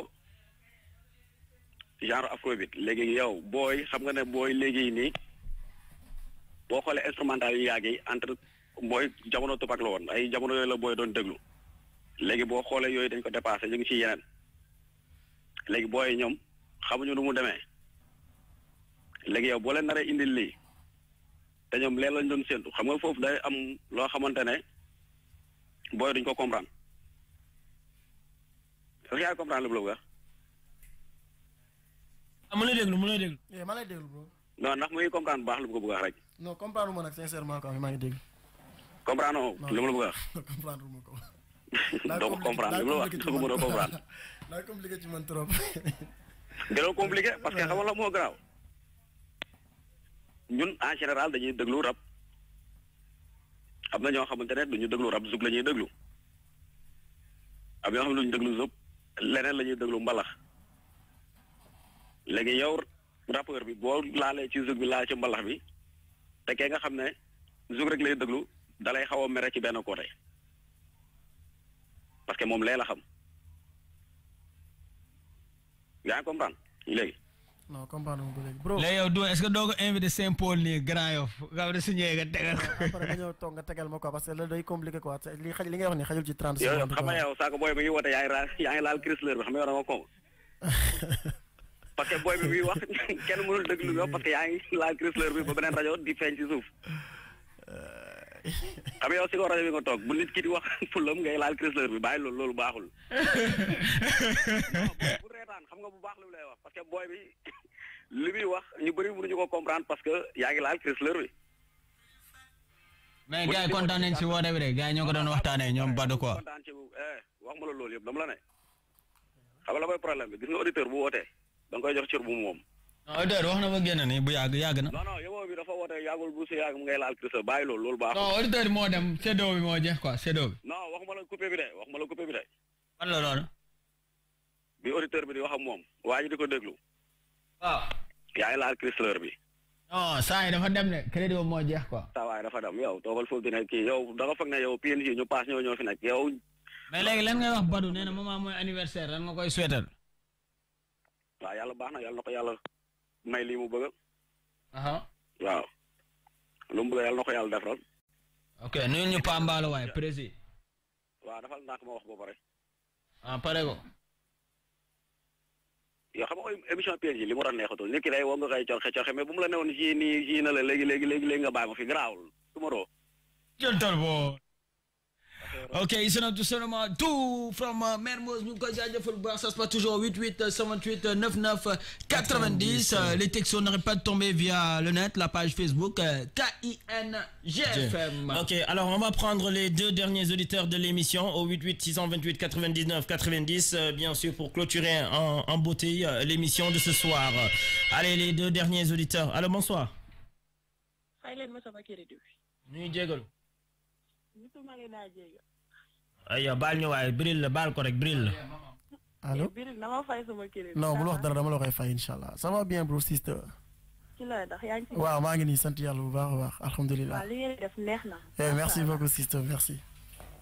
[SPEAKER 4] genre afrobeat léegi yow booy xam nga ne booy léegi nii boo xoolee instrumental yu yàgg yi entre mooy jamono tubaab la woon ay jamono yooyu la booy doon déglu léegi boo xoolee yooyu dañ ko dépassé ñu ngi ci yeneen léegi booy ñoom xamuñu nu mu demee léegi yow boo leen naree indil lii te ñoom leen lañ doon séntu xam nga foofu day am loo xamante ne booy duñ ko comprendre sax yaa lu mu la wax. ah mën na déglu
[SPEAKER 1] mën na déglu. eh ma lay déglu
[SPEAKER 4] bro. ndax muy comprendre bu baax lu mu ko bëgg a wax rek.
[SPEAKER 1] non comprendre ma nag sincèrement quoi maa ngi dégg.
[SPEAKER 4] comprendre oo li mu la
[SPEAKER 1] comprendre ma ko.
[SPEAKER 4] doo mu ko a comprendre.
[SPEAKER 1] daa compliqué ci man trop.
[SPEAKER 4] gënoon compliqué parce que xamal la moo garaaw. ñun en général dañuy déglu rab am na ñoo xamante ne duñu déglu rab zug la ñuy déglu am ñoo xam ne duñu déglu zug leneen la ñuy déglu mbalax léegi yow rappeur bi boo laalee ci zug bi laal ci mbalax bi te kee nga xam ne zug rek lay déglu dalay xaw a mere ci benn côté parce que moom lee la xam yaa ngi comprendre léegi
[SPEAKER 1] non comprendre mu ba léegi bro. léegi yow du est-ce que doo ko invité Saint-Paul nii Grand Yoff nga xam ne ñëwee nga tegal ko. après nga ñëw toog nga tegal ma quoi parce que loolu compliqué quoi li xaj li nga wax ni xajul ci trente secondes. yow xam yow
[SPEAKER 4] saako booy bi woote yaa ngi laal yaa ngi laal Chrysler bi xam nga koom. parce que booy bi muy wax kenn mënul déglu yow parce que yaa ngi laal Chrysler bi ba beneen rajo di feeñ ci suuf. Euh, xam yow si ko rajo bi nga toog bu nit ki di wax fulam ngay laal chrysler bi bàyyi loolu loolu baaxul.
[SPEAKER 5] bu reetaan xam nga bu baax la lu lay wax parce que booy bi
[SPEAKER 4] li muy wax ñu bëri ñu ko comprendre parce que yaa ngi laal chrysler bi.
[SPEAKER 3] mais gars yi kontaan nañ si woote bi de gars yi ñoo ko doon waxtaanee ñoom Badou quoi.
[SPEAKER 4] Eh, wax ma lool loolu yëpp dama la ne. xam la mooy problème bi gis nga auditeur bu wootee da nga koy jox cër bu moom. Odeur wax na ba génn ni bu yàgg yàgg na. non non yow bi dafa woote yàggul bu si yàgg mu ngay laal Christophe bàyyi loolu loolu baaxul. non
[SPEAKER 3] auditeur moo dem séddoo bi moo jeex quoi séddoo bi.
[SPEAKER 4] non waxuma la coupé bi de waxuma la coupé bi de. man la loolu. bi auditeur bi di wax ak moom. waa ji di ko déglu. waaw. yaa ngi laal Christophe bi.
[SPEAKER 3] non saa yi dafa dem de crédit moo jeex quoi.
[SPEAKER 4] saa waay dafa dem yow toogal foofu di nekk kii yow da nga ne yow ñu paas ñoo ñoo fi nekk yow.
[SPEAKER 3] mais léegi lan ngay wax Badou nee na mooy anniversaire lan nga koy souhaital.
[SPEAKER 4] waaw yàlla baax na yàlla na ko yàlla may lii mu bëgg. waaw. lu mu bëgg yàlla na ko yàlla defal. ok nuyu ñu Pambaalo waaye président. waaw dafal ndànk ma wax bo pare. ah pare ko. yoo xam nga émission piège yi li mu war a neexatul nit ki day woo nga koy corxe corxe bu mu la newoon ji nii ji na la léegi léegi léegi nga bàyyi ma fi garaawul.
[SPEAKER 3] ok a tout seulement tout from euh, Mermoz Moukazia de koy ça se passe toujours 88 128 99 90 les textos n'auraient pas de tomber via le net la page Facebook euh, KINGFM. ok alors on va prendre les deux derniers auditeurs de l'émission au 88 628 99 90 bien sûr pour clôturer en, beauté euh, l'émission de ce soir allez les deux derniers auditeurs Alors, bonsoir. aywa baal ñu waaye biril baal
[SPEAKER 1] ko rek biril la. allo eh,
[SPEAKER 5] biril na ma fay sama crédit. non bul wax dara
[SPEAKER 1] dama la koy fay incha allah ça bien bro sister. waaw maa ngi nii sant yàlla bu baax a baax alhamdulilah. neex na. Eh, merci beaucoup sister merci.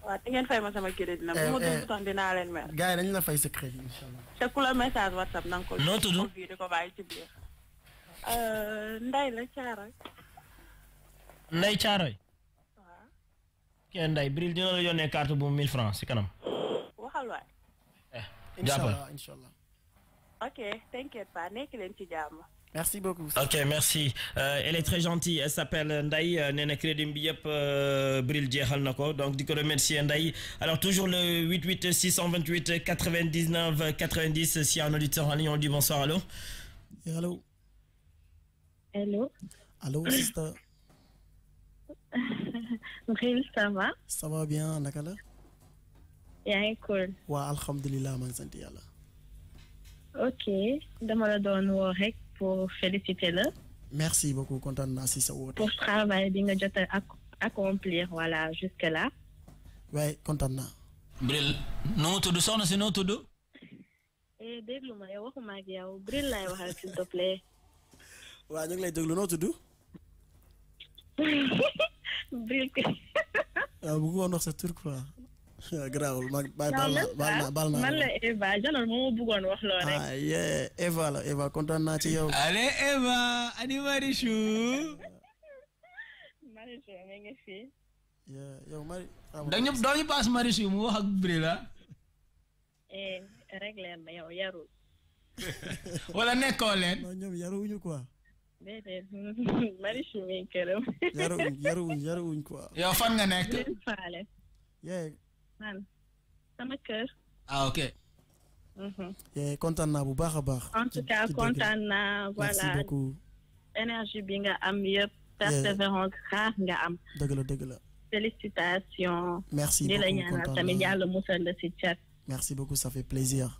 [SPEAKER 5] waaw di ngeen fay ma sama crédit nag. Eh, bu ma déglu toon dinaa leen mer. yi
[SPEAKER 1] dañu la fay sa crédit incha allah.
[SPEAKER 5] te ku la message whatsapp na nga ko. noo tudd di ko euh, la Caaroy.
[SPEAKER 1] Ndeye Caaroy.
[SPEAKER 3] kenn nday Bril dina la carte bu 1000 francs si kanam.
[SPEAKER 5] waxal waay. eh
[SPEAKER 3] jàppal
[SPEAKER 1] incha ok
[SPEAKER 5] ok t'inquiète pas nekk len ci
[SPEAKER 1] merci beaucoup.
[SPEAKER 3] ok merci euh, elle est très gentille elle s'appelle Ndai euh, Nena na crédit bi euh, Bril jeexal donc di ko remercier Ndaye alors toujours le 88 628 99 90 si un auditeur en ligne on dit bonsoir allô.
[SPEAKER 1] allô. allô. allô sister.
[SPEAKER 6] oui ça va. ça va bien nakala. la. a ngi cool.
[SPEAKER 1] Wa alhamdulillah ma sant yàlla.
[SPEAKER 6] ok dama la doon rek pour féliciter la.
[SPEAKER 1] merci beaucoup contente merci si sa woote.
[SPEAKER 6] pour travail bi nga à accomplir voilà jusque là.
[SPEAKER 1] Ouais, contente na. Bril nu mu
[SPEAKER 3] tudd c'est si tout tudd.
[SPEAKER 6] eh déglu ma yow xuma ak yow Bril lay waxal s'il te plaît.
[SPEAKER 1] Wa ñu ngi lay déglu tout tudd.
[SPEAKER 6] Bilkiis.
[SPEAKER 1] a bu bëggoon wax sa tur quoi. garaawul ma bàyyi baal naa baal naa baal naa man la
[SPEAKER 6] Eva Jalal moo bëggoon wax loo rek. ah
[SPEAKER 1] yee Eva la Eva kontaan naa ci yow.
[SPEAKER 3] allez Eva ani Marichou.
[SPEAKER 6] Marichou mi ngi fi.
[SPEAKER 1] Mari. Ah, dañu
[SPEAKER 3] mu wax ak Brila. Ah.
[SPEAKER 6] eh rek leen na yow yarul.
[SPEAKER 3] wala nekkoo leen.
[SPEAKER 1] non ñoom yaruwuñu
[SPEAKER 6] en tout cas félicitations. merci beaucoup
[SPEAKER 1] merci beaucoup ça fait plaisir.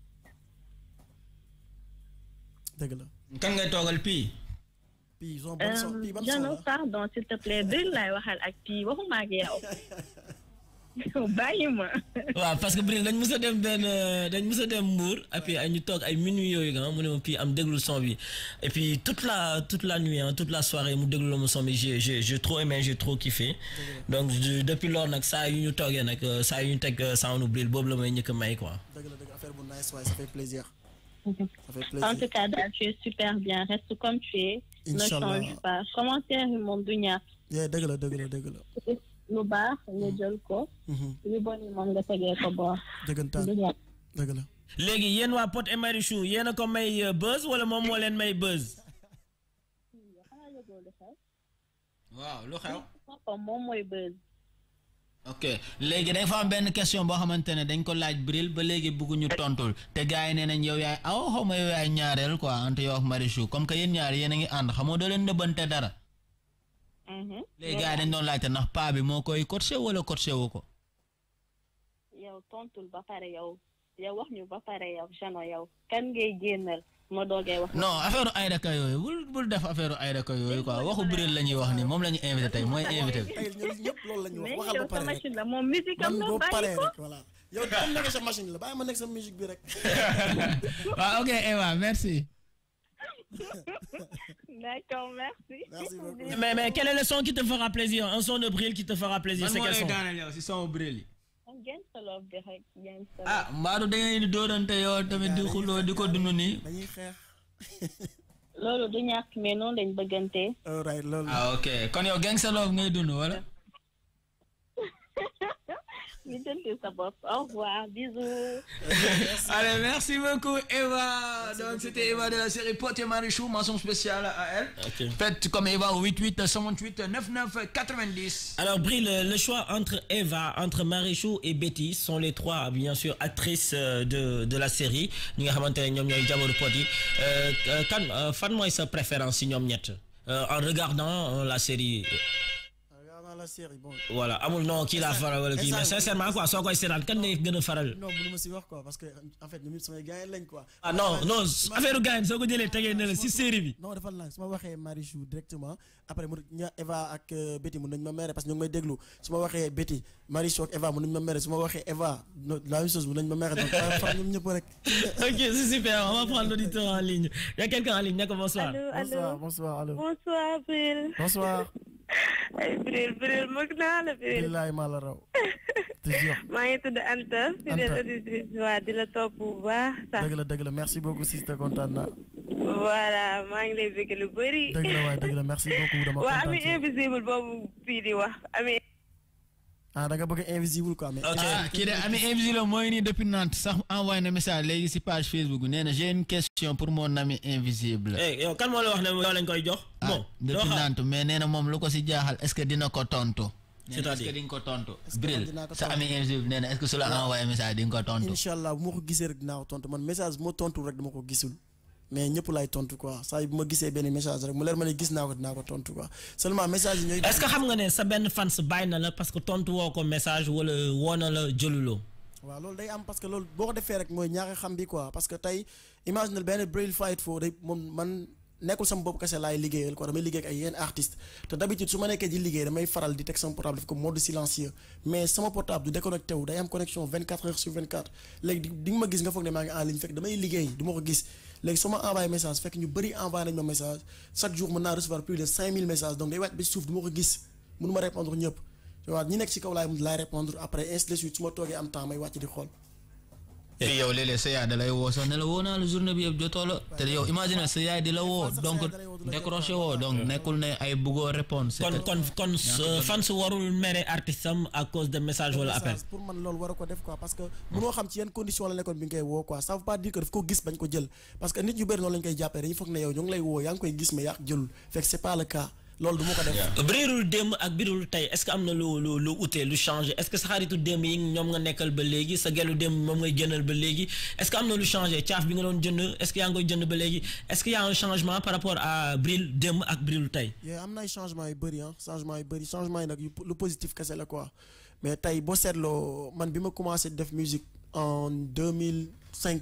[SPEAKER 1] dëgg la. kan ngay toogal pii. pii son ban son pii ban son la
[SPEAKER 6] pardon s'il te plaît Bril laay waxal ak pi waxuma ak yow. bàyyi ma.
[SPEAKER 3] parce que Bril dañ mës dem ben dañ mës dem mur et puis ay ñu tok ay minuit yooyu nga mu ne ma puis am déglu son bi et puis toute la toute la nuit hein, toute la soirée mu déglu ma son bi j'ai j'ai j'ai trop aimé j'ai trop kiffé donc depuis lors nak ça yu ñu togué nak ça yu ñu teg euh, sound Bril boobu la may ñëkk may quoi.
[SPEAKER 1] dëgg la dëgg affaire bu nice way ça fait plaisir.
[SPEAKER 3] Mhm. En tout
[SPEAKER 6] cas, tu es super bien. Reste comme tu es. Ne change pas. Comment mon dunya.
[SPEAKER 1] Yeah, dégueulasse, dégueulasse.
[SPEAKER 6] Lu baax de mhm. jël ko. Mhm. Lu bon moom nga tegee ko Dëggantaan.
[SPEAKER 3] Dëgg la. léegi yéen waa et yéen euh, buzz wala moom moo buzz. waaw lu xew. buzz. ok léegi dañ fa am benn question boo xamante ne dañ ko laaj Bril ba léegi bëgguñu tontul te gars yi nee nañ yow yaay aw xaw ma yow yaay ñaareel quoi entre yow ak Marichou comme que yéen ñaar yéen a ngi ànd xamoo doo leen nëbbante dara. Mhm. léegi gars yi dañ doon laajte ndax paa bi moo koy coaché wala coaché wu ko.
[SPEAKER 6] yow tontul ba pare yow yow wax ñu ba pare yow Jano yow kan ngay génnal non
[SPEAKER 3] affaire Aida bul def affaire quoi waxu wax ni mom lañuy inviter invité moy inviter
[SPEAKER 6] ñëpp wax waxal ba musique am
[SPEAKER 1] machine la ma sa musique bi
[SPEAKER 3] ah, ok Eva merci.
[SPEAKER 6] D'accord, merci.
[SPEAKER 3] mais mais quel est le son qui te fera plaisir un son de qui te fera plaisir. c'est quel son son
[SPEAKER 6] gangster love bi rek gangster
[SPEAKER 3] ah mbaaru da ngeen di yow tamit di xuloo di ko dund nii
[SPEAKER 6] dañuy xeex loolu du ñàkk mais noonu lañ bëggante right loolu
[SPEAKER 3] ah ok kon yow
[SPEAKER 6] gangster love ngay dund wala au revoir bisous. allez merci beaucoup Eva donc c'était Eva de la série
[SPEAKER 3] Potier et Marichou mention spéciale à elle. faites comme Eva au 88 128 99 90. alors brille le choix entre Eva entre Marichou et Betty sont les trois bien sûr actrices de de la série ñi nga fan sa préférence si en regardant la série la série bon. voilà amul non qui la faral wala mais sincèrement quoi soo koy seetaan kan ngay gën faral.
[SPEAKER 1] non mënu ma si wax quoi parce que en fait nous sommes gars lañ quoi. ah non non affaire gars soo ko jëlee tegee ne la ci série bi. non dafa laaj su waxé Marie Chou directement après mu ña Eva ak euh, Betty mun ñu ma mere parce que ñu ngi may déglu su waxé waxee Marie Chou ak Eva mun ñu ma mere su waxé Eva la même chose mun nañ ma mere donc fa ñu ñëpp rek. ok c'est super on va prendre l'auditeur en ligne Il y a quelqu'un en ligne ne ko bonsoir. allô allô bonsoir bonsoir allô.
[SPEAKER 5] bonsoir Bril. bonsoir. ay Birel Birel naa la Birel. billaay maa la raw. maa ngi tudd Anta. Anta fidèle auditrice waa di la topp bu baax sax. dëgg
[SPEAKER 1] la dëgg la merci beaucoup
[SPEAKER 5] Sista kontaan maa ngi lay bëgg lu bëri. dëgg waa ami invisible boobu fii di wax ami
[SPEAKER 1] ah da nga bëgg invisible quoi. ok ah, ah, kii de ami invisible mooy
[SPEAKER 3] nii depuis Nantes sax envoyé na message léegi si page Facebook nee na j'ai une question pour mon ami invisible. Eh, yow kan moo la wax ne yow lañ koy jox. Ah, bon depuis Nantes mais nee na moom lu ko si jaaxal est-ce que dina ko tontu. c'est-à-dire que di nga ko tontu. Bril sa ami invisible nee na est-ce que su la envoyé message di nga ko tontu. incha
[SPEAKER 1] allah bu ma ko gisee rek dinaa ko tontu man message mo tontu rek dama ko gisul. mais ñëpp laay tontu quoi saa yi bu ma gisee benn message rek mu leer ma ne gis naa ko dinaa ko tontu quoi seulement message yi ñooy. que xam nga ne
[SPEAKER 3] sa benn fans bàyyi na la parce que tontu woo ko message wala woo na la jëluloo.
[SPEAKER 1] waaw loolu day am parce que loolu boo ko defee rek mooy ñaari xam bi quoi parce que tey imagine benn Bril Fight foo day moom man. nekkul sama bopp kasse lay liggéeyal quoi damay liggéey ak ay yenn artiste te d'habitude su ma nekkee di liggéey damay faral di teg sama portable comme mode silencieux mais sama portable du déconnecté wu day am connexion 24 heures sur 24 légui di nga ma gis nga fokk ne ma ngi en ligne fek damay liggéey du ma ko gis légui su envoyé message fek ñu bari envoyé nañ ma message chaque jour mën naa recevoir plus de 5000 messages donc day wàcc ba suuf du ma ko gis mënu répondre ñëpp tu vois ñi nekk ci kaw laay laay répondre après ainsi de suite suma togué am temps may wacc di xol
[SPEAKER 3] te yow léeg-léeg sa yaay da lay woo sax ne woo naa la journée bi yëpp jotoo la te yow imagine sa yaay di la woo donc décroché woo donc nekkul ne ay bëggoo répondre kon kon euh, fan su warul mere artiste am à cause de message wala appel
[SPEAKER 1] a ko def quoi parce que mënoo xam ci yan condition la nekkoon bi nga woo quoi ça veut pas dire que daf ko gis bañ ko jël parce que nit yu bëri noonu lañ koy jàppee dañu foog ne yow ñu ngi lay woo yaa ngi koy gis mais yaa loolu du ma ko def. biiru démb ak
[SPEAKER 3] biiru tey est-ce que am na lu lu lu ute lu changé est-ce que Sahari tout démb yi ñoom nga nekkal ba léegi sa gelu démb moom ngay jëndal ba léegi est-ce que am na lu changé caaf bi nga doon jënd est-ce que yaa ngi koy jënd ba léegi est-ce que y a un changement par rapport à biiru dem ak biiru tey.
[SPEAKER 1] am na ay changement yu bëri ah changement yu bëri changement yi nag lu positif kese la quoi mais tey boo seetloo man bi ma commencé def musique en 2005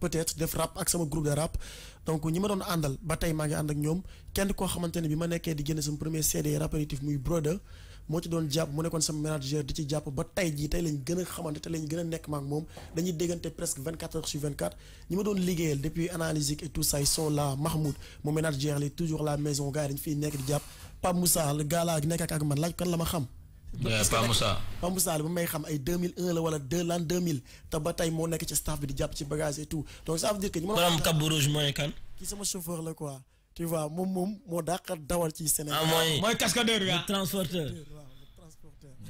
[SPEAKER 1] peut-être def rap ak sama groupe de rap donc ñima doon andal ba tay ma nga and ak ñom kenn ko xamante bima nekké di gënë sama premier CD rapparatif muy Brother mo ci doon japp mu nekkon sama manager di ci japp ba tay ji tay lañ gën xamanté xamante lañ gën nekk ma ak moom dañuy déggante presque 24 heures sur 24 ñima doon liggéeyal depuis analysique et tout ça ils sont là Mahmoud mo manager li toujours la maison gars yi dañ fiy nekk di japp pa Moussa le gars laa nekk ak man laaj kan la ma xam
[SPEAKER 4] Pa Moussa
[SPEAKER 1] Pa Moussa la bu may xam ay 2001 la wala 2 l'an 2000 te ba tey moo nekk ci staff bi di jàpp ci bagage et tout donc ça veut dire que. ñu mën a kab bu rouge mooy kan. kii sama chauffeur la quoi tu vois moom moom moo dàq dawal ci Sénégal. ah mooy mooy cascadeur bi ah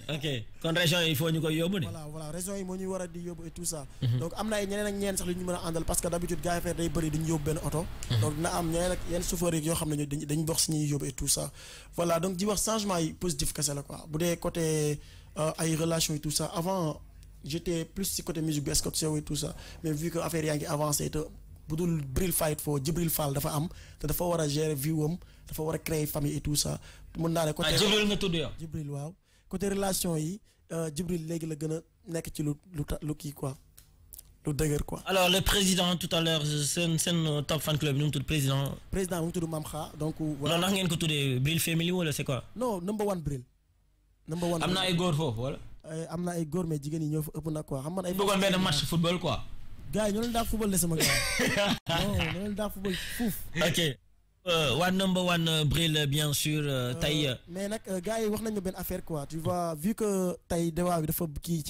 [SPEAKER 1] ok kon région yi il faut ñu koy yóbbu de. voilà voilà région yi moo ñuy war a di yóbbu et tout ça. Mhm. donc am na ay ñeneen ak ñeen sax lu ñu mën a àndal parce que d'habitude gars yi fee day bëri dañu yóbbu benn oto. Mhm. donc na am ñeneen ak yenn chauffeurs yi yoo xam ne dañ dox si ñuy yóbbu et tout ça. voilà donc di wax changement yi positif kese la quoi bu dee côté euh, ay relations et tout ça avant j'étais plus si côté musique bi Escort Show et tout ça mais vu que affaire yaa ngi avancé te. bu dul Bril Fight foo Jibril Fall dafa am te dafa war a gérer vie wam dafa war a créer famille et tout ça mën naa ne. côté ah, Jibril nga tudd yow. Jibril waaw côté relation yi euh, Djibril légui la gëna nek ci lu lu quoi
[SPEAKER 3] lu dëgër quoi. alors le président tout à l'heure seen seen euh, top fan club nous tout président.
[SPEAKER 1] président mu tout Mame donc. Euh, voilà ndax ngeen ko tuddee Bril Family wala c'est quoi. non number one Bril. number one amna ay góor fofu wala. am na ay góor mais jigen ñi ñoo ëpp nag quoi xam man ay. bëggoon ben match football quoi. gars yi ñoo leen da football de sama gars non ñoo leen da football fouf.
[SPEAKER 3] ok. Euh, one number one euh, brille bien sûr euh, taille
[SPEAKER 1] mais nak gars wax nañu affaire quoi tu vois vu que taille bi dafa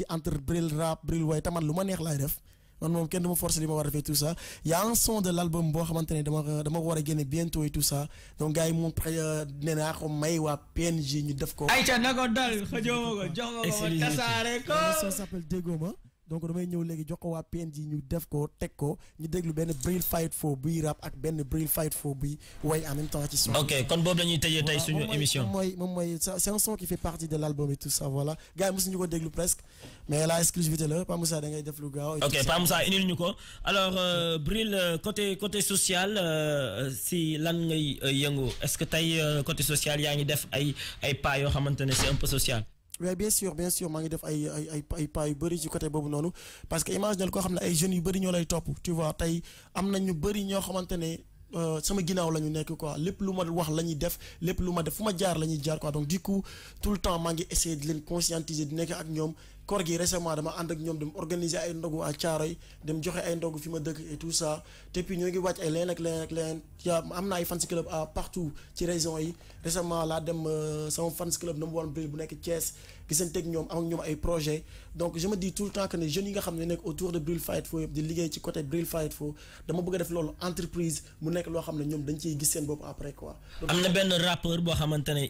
[SPEAKER 1] entre brille rap brille way t'as mal neex lay def. man tout ça y a un son de l'album bo xamantene dama dama bientôt et tout ça donc gars mon may wa PNG ñu def ko. na
[SPEAKER 3] nako dal
[SPEAKER 1] s'appelle donc damay def ko Fight rap ak Fight way en même ok kon émission. c'est un son qui fait partie de l'album et tout ça voilà gars ko déglu presque mais la exclusivité Moussa da ngay def lu gaaw. ok pas Moussa
[SPEAKER 3] alors euh, Bril euh, côté côté social euh, si lan ngay est-ce que côté social def ay ay pas un peu social.
[SPEAKER 1] oui bien sûr bien sûr maa ngi def ay ay ay ay pas yu bëri ci côté boobu noonu parce que imaginel koo xam ne ay jeunes yu bëri ñoo lay topp tu vois tey am na ñu bëri ñoo xamante ne euh, sama ginnaaw la ñu nekk quoi lépp lu ma wax lañuy def lépp lu ma def fu ma jaar la ñuy jaar quoi donc du coup tout le temps maa ngi essayer di leen conscientiser di nekk ak ñoom koor gi récemment dama ànd ak ñoom dem organiser ay ndogu à Thiaroye dem joxe ay ndogu fi ma dëkk et tout ça te puis ñoo ngi wàcc ay leneen ak leneen ak leneen yaa am na ay fans club à partout ci région yi récemment laa dem euh, sama fans club number one bu nekk Thiès gisanteeg ñoom am ak ñoom ay projet donc je me dis tout le temps que les jeunes yi nga autour de Bril Fight Fo yëpp di liggéey ci côté Bril Fight Fo dama bëgg a def loolu entreprise mu nekk loo xam ne dañ ciy gis bopp après quoi.
[SPEAKER 3] am na benn rappeur boo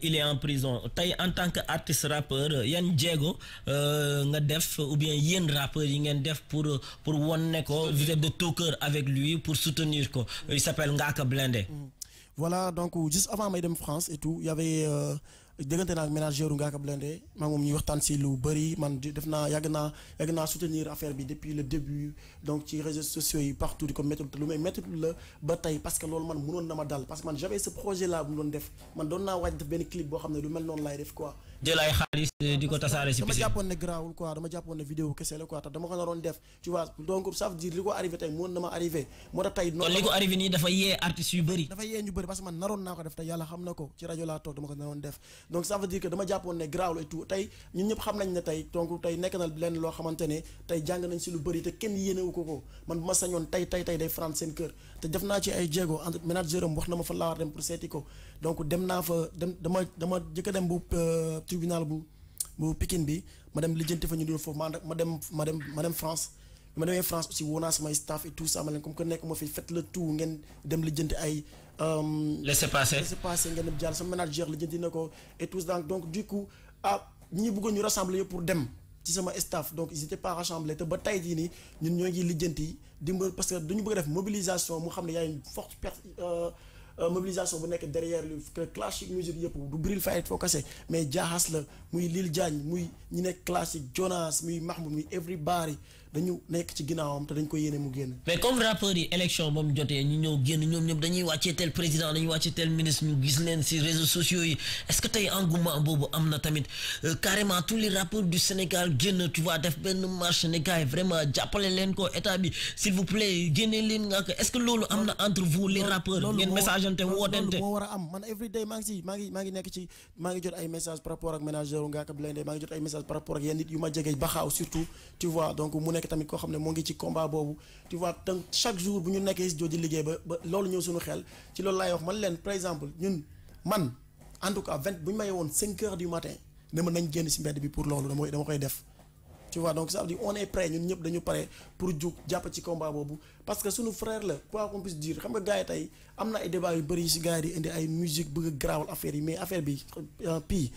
[SPEAKER 3] il est en prison en tant que artiste rappeur yan jéego euh, nga def ou bien yéen rappeurs yi ngeen def pour pour One ko vous êtes de tout cœur avec lui pour soutenir ko il s'appelle Ngaaka Blindé. Mm.
[SPEAKER 1] voilà donc juste avant may dem France et tout il y avait. Euh, déggante nak ménageur Ngaaka Blindé maa moom ñuy waxtaan ci lu bari man defna naa yàgg soutenir affaire bi depuis le début donc ci réseaux sociaux yi partout di ko métti lu may métti la ba tey parce que lool man mënoon na ma dal parce que man j'avais ce projet là bu mu doon def man doon naa waaj def ben clip bo xamné ne lu mel non lay def quoi
[SPEAKER 3] jël ay xaalis eh, di ko tasaare si piscine. dama jàppoon
[SPEAKER 1] ne garaawul quoi dama jàppoon ne vidéo kese la quoi te dama ko naroon def tu vois donc ça veut li ko arrivé tey moon na ma arrivé moo man naroon naa ko def tey yàlla xam na ko ci rajo laa toog dama ko naroon def donc ça veut dire dama jàppoon ne garaawul et tout tey ñun ñëpp xam nañ ne tey donc tey nekk na lenn loo xamante tey jàng nañ si lu bëri te kenn yéenewu ko ko man bu ma sañoon tey tey tey day France seen kër te def naa ci manager pour donc fa dama dama dem bu euh, tribunal bu bu pikin bi ma dem lijjanti fa France ma France aussi staff et tout ça comme que le tout dem lijjanti ay. Euh, passer passer manager donc du coup ah ñi bëggoon ñu rassembler pour ci staff donc ils étaient pas rassemblés te ba tay jii ni ñun ñoo parce que duñu bëgg def mobilisation mu y a une forte euh, euh, mobilisation bu nek derrière le que classique musique du mais jahas la Lil Diagne muy ñi Jonas muy Mahmoud muy everybody mais
[SPEAKER 3] comme rappeurs élection jotté ñu président dañuy tel ministre ñu gis réseaux sociaux est-ce que tu engouement bobu am tamit euh, carrément tous les rappeurs du Sénégal tu vois def marche vraiment s'il vous plaît est-ce que am entre vous les rappeurs man
[SPEAKER 1] ngi ngi ngi ci message par rapport ak ngi ay surtout tu vois donc ngi ci combat tu vois chaque jour bu ñu nekkee studio ba xel ci man par exemple ñun en tout cas du matin dama nañ genn ci mbedd bi pour lolu dama koy def tu vois donc ça veut dire on est prêt ñun ñep dañu paré pour japp ci combat parce que suñu frère la quoi qu'on puisse dire xam nga tay amna ay débat yu indi ay musique bëgg a affaire yi mais affaire bi euh, pire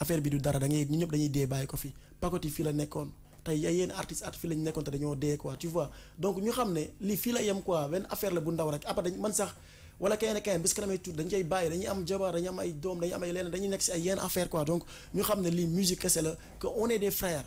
[SPEAKER 1] affaire bi du dara da ngay dañuy ko fi la tey yaay artiste, artiste at fii lañ nekkoon quoi tu vois donc ñu xam ne li fii la quoi benn affaire la bu ndaw rek après dañ man sax wala keneen keneen bis kanamay tuut dañ koy bay dañuy am jabar dañuy am ay dom dañuy am ay leneen dañuy nekk si ay affaire quoi donc ñu xam ne musique c'est le que on est des frères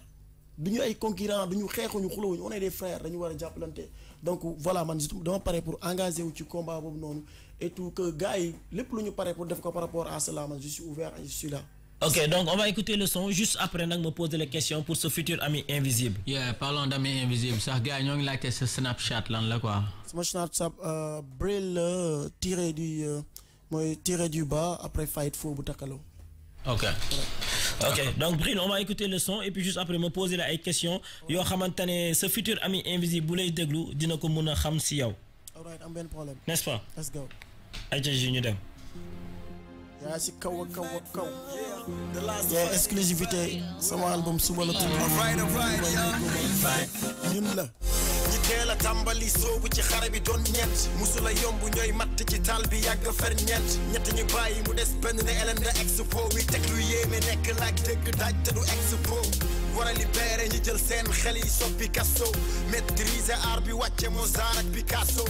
[SPEAKER 1] du ñu ay concurrents nous ñu xeexuñu xulawuñu on est des frères dañu war a planté donc voilà man dama pare pour engager ou ci combat boobu non et tout que gars yi plus lu ñu pour def par rapport à cela je suis ouvert je suis là Ok, donc on va écouter
[SPEAKER 3] le son juste après nag me poser les questions pour ce futur ami invisible. yeah parlons d'ami invisible Ça, gars on like ce Snapchat là la quoi.
[SPEAKER 1] sama Snapchat euh, Bril euh, tiré du euh, moi tiré du bas après Fight fou, bu
[SPEAKER 3] ok ok donc Bril on va écouter le son et puis juste après me poser la question. questions Hamantane, ce ce futur ami invisible bu lay déglu dina ko mën a xam si yow.
[SPEAKER 1] je n'ai am de problème. n'est-ce pas. let's go. je vais ñu them. yaa si kaw a kaw a kaw yaa exclusivité sama album suba la tudd ñun la ñi teel a tàmbali soobu ci xare bi doon ñett musula yomb ñooy matt ci taal bi yàgg fer ñett ñett ñu bàyyi mu des benn elen da expo wi teg lu yéeme nekk laaj dëgg daaj te du expo war a libéré ñi jël seen xel yi soppi kasso maîtriser art bi wàcce Mozart Picasso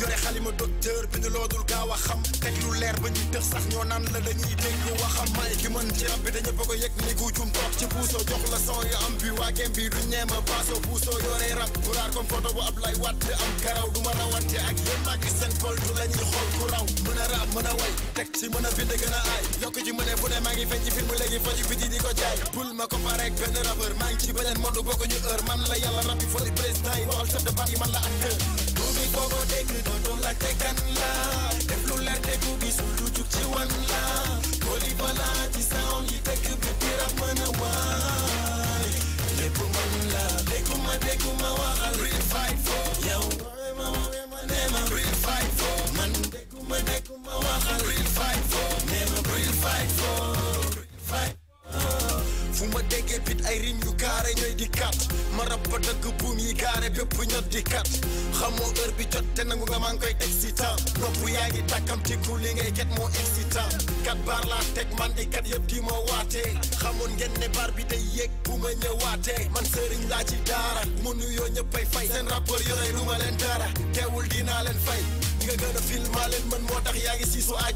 [SPEAKER 1] yore xalima docteur bi ñu loo dul gaaw a xam teg lu leer ba ñu tëx sax ñoo nan la dañuy dégg waxam may ki mën ci rab bi dañu bëgg a yëg ni ku jum toog ci puuso jox la son yu am bi waa gem bi du ñeema baaso puuso yore rab ku raar comme photo bu Ablaye Wade am karaw du ma rawante ak yéen ak seen pol du la ñuy xool ku raw mën a raab mën a way teg ci mën a bind gën a aay yokk ci mu ne bu ne maa ngi feeñ ci film léegi fa ci biti di ko jaay bul ma comparé ak benn rappeur maa ngi ci beneen monde bokk ñu heure man la yàlla rab bi li président yi waxal sa de man la acteur foo ko dégg dootoo laajte kan la def lu leer te ku gisul ci wan la Coly Balaci Sound yi dëkk bi biram
[SPEAKER 2] mën a waay lépp man la dégguma dégguma waxal real fight for yow ma nee ma real fight for man dégguma dégguma
[SPEAKER 1] waxal fu ma déggee pit ay rim yu kaare ñooy di kat ma rab ba dëgg buum yi kaare bépp ñot di kat xamoo heure bi jot te nangu nga maa ngi koy excitant nopp yaa ngi tàkkamti ku li ngay ket moo excitant kat baar laa teg man di kat yëpp di ma waatee xamoon ngeen ne baar bi day yéeg bu ma ñëwaatee man sëriñ laa ci daara mu nuyoo ñëppay fay seen rappeur yore lu ma leen dara dinaa leen fay ñi nga gën a fil maa leen mën moo tax yaa ngi si su a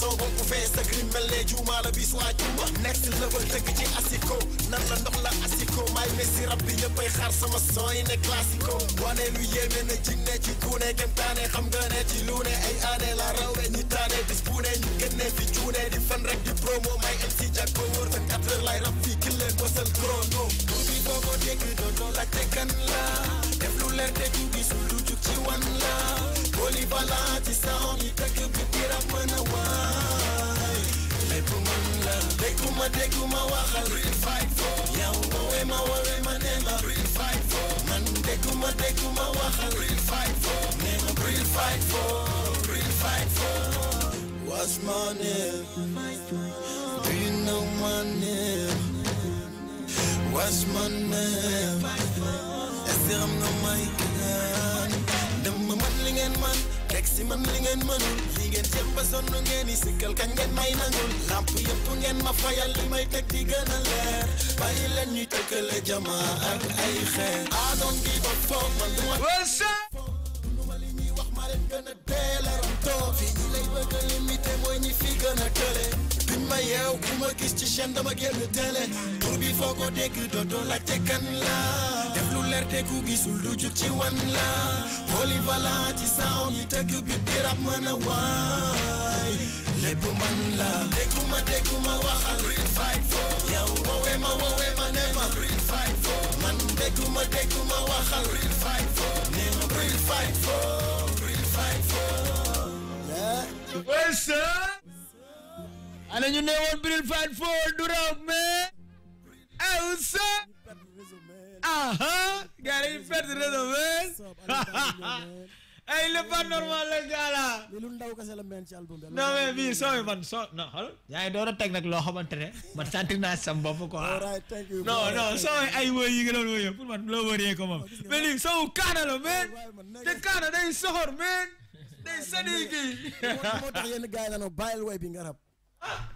[SPEAKER 1] sama bopp fees sa grim mel ne juuma la bi su ajuma next level dëgg a asiko nan la ndox la a maay messi rab bi ñëppay xaar sama son yi ne classico wane lu yéeme na jinne ci kuune kem taane xam nga a ci ay aane la rawe taane bis gën ne fi juune di fan rek di promo may MC Jacko wër te quatre lay rab fii ki leen mosal chrono du bi boo ko dégg dootoo laajte kan la def lu leer te du gisul kiwanya Koli balati saomi teke bipira mana wai Lekumanda, lekuma dekuma waha Real fight for Yao wema wema nema Real fight for Man dekuma dekuma waha Real fight for Nema real fight for Real fight for What's my name? Do you know my name? What's my name? Is there no my name? la mën teg ngeen i ma fayal li may teg di gën a leer bàyyi leen ñuy tëkkale jama ak ay xeer a bi ba foof man du ma li wax ma leen gën a dee leeram too fi ñi lay fi gën a man ma yeew ku ma gis ci chaîne dama génn télé tur bi foo ko dégg dootoo laajte kan la def lu leer te ku gisul du jug ci wan la polyvalent ci sound yi tëgg bi di rap mën a waay lépp man la déggu ma déggu ma waxal green fight for yow woowee ma woowee ma ne ma green fight for man déggu ma déggu ma waxal green fight for nee ma green fight for green fight for
[SPEAKER 3] ana ñu neewoon Bril Flight 4 du raw mais
[SPEAKER 2] aw sa
[SPEAKER 1] aha gars yi perte réseau ay le pas normal la gala lu ndaw kese la
[SPEAKER 3] sooy man soo non xool yaa door a nag loo xamante ne man sentir naa sam bopp quoi
[SPEAKER 4] non non sooy ay wóy yi nga doon wóy pour man loo wóoree ko moom oh,
[SPEAKER 1] mais lii soow kaana la oh, te kaana day soxor meen day sadi kii moo tax yenn gars way bi nga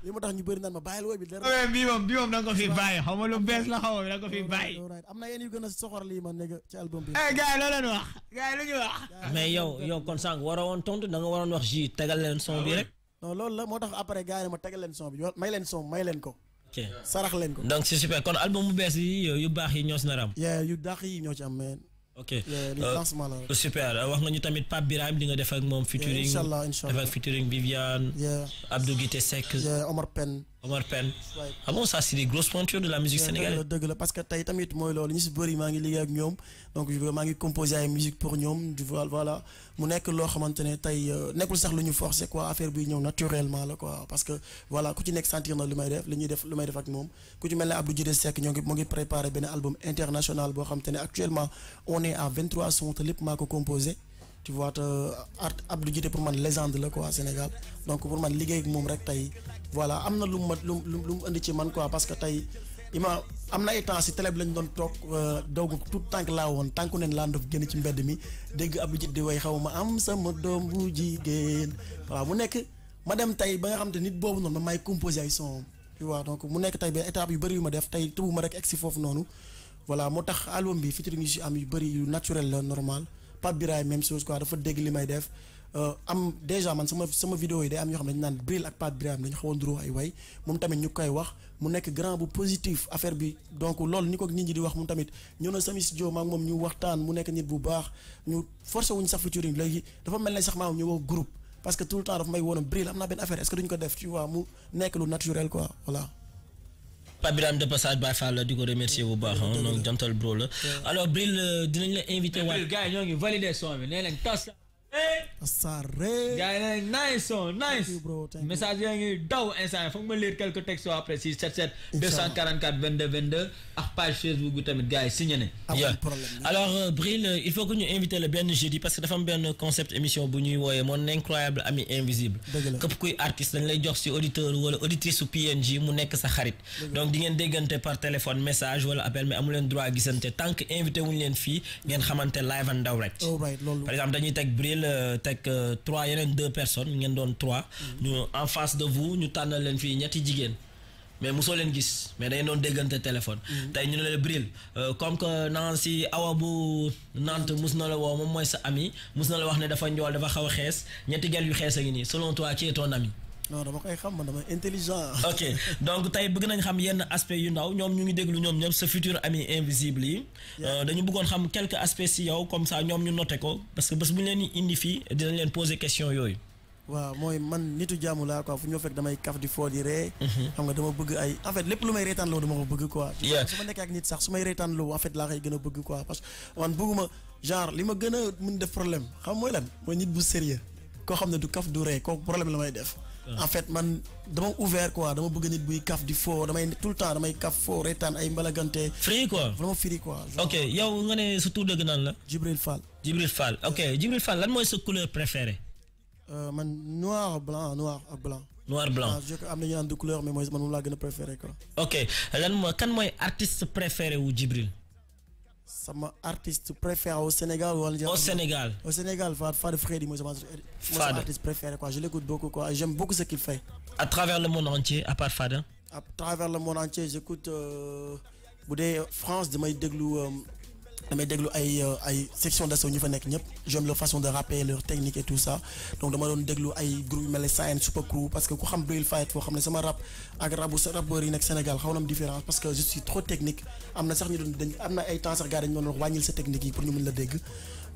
[SPEAKER 1] li ma tax ñu bëri naan ma bàyyil wooy bi dara bii moom bii moom da ko fi bàyyi xaw ma lu bees la xaw ma da ko fi bàyyi am na yéen yu gën a soxor lii man nekk ci album bi eh, gars yi leen wax gars lu ñu wax mais yow yow kon sànq waroon tontu da nga waroon wax ji tegal leen son bi rek non la moo tax après gars yi ma tegal leen son bi may leen son may leen ko ok sarax leen ko donc c'est super kon album
[SPEAKER 3] bu bees yi yu baax yi ñoo na nar am
[SPEAKER 1] yu daax yi ñoo ci am mais ok li euh, lancement euh,
[SPEAKER 3] super euh, wax nga ñu tamit Pape Birahim li nga def ak moom featuring incha allah incha allah def ak featuring Viviane Abdou Omar Pène. ah bon ça c'est des grosses
[SPEAKER 1] pointures de la musique sénégalaise. parce que tey tamit mooy loolu ñu si bëri maa ngi liggéey ak ñoom donc maa ngi composer ay musique pour ñoom du voilà mu nekk loo xamante ne tey euh, nekkul sax lu ñu forcer quoi affaire bi ñëw naturellement la quoi parce que voilà ku ci nekk sentir na lu may def li ñuy def lu may def ak là ku ci mel ne Abdou Djidé Seck ñoo ngi préparé benn album international boo actuellement on est à 23 sons te lépp composer. tu voit te euh, art Abdou Djité pour man légende la quoi Sénégal donc pour man liggéey moom rek tey voilà am na lu mu ma lu lu mu indi ci man quoi parce que tey ma am na ay temps si télé bi doon toog euh, doogu tout tànk laa woon tànku neen laa ndof génn ci mbedd mi dégg Abdou Djité di way xaw ma am sama doom bu jigéen voilà mu nekk ma dem tey ba nga xam te nit boobu noonu ma may composé ay tu vois donc mu nekk tey benn étape yu bëri yu ma def tey tëbu rek egg si foofu noonu voilà moo tax album bi featuring am yu bëri yu naturel la normal pas même chose quoi dafa dégg li may def euh, am déjà man sama sama vidéo yi day am ñoo xam ne Bril ak Pape Birahim dañ ay way mom tamit ñu wax mu grand bu positif affaire bi donc lool ni ko nit ñi di wax mom tamit na Studio mak mom ñu waxtaan mu nekk nit bu baax ñu forcé wuñ sa featuring dafa sax maam ñu wax groupe parce que tout le temps dafa may woon Bril am a affaire est-ce que duñ ko def tu vois mu nekk lu naturel quoi voilà. Pas besoin
[SPEAKER 3] de passage par Fall du di ko remercier bu baax ah, donc jantal bro la alors Bril euh, dinañ la invité waat gars yi ñoo ngi validé son bi nee nañ tas Saré. gars yi nag nice message yaa ngi daw instant foog ma lire quelques textos après 677. 244 22 22 ak page Facebook bi tamit gars yi signé né alors euh, Bril euh, il faut que ñu inviter le benn jeudi parce que dafa am benn concept émission bu ñuy woyé mon incroyable ami invisible. kep kuy artiste dañ lay jox ci auditeur wala auditrice su PNG mu nekk sa xarit. donc di ngeen déggante par téléphone message wala appel mais amulen droit gisante tant que invité wuñ leen fi ngeen xamanté live and direct. par exemple dañuy teg Bril. jël euh, teg euh, trois yeneen deux personnes ngeen doon trois. Mm-hmm. ñu en face de vous ñu tànnal leen fii ñetti jigéen. mais mosoo leen gis mais dañu doon déggante téléphone. Mm-hmm. tey ñu ne la Bril euh, comme que Nancy awa bu Nantes mus na la woo moom mooy sa am ami mus na la wax ne dafa njool dafa xaw a xees ñetti gel yu xees a ngi nii selon toi qui est ton
[SPEAKER 1] non dama koy xam man dama intelligent. ok
[SPEAKER 3] donc tay bëgg nañ xam yenn aspect yu ndaw ñom ñu ngi déglu ñom ñoom sa futur ami invisible yi. Euh, dañu bëggoon xam quelques aspects ci yow comme ça ñom ñu noté ko parce que bës bu leen indi fi dinañ leen poser question yoy
[SPEAKER 1] waaw mooy man nitu jaamu laa quoi fu ñoo fekk damay kaf di foo di ree. Mhm. xam nga dama bëgg ay en fait lépp lu may reetaanloo dama ko bëgg quoi. su ma nekkee ak nit sax su may reetaanloo en fait laa koy gën a bëgg quoi parce que man bëgguma genre li ma gën a mën def problème xam mooy lan mooy nit bu sérieux koo xam ne du kaf du ree kooku problème la may def en fait man dama ouvert quoi dama bëgg nit buy kaf di foo damay tout le temps damay kaf foo reetaan ay mbalagante. free quoi vraiment free quoi.
[SPEAKER 3] ok euh, yow nga ne sa tur dëgg naan la. Jibril Fall. Jibril Fall ok Jibril Fall lan mooy sa couleur préférée.
[SPEAKER 1] Euh, man noir blanc noir ak blanc. noir blanc ah, je am na ñu naan du couleur a préféré quoi.
[SPEAKER 3] ok lan mooy kan mooy artiste préféré wu Jibril.
[SPEAKER 1] sama artiste préféré au Sénégal au Sénégal au Sénégal Fad Freddy je artiste préféré je l'écoute beaucoup quoi j'aime beaucoup ce qu'il fait.
[SPEAKER 3] à travers le monde entier à part Fade.
[SPEAKER 1] à travers le monde entier j'écoute vous euh, France de déglu. Euh, damay déglu ay euh, ay section d'assaut ñu fa nekk j'aime leur façon de rapper leur technique et tout ça donc dama mon déglu ay groupe mais mel ne Super Crew parce que ku xam Bril Fight foo xam ne sama rap ak rabu rappeurs yi nekk Sénégal xaw na différence parce que je suis trop technique am na sax ñu doon dañ am na ay temps sax gars dañu doon wax sa technique yi pour ñu mën la dégg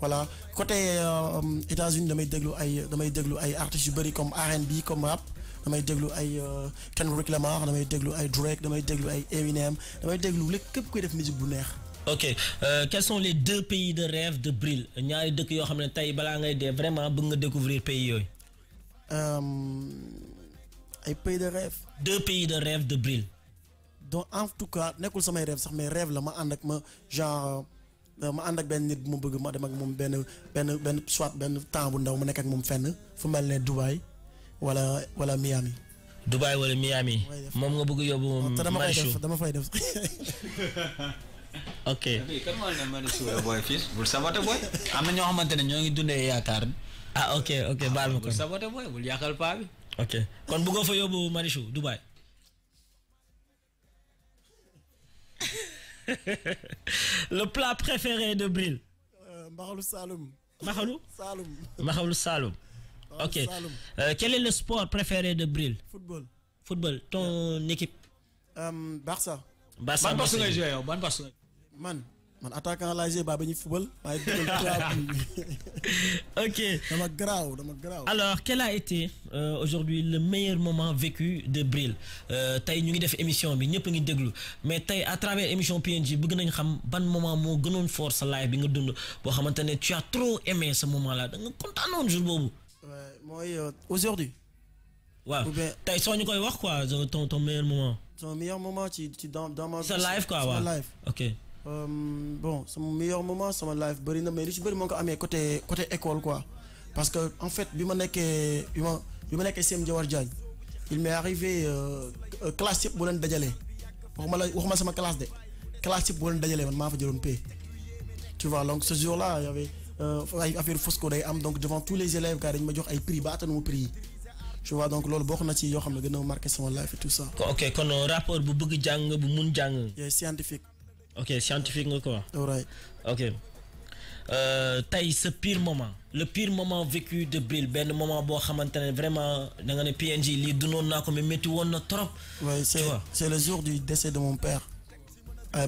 [SPEAKER 1] voilà côté euh, États-Unis damay déglu ay damay déglu ay artistes yu bëri comme R&B comme rap damay déglu ay euh, Kendrick Lamar damay déglu ay Drake damay déglu ay Eminem damay déglu lépp képp kuy def musique bu neex
[SPEAKER 3] ok euh, quels sont les deux pays de rêve de Bril ñaari y a deux vraiment découvrir pays euh,
[SPEAKER 1] pays de rêve. deux pays de rêve de Bril. donc en tout cas je ne rêve sax rêve la ma ak ma genre euh, ma ànd ak ben soit temps Dubaï wala Miami.
[SPEAKER 3] Dubaï wala Miami. ok kan comment on ma ne suure booy fii bul sabote booy am na ñoo xamante ne ñoo ngi dundee yaakaar ah ok ok ah, baal ma ko bul sabote booy bul yàqal le bi ok kon bëggoo fa yóbbu Marichou Dubaï le plat préféré de Bril
[SPEAKER 1] euh, mbaxalu Saloum mbaxalu Saloum
[SPEAKER 3] mbaxalu Saloum
[SPEAKER 1] ok euh, quel est le sport préféré de Bril football football ton équipe euh, Barça Barça ban Barça ngay joué yow ban man man attaquant laa joué ba ba ñuy fubal. waaye ok dama garaaw dama garaaw. alors quel a été euh,
[SPEAKER 3] aujourd'hui le meilleur moment vécu de Bril euh, tay ñu ngi def émission bi ñepp ngi déglu mais tay à travers émission PNG bëgg nañ xam ban moment mo gënoon force live bi nga dund bo xamante tu as trop aimé ce moment là da nga kontaanoon jour boobu. mooy euh, aujourd'hui waaw tay soo ñu koy wax quoi ton ton meilleur moment.
[SPEAKER 1] Ton meilleur moment ci tu dans dans ma. vie. C'est live quoi waaw sa live ok. Euh, bon c'est mon meilleur moment ma life na mais li ci bëri moo ko amee côté côté école quoi parce que en fait bi ma nekkee bi ma CM Diawar Diagne il m'est arrivé euh, classe yëpp boo leen dajalee waxuma la waxuma sama classe de classique yëpp boo leen dajalee man maa fa jëloon paie tu vois donc ce jour là y avait euh, ay affaire Fosco day am donc devant tous les élèves car dañ ma jox ay prix ba attanuma prix tu vois donc lolo bokna ci yo xam gëna a marqué sama life et tout ça. ok kon rapport bu bëgg jang bu mun jàng. scientifique ok scientifique quoi.
[SPEAKER 3] right ok euh, tey ce pire moment. le pire moment vécu de Bril le moment où xamantene vraiment da nga ne PNJ li dundoon naa ko mais métti woon trop.
[SPEAKER 1] oui c'est C'est le jour du décès de mon père.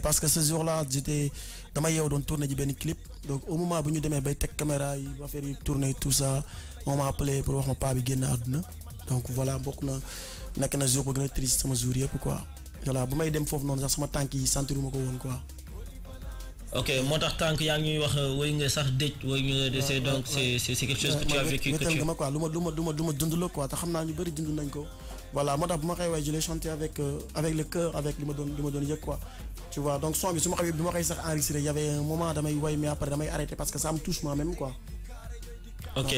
[SPEAKER 1] parce que ce jour là j'étais... dans dama vie don tourner ji clip donc au moment bu ñu de bay teg caméra yi va faire tourner tout ça on m'a appelé pour wax ma papa bi genn aduna donc voilà bokk na nek na jour bu triste sama jour yépp quoi voilà bu may dem foofu non sax sama tànk yi sentiruma ko woon quoi.
[SPEAKER 3] ok moo tax tànk yaa ngi ñuy wax euh, woy nga sax dëj woy nga dese donc c'est c'est quelque chose que tu as vécu que tu ma
[SPEAKER 1] quoi lu ma lu ma lu ma lu ma dund la quoi te xam naa ñu bëri dund nañ ko voilà moo tax bu ma koy woy je chanté avec euh, avec le cœur avec li ma doon li ma doon yëg quoi tu vois donc son bi su ma koy bi ma koy sax enregistré y avait un moment damay way mais après damay arrêté parce que ça me touche moi même quoi
[SPEAKER 3] ok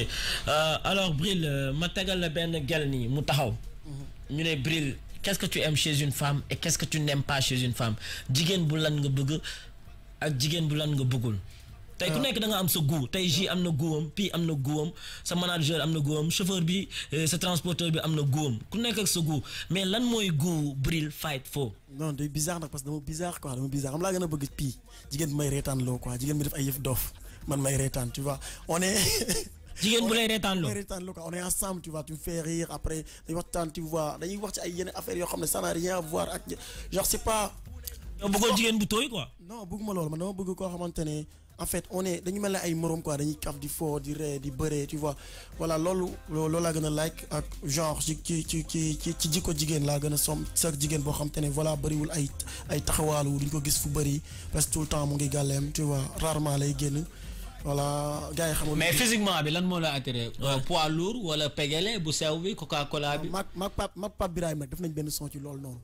[SPEAKER 3] euh, alors Bril ma tegal la benn gel nii mu taxaw mhm. ñu ne Bril qu'est-ce que tu aimes chez une femme et qu'est-ce que tu n'aimes pas chez une femme jigéen bu lan nga bëgg ak jigéen bu lan nga bëggul tay ku ah. nekk da nga am sa goût tay ji amna goom pi amna goom sa manager amna goom chauffeur bi euh, sa transporteur
[SPEAKER 1] bi amna goom ku nekk ak sa goût mais lan moy goût bril fight foo non day bizarre parce que dama bizarre quoi dama bizarre am laa gën bëgg pi jigéen may rétane lo quoi jigéen bi def ay yef dof man may rétane tu vois on est on est ensemble tu vois tu fais rire après tu vois rien à voir genre c'est pas. non en fait on est tu mel ay morom quoi tu cap du fort du du tu vois voilà like genre ci ci ci ci tu tu voilà tout le temps tu vois rarement voilà gars yi xamul. mais physiquement bi lan moo la attiré. Euh, poids lourd wala pegele bu sew bi coca cola bi. mag mag Pape mag Pape Birahim nag def nañ benn son ci loolu noonu.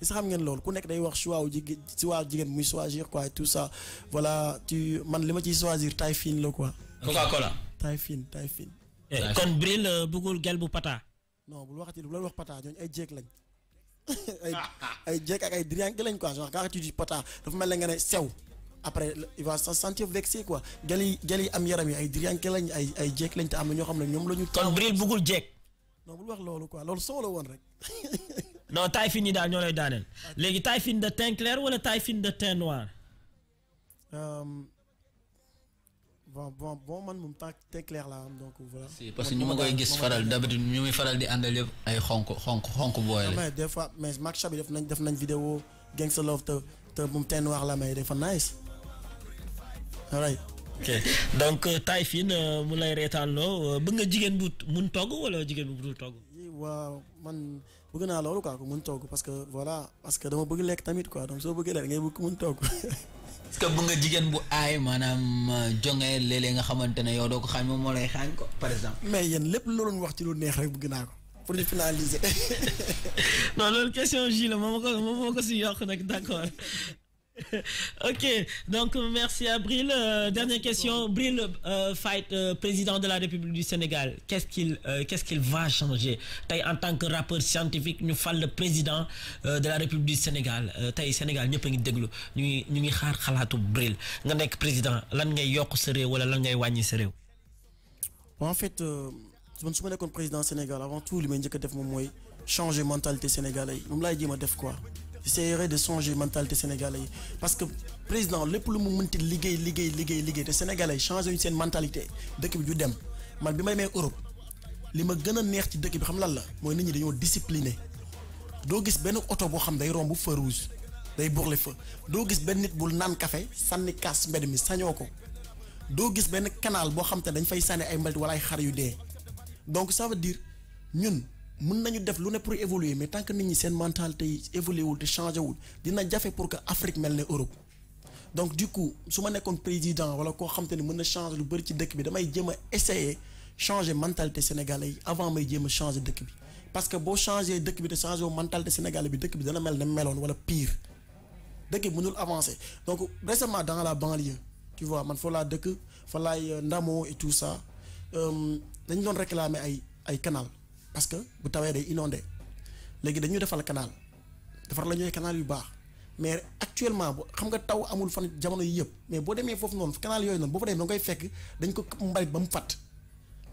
[SPEAKER 1] est ngeen loolu ku nekk day wax choix wu jigéen choix jigéen muy choisir quoi tout ça voilà tu man li ma ciy choisir taille fine la quoi. coca cola. taille fine taille fine. Eh, kon euh, gel bu pata. non bul waxati loolu wax pata ñooñu ay jéeg lañ. ay ay jéeg ak ay diriyànke lañ quoi genre kaa tu dis pata dafa mel ne nga ne sew. après il va se sentir vexé quoi gal yi am yaram yi ay diriyànke lañ ay ay jeek lañ ta am ñoo xam na ñom lañu kon Bril bëggul non bu wax
[SPEAKER 3] lolu quoi lolu solo won rek. non tay fine dal daal ñoo lay daaneel. fine de teint clair wala tay fine de teint noir.
[SPEAKER 1] Euh, bon bon bon man mum teint clair là am donc voilà. c'est parce que ñu ma koy gis faral d'habitude ñu muy
[SPEAKER 3] faral di andal yëpp ay xonk xonk xonk booy la. mais
[SPEAKER 1] des fois mais Max Chabi def nañ def nañ vidéo Gangsta Love te te moom teint noir la mais dafa nice. right
[SPEAKER 3] ok donc euh, taay fii euh, mu lay reetaanloo euh, bëgg nga jigéen bu mun togg wala jigéen bu dul togg.
[SPEAKER 1] waaw man bëgg naa loolu quoi ku mun togg parce que voilà parce que dama bëgg lekk tamit quoi donc soo bëggee lekk ngay bëgg ku mun togg. est que bëgg nga jigéen bu aay maanaam jonge léeg nga xamante ne yow doo ko xaañ moom moo lay xaañ ko par exemple. mais yéen lépp loolu wax ci lu neex rek bëgg naa ko. pour ñu finaliser. non loolu question ji moom moo ko si yokk nag d'accord.
[SPEAKER 3] ok, donc merci à Bril. Euh, dernière question, Bril euh, Fight, euh, président de la République du Sénégal, qu'est-ce qu'il euh, qu'est-ce qu'il va changer En tant que rappeur scientifique, nous faisons le président de la République du Sénégal. Tay Sénégal, nous sommes déglu, nous nous xaar xalatu Bril. Nga nek président, lan ngay yok sa rew wala lan ngay
[SPEAKER 1] En fait, je euh, suis suma le président Sénégal, avant tout je me dit def mom moy changer mentalité sénégalaise. Mom lay jima def quoi j'essaierai de changer mentalité sénégalais yi parce que président lépp lu mu mënti liggéey liggéey liggéey liggéey te sénégalais changé wuñ seen mentalité dëkk bi du dem man bi ma demee Europe li ma gën a neex ci dëkk bi xam lan la mooy nit ñi dañoo discipliné doo gis benn oto boo xam day romb feu day day bourle fa doo gis benn nit bul naan café sànni kaas mbedd mi sañoo ko doo gis benn canal boo xam te dañ fay sànni ay mbalit wala ay xar yu dee donc ça veut ñun. mën nañu def lu ne pour évoluer mais tant que nit ñi seen mentalité yi évolué wul te changé wul dina jafe pour que Afrique mel ne Europe donc du coup su ma nekkoon président wala koo xam te ne mën na changer lu bëri ci dëkk bi damay jéem a essayer changer mentalité sénégalais yi avant may jéem a changer dëkk bi parce que boo changer dëkk bi te changer mentalité sénégalais bi dëkk bi dana mel ne meloon wala pire dëkk bi mënul avancer donc récemment dans la banlieue tu vois man fa laa dëkk fa laay euh, ndamoo et tout ça euh, dañ doon réclamer ay ay canal parce que bu tawee day inondé léegi dañu defal canal defar la ñooy canal yu baax mais actuellement bu xam nga taw amul fan jamono yi yëpp mais boo demee foofu noonu canal yooyu noonu boo fa demee da nga fekk dañ ko mbalit ba mu fàtt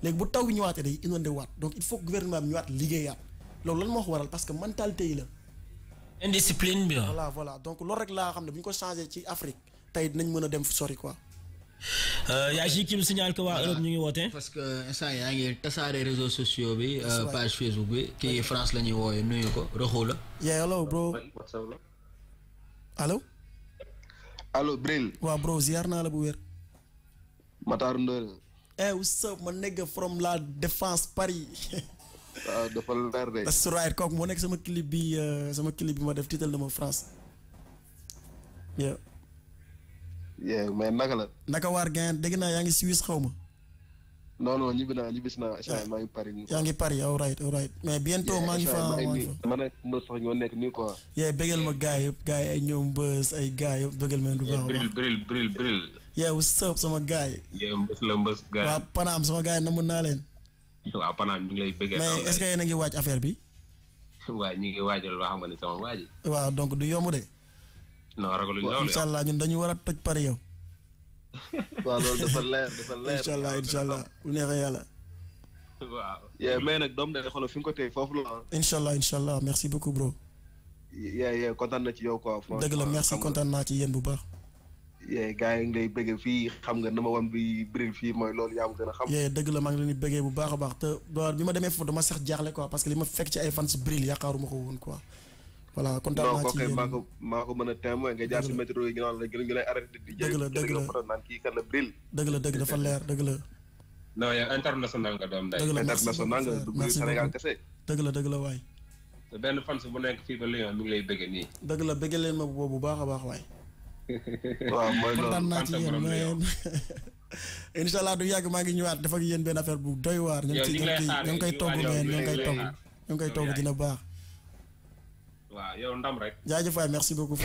[SPEAKER 1] léegi bu taw bi ñëwaatee day inondé waat donc il faut que gouvernement bi ñëwaat liggéeyaat loolu lan moo ko waral parce que mentalité yi la. indiscipline bi voilà voilà donc loolu rek laa xam ne bu ñu ko changé ci Afrique tey dinañ mën a dem sori quoi.
[SPEAKER 3] yaji ki mu signal que waa Europe ñu ngi woote. parce que instant yaa ngi tasaare réseaux sociaux bi page Facebook bi kii France la ñuy wooyee nuyu ko Roxo la.
[SPEAKER 1] yeah hello bro. allo. allo Bril. waaw bro ziar naa la bu wér.
[SPEAKER 4] Matar Ndoye.
[SPEAKER 1] eh what's up ma nekk from la défense Paris.
[SPEAKER 4] waaw dafa leer de. that's right
[SPEAKER 1] kooku moo nekk sama clip bi sama clip bi ma def tiital na ma France. yeah.
[SPEAKER 4] yeah mais naka la.
[SPEAKER 1] naka waar gain dégg naa yaa ngi Suisse xaw ma.
[SPEAKER 4] non non ñibbi naa ñibbis naa échange eh, maa ngi Paris. yaa
[SPEAKER 1] ngi Paris all right all right mais bientôt maa ngi fa maa ngi fa.
[SPEAKER 4] man ak mbës sax ñoo nekk nii quoi.
[SPEAKER 1] yeah bëggal ma gars yëpp gars ay ñoom mbës ay gars yëpp bëggal ma. du baax bril bril bril bril. yeah what's up sama gars yi.
[SPEAKER 4] yeah mbës la mbës gars yi.
[SPEAKER 1] waaw sama gars yi namoon naa leen.
[SPEAKER 4] waaw Panaam ñu ngi lay bëggal. mais est ce que
[SPEAKER 1] yéen a ngi affaire bi.
[SPEAKER 4] waaw ñu ngi waajal loo xam nga ne sama waaj.
[SPEAKER 1] waaw donc du yomb de
[SPEAKER 4] non ragalul loolu incha
[SPEAKER 1] allah ñun dañu war a toj pare yow.
[SPEAKER 4] waaw loolu dafa leer dafa
[SPEAKER 1] leer incha allah bu neexee yàlla.
[SPEAKER 4] waaw. yeah mais ko tey
[SPEAKER 1] la. merci beaucoup bro.
[SPEAKER 4] yeah yeah kontaan na ci yow quoi. dëgg la merci kontaan
[SPEAKER 1] naa ci Yeah, bu baax.
[SPEAKER 4] yeah gars yi ngay bëggee fii xam nga na ma wan bi bril Yeah, mooy loolu yaa ma gën a xam. yeah
[SPEAKER 1] dëgg la maa ngi leen di bëggee bu baax a baax te bi ma demee foofu dama sax jaaxle quoi parce que li fekk ci ay bril quoi voilà kontaan naa ci yéen maa ko
[SPEAKER 4] maa ko mën a témoin nga jaar si métro yi ginnaaw la gën nga lay arrêté di dëgg la dëgg la photo kan la bril dëgg la dëgg dafa leer dëgg la non yow international nga doom day international nga du biir Sénégal kese
[SPEAKER 1] dëgg la dëgg la waay
[SPEAKER 4] te benn fan bu nekk fii ba Lyon mi ngi lay bëgg nii
[SPEAKER 1] dëgg la bëgg leen ma boobu bu baax a baax waay
[SPEAKER 4] waaw mooy loolu kontaan naa ci yéen mais
[SPEAKER 1] inshallah du yàgg maa ngi ñëwaat def ak yéen benn affaire bu doy waar ñoom ci ñoom koy togg mais ñoom koy togg ñoom koy togg dina baax merci beaucoup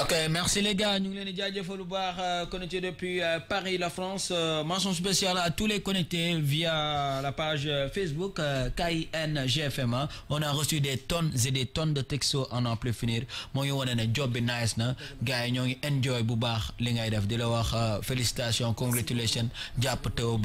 [SPEAKER 3] ok merci les gars nous sommes déjà di euh, depuis euh, Paris la France euh, mention spéciale à tous les connectés via la page Facebook KINGFM hein. on a reçu des tonnes et des tonnes de textos en en finir Mon ngi wane job bi nice na gars enjoy bu li félicitations congratulations jàpp teew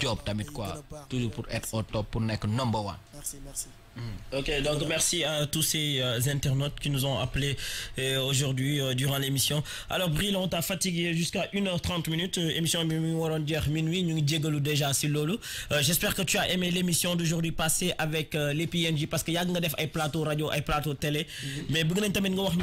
[SPEAKER 3] job tamit quoi toujours pour être au top pour être number one. merci merci. Mm. Ok, donc merci à tous ces euh, internautes qui nous ont appelés euh, aujourd'hui euh, durant l'émission. Alors Bril, on t'a fatigué jusqu'à 1h30 minutes. émission minuit, nous déjà lolo. J'espère que tu as aimé l'émission d'aujourd'hui passée avec les PNJ parce qu'il y a des plateaux radio, des plateau télé. Mm-hmm. Mais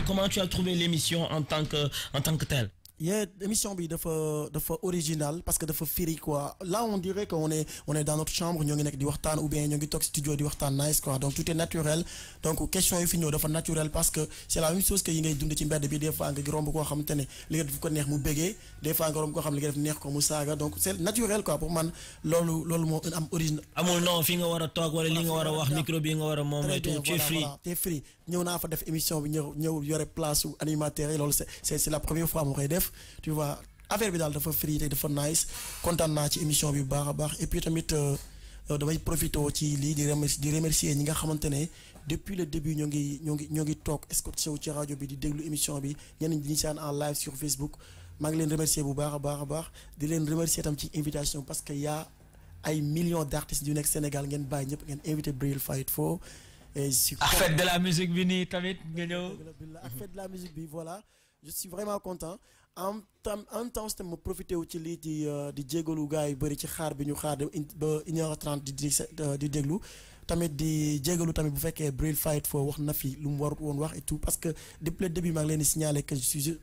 [SPEAKER 3] comment tu as trouvé l'émission en tant que en tant que telle
[SPEAKER 1] Yeah, l'émission dafa dafa originale parce que dafa firi quoi. Là on dirait qu'on est on est dans notre chambre ñoo ngi nekk di ou bien ñoo tok studio di nice quoi. Donc tout est naturel. Donc question yi fi ñëw dafa naturel parce que c'est la même chose que y ngay dund ci mbedd bi des fois nga romb koo xamante ne li nga def ko neex mu bégee des fois nga romb koo xam li nga def neex ko mu donc c'est naturel quoi pour man loolu loolu moo am original. amul non fi nga war a toog wala li nga war wax micro bi nga
[SPEAKER 3] war tu es free
[SPEAKER 1] t'es free ñëw fa def émission bi ñëw ñëw yore place animateur yi c'est c'est la première fois mu koy tu vois affaire bi daal dafa free te dafa nice content na ci émission bi bu baax baax et puis tamit euh, euh, damay profité ci lii di remercier di remercier ñi nga xamantene depuis le début ñoo ngi ñoo ngi ñoo ngi toog scotché ci radio bi di déglu émission bi ñenn ñi en live sur Facebook maa ngi leen remercier bu baax a baax baax di leen remercier tam ci invitation parce que y'a ay millions d'artistes du nekk Sénégal ngeen bay ñep ngeen inviter Bril Fight Fo et de la musique bini. tamit nga ñëw de la musique bi voilà je suis vraiment content en tam en temps tam ma profité ci lii di euh, di jégalu gars yu ci xaar bi ñu xaar ba une heure trente di euh, di déglu tamit di jégalu tamit bu fekke Bril Fight fo wax na fi lu mu warut wax et tout parce que depuis le début ma ngi leen signaler que je suis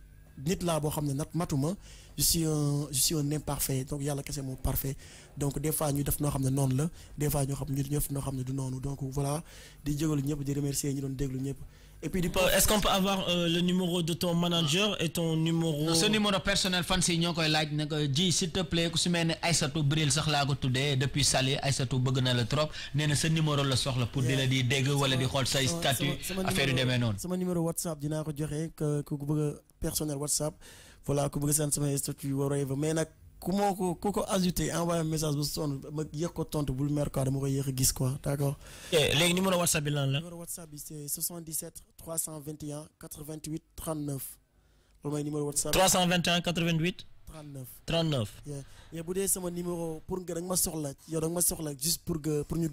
[SPEAKER 1] nit la bo xam nat matuma je suis un je suis un imparfait donc yalla kese mo parfait donc des fois ñu def no xam non la des fois ñu xam ñu def no xam du noonu donc voilà di jégalu ñep di remercier ñu don déglu ñep et
[SPEAKER 3] puis, euh, est-ce qu'on peut avoir euh, le numéro de ton manager et ton numéro non, ce numéro personnel fan si ñoo koy laaj ne ko s'il te plaît ku si mel ne Aïssatou Bril sax la ko tuddee depuis Salé, Aïssatou bëgg na trop nee na ce numéro la soxla pour di la di dégg wala di xool say statut affaire yu demee
[SPEAKER 1] sama numéro WhatsApp dinaa ko que, ku bëgg personnel WhatsApp voilà ku bëgg seen sama statut whatever mais ku moo ko ku ko ajouté un message bu sonn ma yéex ko tontu bul mer quoi dama koy yéex a quoi D'accord. accord. Eh, léegi numéro WhatsApp là là. numéro WhatsApp c'est 77 321 88 39 numéro WhatsApp. 321
[SPEAKER 3] 88.
[SPEAKER 1] 39 39. yaa bu mon numéro pour que da ma soxla juste pour que pour ñu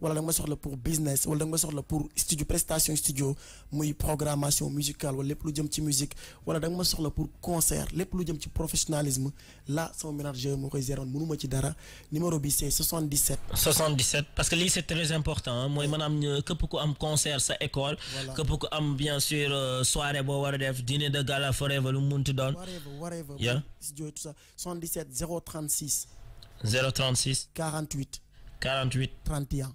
[SPEAKER 1] wala da nga soxla pour business wala da nga soxla pour studio prestation studio muy programmation musicale wala lepp lu jëm ci musique wala da nga ma soxla pour concert lepp lu jëm ci professionnalisme là son manager mo koy gérer mënuma ci dara numéro bi c'est 77. 77
[SPEAKER 3] parce que li c'est très important hein. mooy maanaam euh, képp ko am concert sa école. voilà ko am bien sûr euh, soirée bo wara def dîner de gala forever lu mu munti whatever
[SPEAKER 1] whatever. studio tout ça 77 036.
[SPEAKER 3] 036. 48. 48. 31.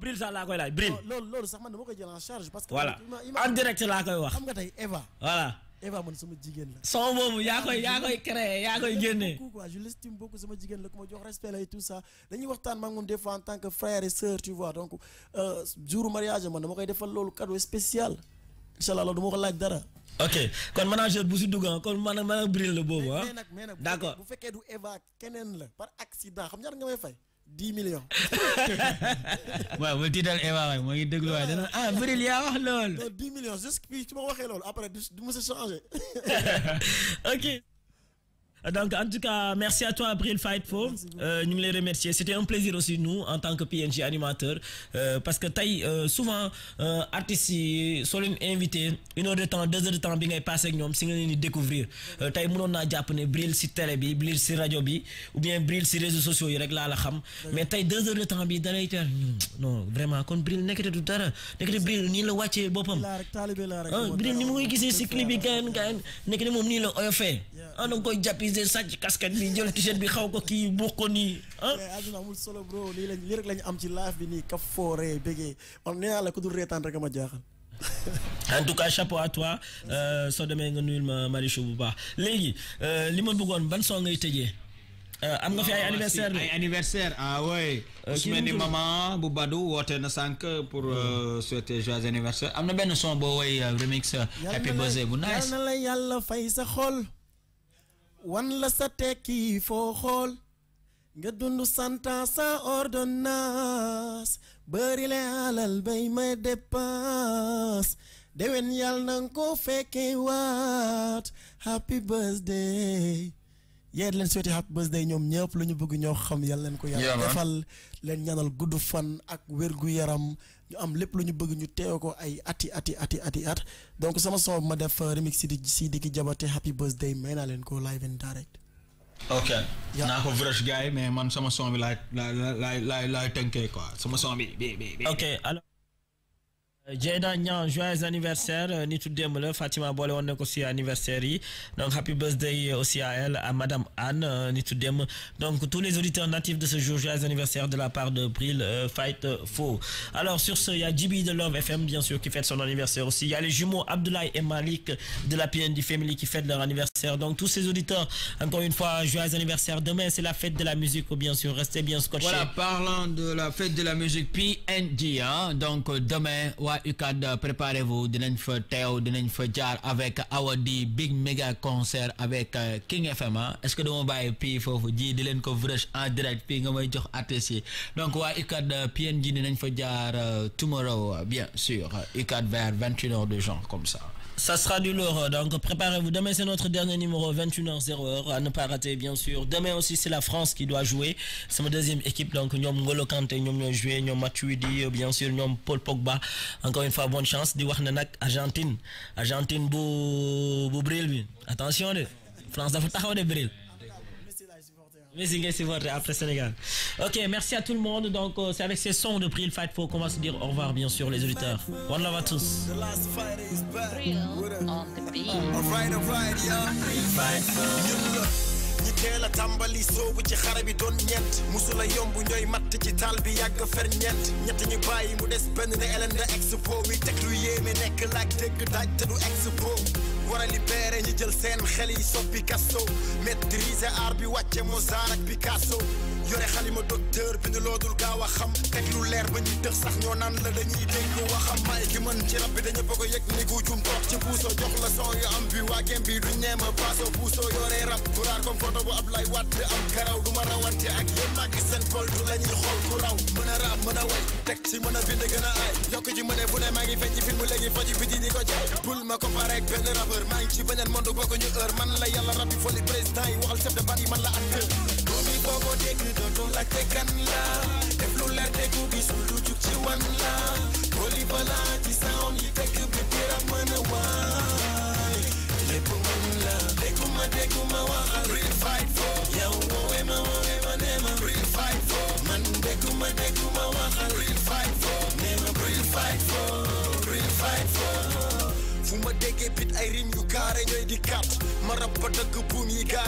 [SPEAKER 3] Bril sax laa koy laaj Bril.
[SPEAKER 1] loolu loolu sax man dama jël en charge. parce que voilà en direct laa wax. xam nga tey Eva. voilà Eva man sama jigéen
[SPEAKER 3] la. son boobu yaa koy yaa koy créé yaa koy génne.
[SPEAKER 1] quoi je l'estime beaucoup sama jigéen la ma euh, mariage man dama koy defal loolu cadeau spécial incha allah loolu ko laaj dara. ok kon manager bu si dugg ah, kon man man Bril la boobu ah. d'accord bu fekkee du Eva keneen la par accident xam ñaar nga may dix millions.
[SPEAKER 3] waaw bu tiital Eva waaye moo ngi déglu waaye dana ah Bril yaa wax lool.
[SPEAKER 1] non dix millions juste puis ci ma waxee loolu après du du ma se changer.
[SPEAKER 3] ok. Donc, en tout cas, merci à toi, April Fightful. Euh, nous les remercions. C'était un plaisir aussi, nous, en tant que PNJ animateur. Euh, parce que taille, euh, souvent, euh, artistes, sont invités, une heure de temps, deux heures de temps, bien passé avec nous, si nous découvrir. Euh, taille, nous, on a japonais, brille sur télé, brille sur radio, ou bien brille sur réseaux sociaux, il la ham. Mais taille, deux heures de temps, bien, d'aller, hmm, non, vraiment, quand brille, n'est que tout à l'heure, n'est que brille, ni le watché, bopam. Brille, ni mouille qui s'est clippé, gagne, gagne, n'est que mouille, ni le oeufé. On a ah, encore jappé. déguisé sàcc casquette bi jël t-shirt
[SPEAKER 1] bi xaw ko kii buux ko nii ah. àdduna amul solo bro lii lañ lii rek lañ am ci live bi nii ka fooree bégee man nee naa la ku dul reetaan rek ma jaaxal.
[SPEAKER 3] en tout cas chapeau à toi euh, soo demee nga nuyul ma Marichou bu baax léegi euh, li ma bëggoon ban son ngay tëjee. Euh, am nga fi ay anniversaire ay anniversaire ah oui. su mel ni maman bu Badou woote na sànq pour hmm. souhaiter joyeux anniversaire am na benn son boo woy remix happy birthday
[SPEAKER 1] bu nice. yàlla na la yàlla fay sa xol. wan la sa tekki foo xool nga dund santan sa ordonnance bëri le alal bay ma dépense déwén yàlla nanga ko fekkee waat happy birthday yéen leen souhaité happy birthday ñoom ñëpp lu ñu bëgg ñoo xam yàlla leen ko yàlla defal leen ñaanal gudd fan ak wér yaram ñu am lépp lu ñu bëgg ñu teew ko ay ati ati ati ati at donc sama son ma def euh, remix si di si di ki jabate happy birthday may naa leen ko live and direct.
[SPEAKER 3] ok naa ko virage gars mais man sama son bi laay laay laay laay tënkee quoi sama son bi bi bi. ok alors. J'ai joyeux anniversaire euh, ni le Fatima bole on aussi anniversaire donc happy birthday aussi à elle à madame Anne euh, ni donc tous les auditeurs natifs de ce jour joyeux anniversaire de la part de Bril euh, Fight Faux alors sur ce il y a Jibi de Love FM bien sûr qui fête son anniversaire aussi il y a les jumeaux Abdoulaye et Malik de la PND Family qui fêtent leur anniversaire donc tous ces auditeurs encore une fois joyeux anniversaire demain c'est la fête de la musique bien sûr restez bien scotchés voilà parlant de la fête de la musique PND hein. donc demain ouais UCAD, préparez-vous. Dinenf Théo, Dinenf Jar avec Awadi, Big Mega Concert avec euh, King FM. Ah. Est-ce que nous avons pu faire des Dinenf Vrush en direct, puis nous avons apprécié. Donc, UCAD, euh, PNG, Dinenf Jar, euh, tomorrow, bien sûr. UCAD vers 21h de gens comme ça. Ça sera du lourd, donc préparez-vous. Demain, c'est notre dernier numéro, 21 h 00 à ne pas rater, bien sûr. Demain aussi, c'est la France qui doit jouer. C'est ma deuxième équipe, donc nous avons Ngolo Kante, nous avons joué, nous Matuidi, bien sûr, nous Paul Pogba. Encore une fois, bonne chance. Nous avons Argentine. Argentine, beau, beau Attention, France, de brille. Messingué, c'est votre après Sénégal. Ok, merci à tout le monde. Donc, euh, c'est avec ces sons de Bril Fight Faux qu'on va se dire au revoir, bien sûr, les auditeurs. One love à tous.
[SPEAKER 1] ñi teel a tàmbali soobu ci xare bi doon musula yomb ñoy mat ci tal bi yag fer ñett ñett ñu bàyyi mu des ben ne elen da expo wi teg lu yéeme nek laaj dëgg daaj te du expo war a libéré ñu jël seen xel yi soppi kasto maîtriser art bi wàcce Mozart ak Picasso yore xalima docteur bi ñu loodul gaaw wax xam teg lu leer ba ñuy def sax ñoo naan la dañuy dégg wax xam may ki mën ci rab bi dañu bëgg a yëg ni gu jum toog ci puuso jox la son yu am bi waa gem bi du neema paaso puuso yore rab ku raar comme photo bu ablay wat Wade am karaw du ma rawante ak yéen maa ngi seen pol du lañuy ñuy xool ku raw mën a raam mën a way teg ci mën a bind gën a aay yokk ci mën a bu ne maa ngi fecc film léegi faji bi di di ko jaay bul ma ko ak benn rappeur maa ngi ci bañal mondu bokk ñu heure man la yàlla rab bi li président yi waxal chef de bari man la acteur bobo degu la te bala ti yi ma ma wa Real fight for Ya uwo we ma, ne ma. Real fight for Man ma degu ma wa Real fight for ma. real fight for Real fight for Fuma dege pit ay rim yu gaare ñoy di kat dëgg buum yi